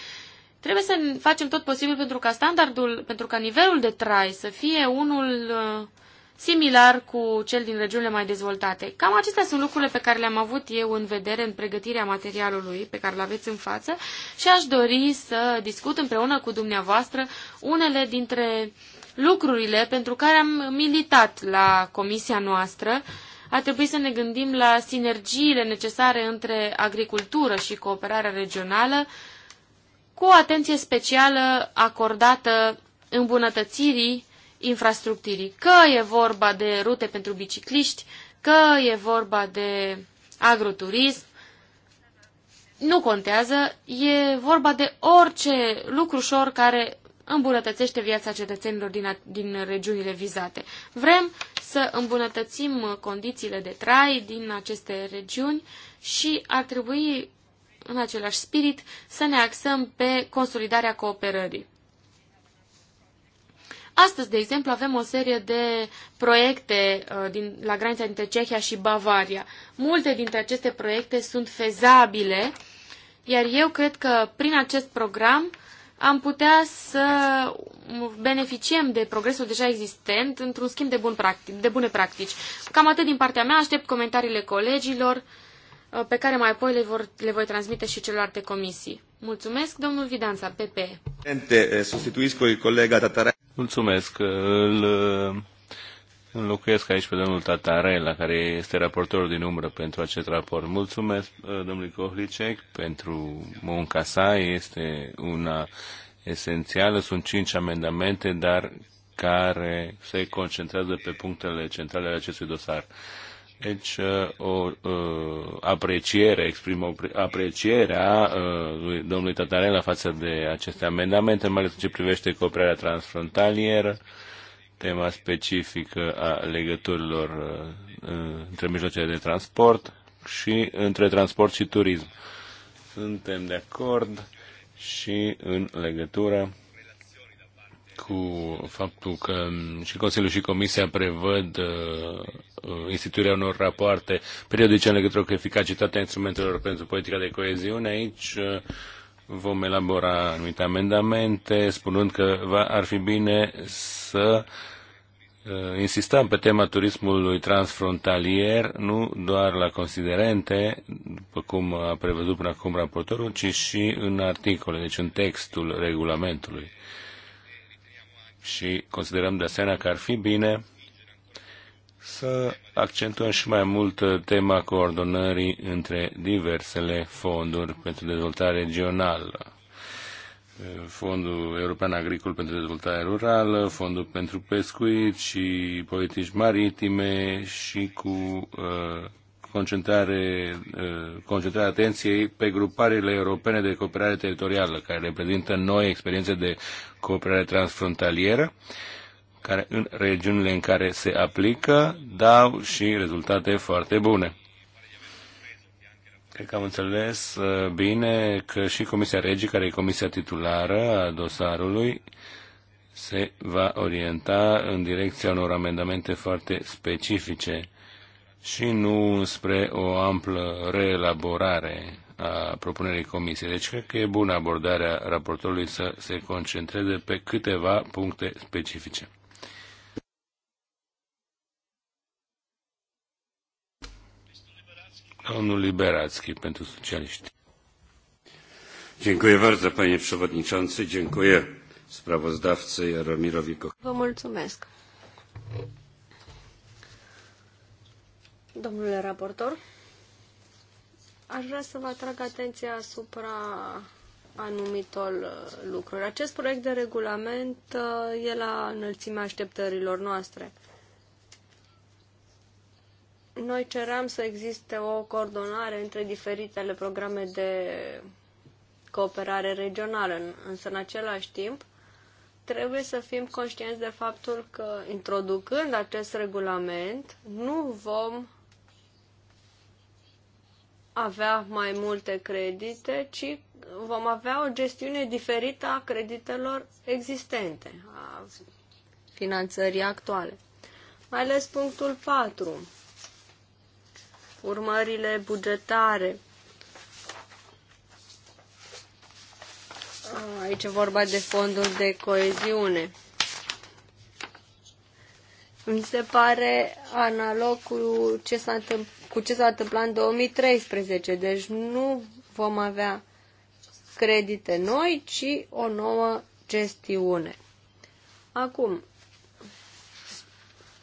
S3: Trebuie să facem tot posibil pentru ca standardul, pentru ca nivelul de trai să fie unul uh, similar cu cel din regiunile mai dezvoltate. Cam acestea sunt lucrurile pe care le-am avut eu în vedere în pregătirea materialului pe care l aveți în față și aș dori să discut împreună cu dumneavoastră unele dintre lucrurile pentru care am militat la comisia noastră ar trebui să ne gândim la sinergiile necesare între agricultură și cooperarea regională, cu o atenție specială acordată îmbunătățirii infrastructurii. Că e vorba de rute pentru bicicliști, că e vorba de agroturism, nu contează, e vorba de orice lucru ușor care îmbunătățește viața cetățenilor din, din regiunile vizate. Vrem să îmbunătățim condițiile de trai din aceste regiuni și ar trebui în același spirit să ne axăm pe consolidarea cooperării. Astăzi, de exemplu, avem o serie de proiecte uh, din, la granița dintre Cehia și Bavaria. Multe dintre aceste proiecte sunt fezabile, iar eu cred că prin acest program am putea să beneficiem de progresul deja existent într-un schimb de, bun practic, de bune practici. Cam atât din partea mea, aștept comentariile colegilor uh, pe care mai apoi le, vor, le voi transmite și celorlalte comisii. Mulțumesc, domnul Vidanța, PP.
S1: Eh, Mulțumesc. Îl Înlocuiesc aici pe domnul la care este raportorul din umbră pentru acest raport. Mulțumesc uh, domnului Kohlicek pentru munca sa, este una esențială. Sunt cinci amendamente, dar care se concentrează pe punctele centrale ale acestui dosar. Deci, uh, o uh, apreciere, exprim aprecierea lui domnului Tatarela față de aceste amendamente, mai ales ce privește cooperarea transfrontalieră, tema specifică a legăturilor uh, între mijloacele de transport și între transport și turism. Suntem de acord și în legătură cu faptul că și Consiliul și Comisia prevăd uh, uh instituirea unor rapoarte periodice în legătură cu eficacitatea instrumentelor pentru politica de coeziune. Aici uh, vom elabora anumite amendamente, spunând că va, ar fi bine să uh, insistăm pe tema turismului transfrontalier, nu doar la considerente, după cum a prevăzut până acum raportorul, ci și în articole, deci în textul regulamentului. Și considerăm de asemenea că ar fi bine să accentuăm și mai mult uh, tema coordonării între diversele fonduri pentru dezvoltare regională. Uh, Fondul European Agricol pentru Dezvoltare Rurală, Fondul pentru Pescuit și Politici Maritime și cu uh, concentrare, uh, concentrarea atenției pe gruparile europene de cooperare teritorială, care reprezintă noi experiențe de cooperare transfrontalieră. Uh, care în regiunile în care se aplică dau și rezultate foarte bune. Cred că am înțeles uh, bine că și Comisia Regii, care e comisia titulară a dosarului, se va orienta în direcția unor amendamente foarte specifice și nu spre o amplă reelaborare a propunerii comisiei. Deci cred că e bună abordarea raportorului să se concentreze pe câteva puncte specifice. Domnul Liberacki pentru socialiști. Dziękuję bardzo, panie przewodniczący. Dziękuję sprawozdawcy Jaromirowi
S5: Vă mulțumesc. Domnule raportor, aș vrea să vă atrag atenția asupra anumitor uh, lucruri. Acest proiect de regulament uh, e la înălțimea așteptărilor noastre. Noi ceram să existe o coordonare între diferitele programe de cooperare regională, însă în același timp trebuie să fim conștienți de faptul că introducând acest regulament nu vom avea mai multe credite, ci vom avea o gestiune diferită a creditelor existente, a finanțării actuale. Mai ales punctul 4, urmările bugetare. Aici e vorba de fondul de coeziune. Mi se pare analog cu ce s-a întâmpl cu ce s-a întâmplat în 2013. Deci nu vom avea credite noi, ci o nouă gestiune. Acum,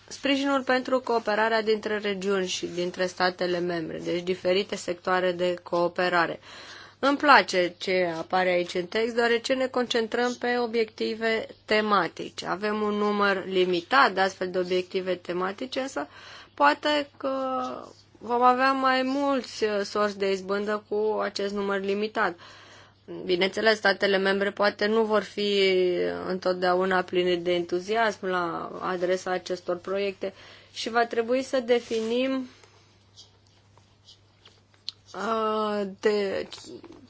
S5: sprijinul pentru cooperarea dintre regiuni și dintre statele membre, deci diferite sectoare de cooperare. Îmi place ce apare aici în text, deoarece ne concentrăm pe obiective tematice. Avem un număr limitat de astfel de obiective tematice, însă poate că vom avea mai mulți uh, sorți de izbândă cu acest număr limitat. Bineînțeles, statele membre poate nu vor fi întotdeauna pline de entuziasm la adresa acestor proiecte și va trebui să definim de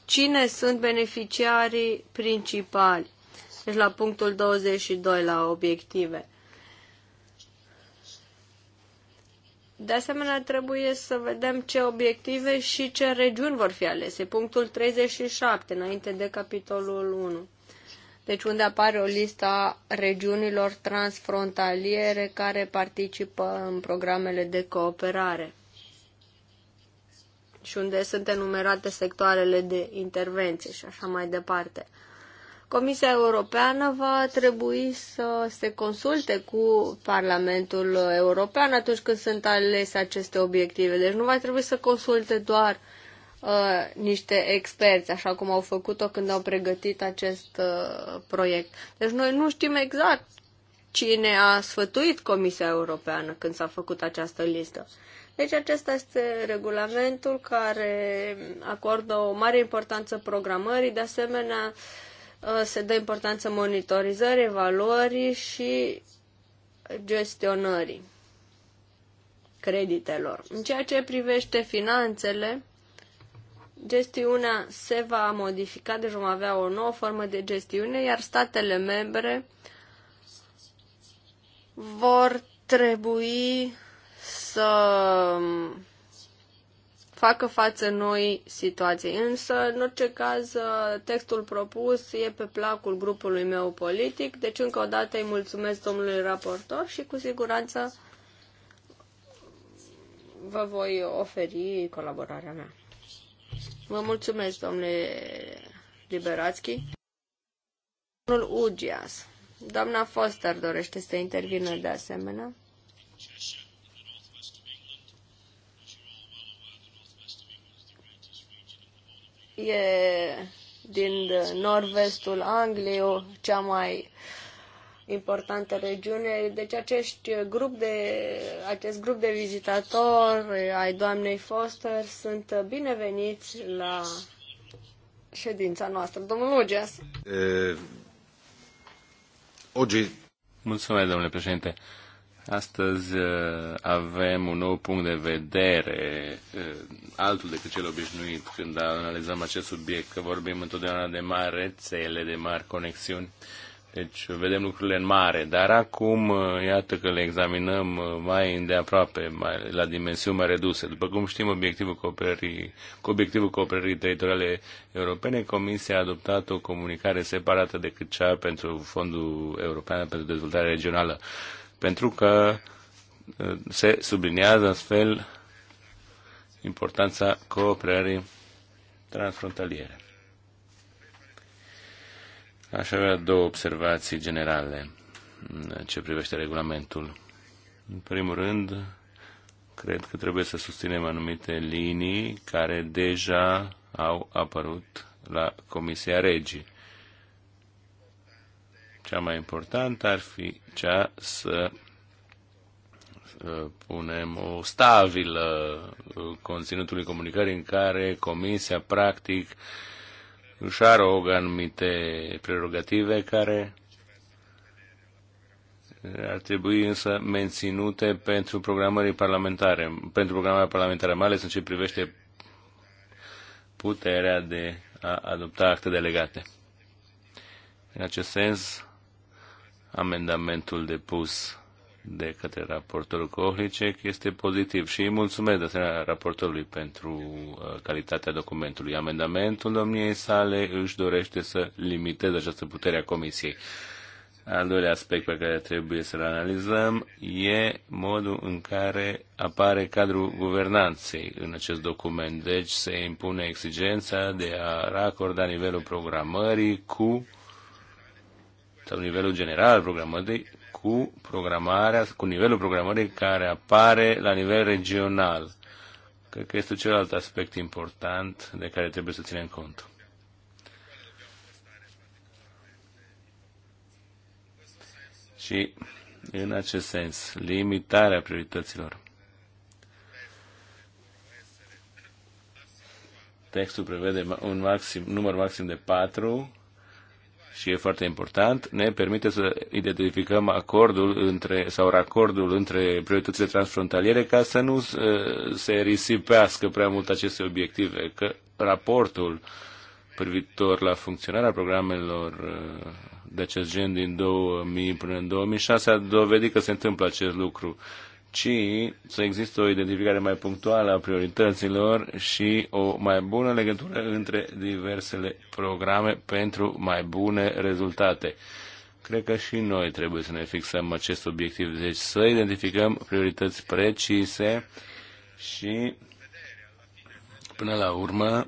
S5: cine sunt beneficiarii principali. Deci la punctul 22 la obiective. De asemenea, trebuie să vedem ce obiective și ce regiuni vor fi alese. Punctul 37, înainte de capitolul 1. Deci unde apare o listă a regiunilor transfrontaliere care participă în programele de cooperare și unde sunt enumerate sectoarele de intervenție și așa mai departe. Comisia Europeană va trebui să se consulte cu Parlamentul European atunci când sunt alese aceste obiective. Deci nu va trebui să consulte doar uh, niște experți, așa cum au făcut-o când au pregătit acest uh, proiect. Deci noi nu știm exact cine a sfătuit Comisia Europeană când s-a făcut această listă. Deci acesta este regulamentul care acordă o mare importanță programării, de asemenea uh, Uh, se dă importanță monitorizării, evaluării și gestionării creditelor. În ceea ce privește finanțele, gestiunea se va modifica, deci vom avea o nouă formă de gestiune, iar statele membre vor trebui să facă față noi situației. Însă, în orice caz, textul propus e pe placul grupului meu politic, deci încă o dată îi mulțumesc domnului raportor și cu siguranță vă voi oferi colaborarea mea. Vă mulțumesc, domnule Liberațchi. Domnul Ugias. Doamna Foster dorește să intervină de asemenea. e din nord-vestul Angliei, cea mai importantă regiune. Deci acești grup de, acest grup de vizitatori ai doamnei Foster sunt bineveniți la ședința noastră. Domnul Ugeas.
S1: Ogi. Mulțumesc, domnule președinte. Astăzi uh, avem un nou punct de vedere, uh, altul decât cel obișnuit când analizăm acest subiect, că vorbim întotdeauna de mari rețele, de mari conexiuni. Deci vedem lucrurile în mare, dar acum uh, iată că le examinăm mai îndeaproape, mai, la dimensiuni mai reduse. După cum știm, obiectivul cooperării, cu obiectivul cooperării teritoriale europene, Comisia a adoptat o comunicare separată decât cea pentru Fondul European pentru Dezvoltare Regională pentru că uh, se subliniază astfel importanța cooperării transfrontaliere. Aș avea două observații generale în ce privește regulamentul. În primul rând, cred că trebuie să susținem anumite linii care deja au apărut la Comisia Regii. Cea mai importantă ar fi cea să uh, punem o stabilă uh, conținutului comunicării în care Comisia practic își arogă anumite prerogative care ar trebui însă menținute pentru programării parlamentare, pentru programarea parlamentară, mai ales în ce privește puterea de a adopta acte delegate. În acest sens, amendamentul depus de către raportorul Kohlicek este pozitiv și îi mulțumesc de asemenea raportorului pentru uh, calitatea documentului. Amendamentul domniei sale își dorește să limiteze această putere a Comisiei. Al doilea aspect pe care trebuie să-l analizăm e modul în care apare cadrul guvernanței în acest document. Deci se impune exigența de a racorda nivelul programării cu un nivelul general al programării cu programarea, cu nivelul programării care apare la nivel regional. Cred că este celălalt aspect important de care trebuie să ținem cont. Și, în acest sens, limitarea priorităților. Textul prevede un maxim, număr maxim de patru și e foarte important, ne permite să identificăm acordul între, sau racordul între prioritățile transfrontaliere ca să nu uh, se risipească prea mult aceste obiective, că raportul privitor la funcționarea programelor uh, de acest gen din 2000 până în 2006 a dovedit că se întâmplă acest lucru ci să există o identificare mai punctuală a priorităților și o mai bună legătură între diversele programe pentru mai bune rezultate. Cred că și noi trebuie să ne fixăm acest obiectiv, deci să identificăm priorități precise și până la urmă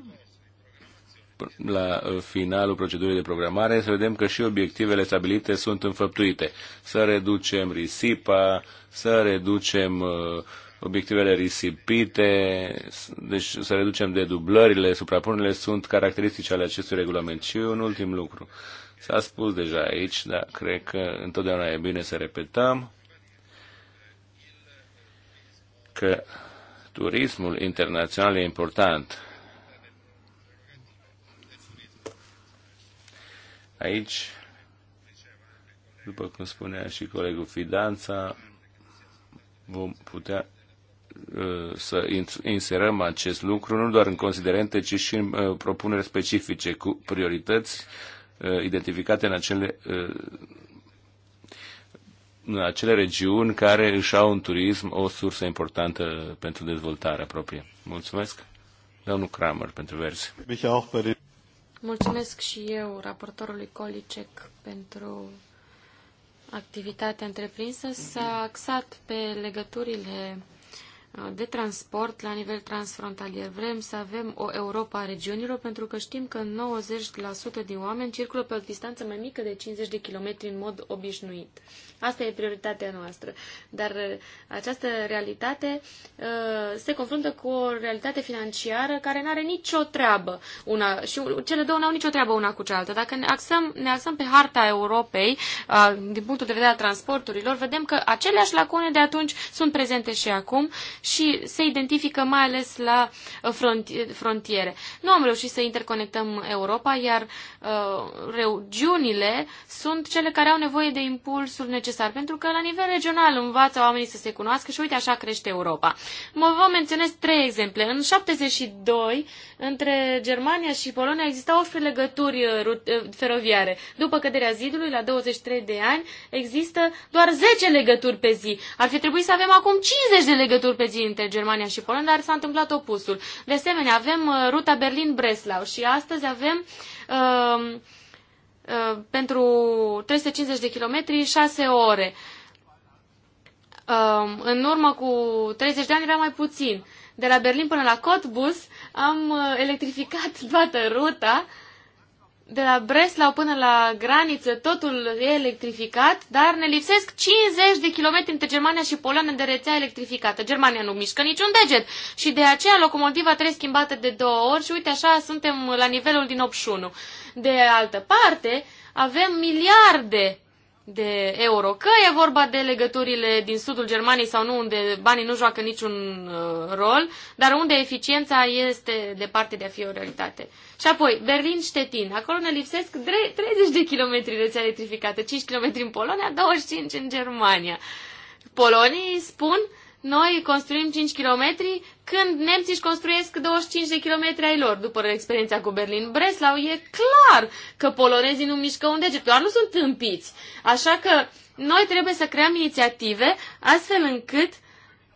S1: la uh, finalul procedurii de programare să vedem că și obiectivele stabilite sunt înfăptuite. Să reducem risipa, să reducem uh, obiectivele risipite, deci să reducem dedublările, suprapunerile sunt caracteristice ale acestui regulament. Și un ultim lucru. S-a spus deja aici, dar cred că întotdeauna e bine să repetăm că turismul internațional e important Aici, după cum spunea și colegul Fidanța, vom putea uh, să inserăm acest lucru nu doar în considerente, ci și în uh, propuneri specifice cu priorități uh, identificate în acele, în acele regiuni care își au în turism o sursă importantă pentru dezvoltarea proprie. Mulțumesc, domnul Kramer, pentru versi.
S3: Mulțumesc și eu raportorului Colicec pentru activitatea întreprinsă. S-a axat pe legăturile Uh, de transport la nivel transfrontalier. Vrem să avem o Europa a regiunilor pentru că știm că 90% din oameni circulă pe o distanță mai mică de 50 de kilometri în mod obișnuit. Asta e prioritatea noastră. Dar uh, această realitate uh, se confruntă cu o realitate financiară care nu are nicio treabă. Una, și cele două nu au nicio treabă una cu cealaltă. Dacă ne axăm, ne axăm pe harta Europei, din punctul de vedere al transporturilor, vedem că aceleași lacune de atunci sunt prezente și acum și se identifică mai ales la uh, frontiere. Nu am reușit să interconectăm Europa, iar uh, regiunile sunt cele care au nevoie de impulsul necesar, pentru că la nivel regional învață oamenii să se cunoască și uite așa crește Europa. Mă vă menționez trei exemple. În 72, între Germania și Polonia existau 18 legături uh, uh, feroviare. După căderea zidului, la 23 de ani, există doar 10 legături pe zi. Ar fi trebuit să avem acum 50 de legături pe zi strategii între Germania și Polonia, dar s-a întâmplat opusul. De asemenea, avem uh, ruta Berlin-Breslau și astăzi avem uh, uh, pentru 350 de kilometri 6 ore. Uh, în urmă cu 30 de ani era mai puțin. De la Berlin până la Cottbus am uh, electrificat [laughs] toată ruta uh, de la Breslau până la graniță totul e electrificat, dar ne lipsesc 50 de kilometri între Germania și Polonia de rețea electrificată. Germania nu mișcă niciun deget și de aceea locomotiva trebuie schimbată de două ori și uite așa suntem la nivelul din 81. De altă parte, avem miliarde de euro, că e vorba de legăturile din sudul Germaniei sau nu, unde banii nu joacă niciun uh, rol, dar unde eficiența este departe de a fi o realitate. Și apoi, Berlin-Ștetin, acolo ne lipsesc 30 de kilometri rețea electrificată, 5 km în Polonia, 25 în Germania. Polonii spun, noi construim 5 km când nemții își construiesc 25 de kilometri ai lor după experiența cu Berlin. Breslau e clar că polonezii nu mișcă un deget, doar nu sunt împiți. Așa că noi trebuie să creăm inițiative astfel încât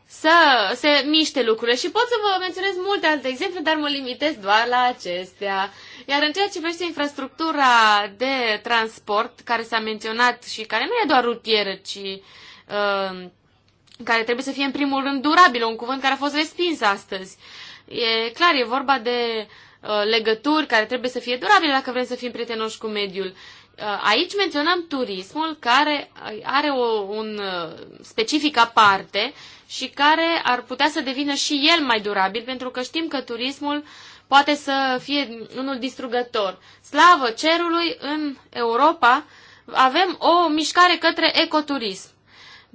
S3: să se miște lucrurile. Și pot să vă menționez multe alte exemple, dar mă limitez doar la acestea. Iar în ceea ce privește infrastructura de transport, care s-a menționat și care nu e doar rutieră, ci uh, care trebuie să fie în primul rând durabilă, un cuvânt care a fost respins astăzi. E clar, e vorba de uh, legături care trebuie să fie durabile dacă vrem să fim prietenoși cu mediul. Uh, aici menționăm turismul care are o, un uh, specific aparte și care ar putea să devină și el mai durabil pentru că știm că turismul poate să fie unul distrugător. Slavă cerului, în Europa avem o mișcare către ecoturism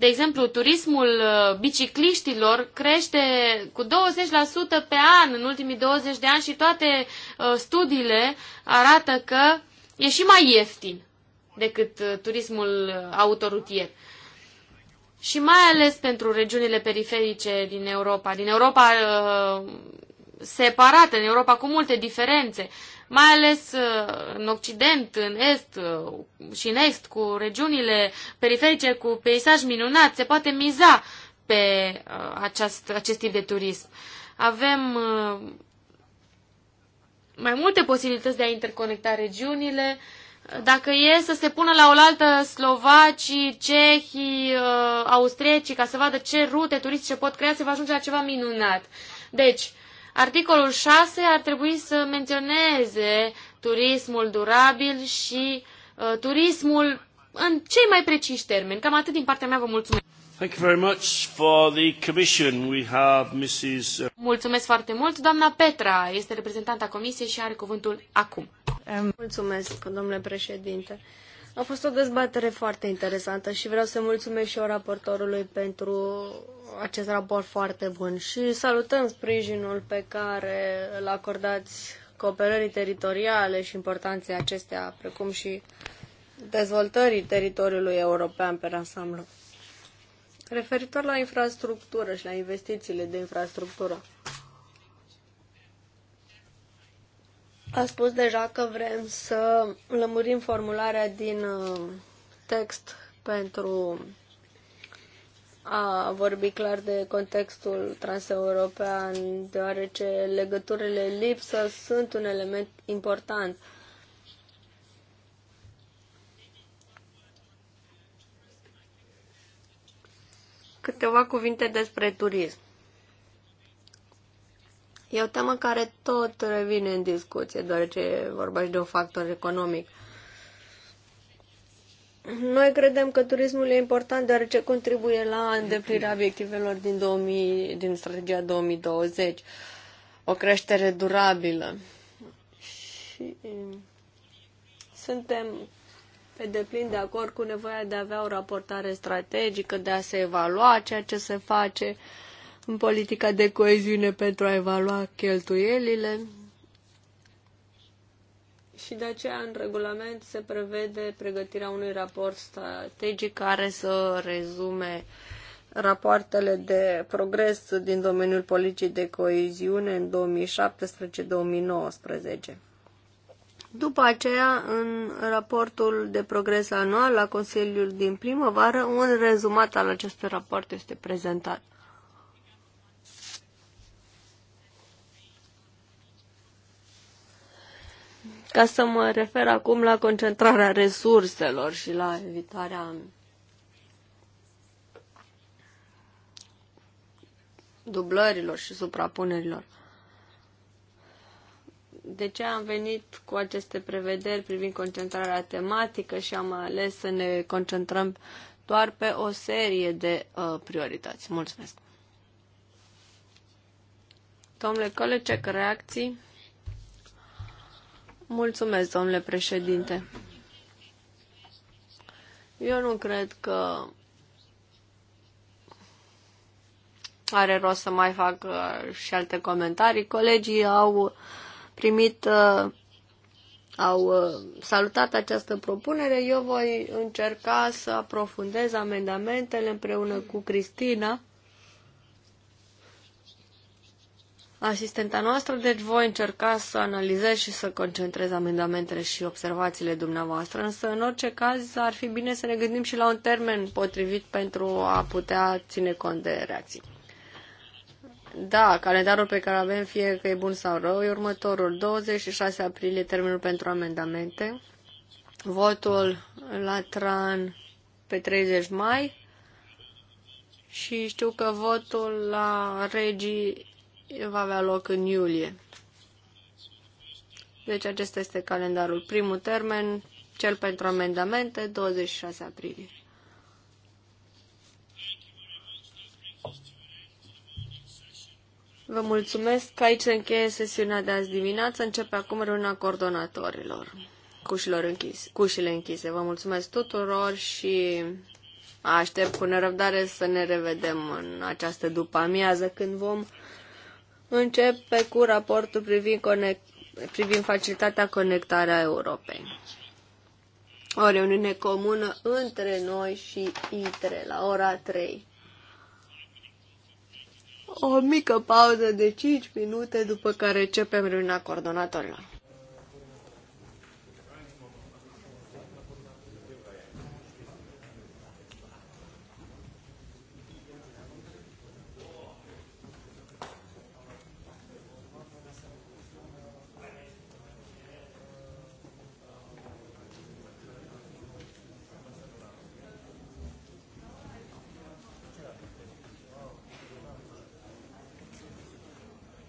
S3: de exemplu, turismul uh, bicicliștilor crește cu 20% pe an în ultimii 20 de ani și toate uh, studiile arată că e și mai ieftin decât uh, turismul autorutier. Și mai ales pentru regiunile periferice din Europa, din Europa separată, în Europa cu multe diferențe mai ales uh, în Occident, în Est uh, și în Est, cu regiunile periferice, cu peisaj minunat, se poate miza pe uh, aceast, acest tip de turism. Avem mai multe posibilități de a interconecta regiunile. Dacă e să se pună la oaltă slovacii, cehii, austriecii, ca să vadă ce rute turistice pot crea, se va ajunge la ceva minunat. Deci, Articolul 6 ar trebui să menționeze turismul durabil și uh, turismul în cei mai preciși termeni. Cam atât din partea mea, vă mulțumesc.
S2: Thank you very much for the commission. We have Mrs. Uh,
S3: mulțumesc foarte mult. Doamna Petra este reprezentanta comisiei și are cuvântul acum. Mulțumesc, domnule președinte. A fost o dezbatere foarte interesantă
S5: și vreau să mulțumesc și eu raportorului pentru acest raport foarte bun și salutăm sprijinul pe care îl acordați cooperării teritoriale și importanței acestea, precum și dezvoltării teritoriului european pe ansamblu. Referitor la infrastructură și la investițiile de infrastructură, A spus deja că vrem să lămurim formularea din uh, text pentru a vorbi clar de contextul transeuropean, deoarece legăturile lipsă sunt un element important. Câteva cuvinte despre turism. E o temă care tot revine în discuție, deoarece vorba și de un factor economic. Noi credem că turismul e important deoarece contribuie la îndeplinirea obiectivelor din, 2000, din strategia 2020, o creștere durabilă. Și suntem pe deplin de acord cu nevoia de a avea o raportare strategică, de a se evalua ceea ce se face, uh, în politica de coeziune pentru a evalua cheltuielile. Și de aceea în regulament se prevede pregătirea unui raport strategic care să rezume rapoartele de progres din domeniul politicii de coeziune în 2017-2019. După aceea, în raportul de progres anual la Consiliul din primăvară, un rezumat al acestui raport este prezentat. Ca să mă refer acum la concentrarea resurselor și la evitarea dublărilor și suprapunerilor. De ce am venit cu aceste prevederi privind concentrarea tematică și am ales să ne concentrăm doar pe o serie de uh, priorități? Mulțumesc! Domnule Colecec, reacții? Mulțumesc, domnule președinte. Eu nu cred că are rost să mai fac uh, și alte comentarii. Colegii au primit, uh, au uh, salutat această propunere. Eu voi încerca să aprofundez amendamentele împreună cu Cristina asistenta noastră, deci voi încerca să analizez și să concentrez amendamentele și observațiile dumneavoastră, însă în orice caz ar fi bine să ne gândim și la un termen potrivit pentru a putea ține cont de reacții. Da, calendarul pe care avem, fie că e bun sau rău, e următorul. 26 aprilie, termenul pentru amendamente. Votul la TRAN pe 30 mai. Și știu că votul la regii va avea loc în iulie. Deci acesta este calendarul. Primul termen, cel pentru amendamente, 26 aprilie. Vă mulțumesc că aici se încheie sesiunea de azi dimineață. Începe acum reuniunea coordonatorilor. Cușilor închise, cușile închise. Vă mulțumesc tuturor și aștept cu nerăbdare să ne revedem în această după amiază când vom începe cu raportul privind, conect, privind facilitatea conectarea Europei. O reuniune comună între noi și ITRE la ora 3. O mică pauză de 5 minute după care începem reuniunea coordonatorilor.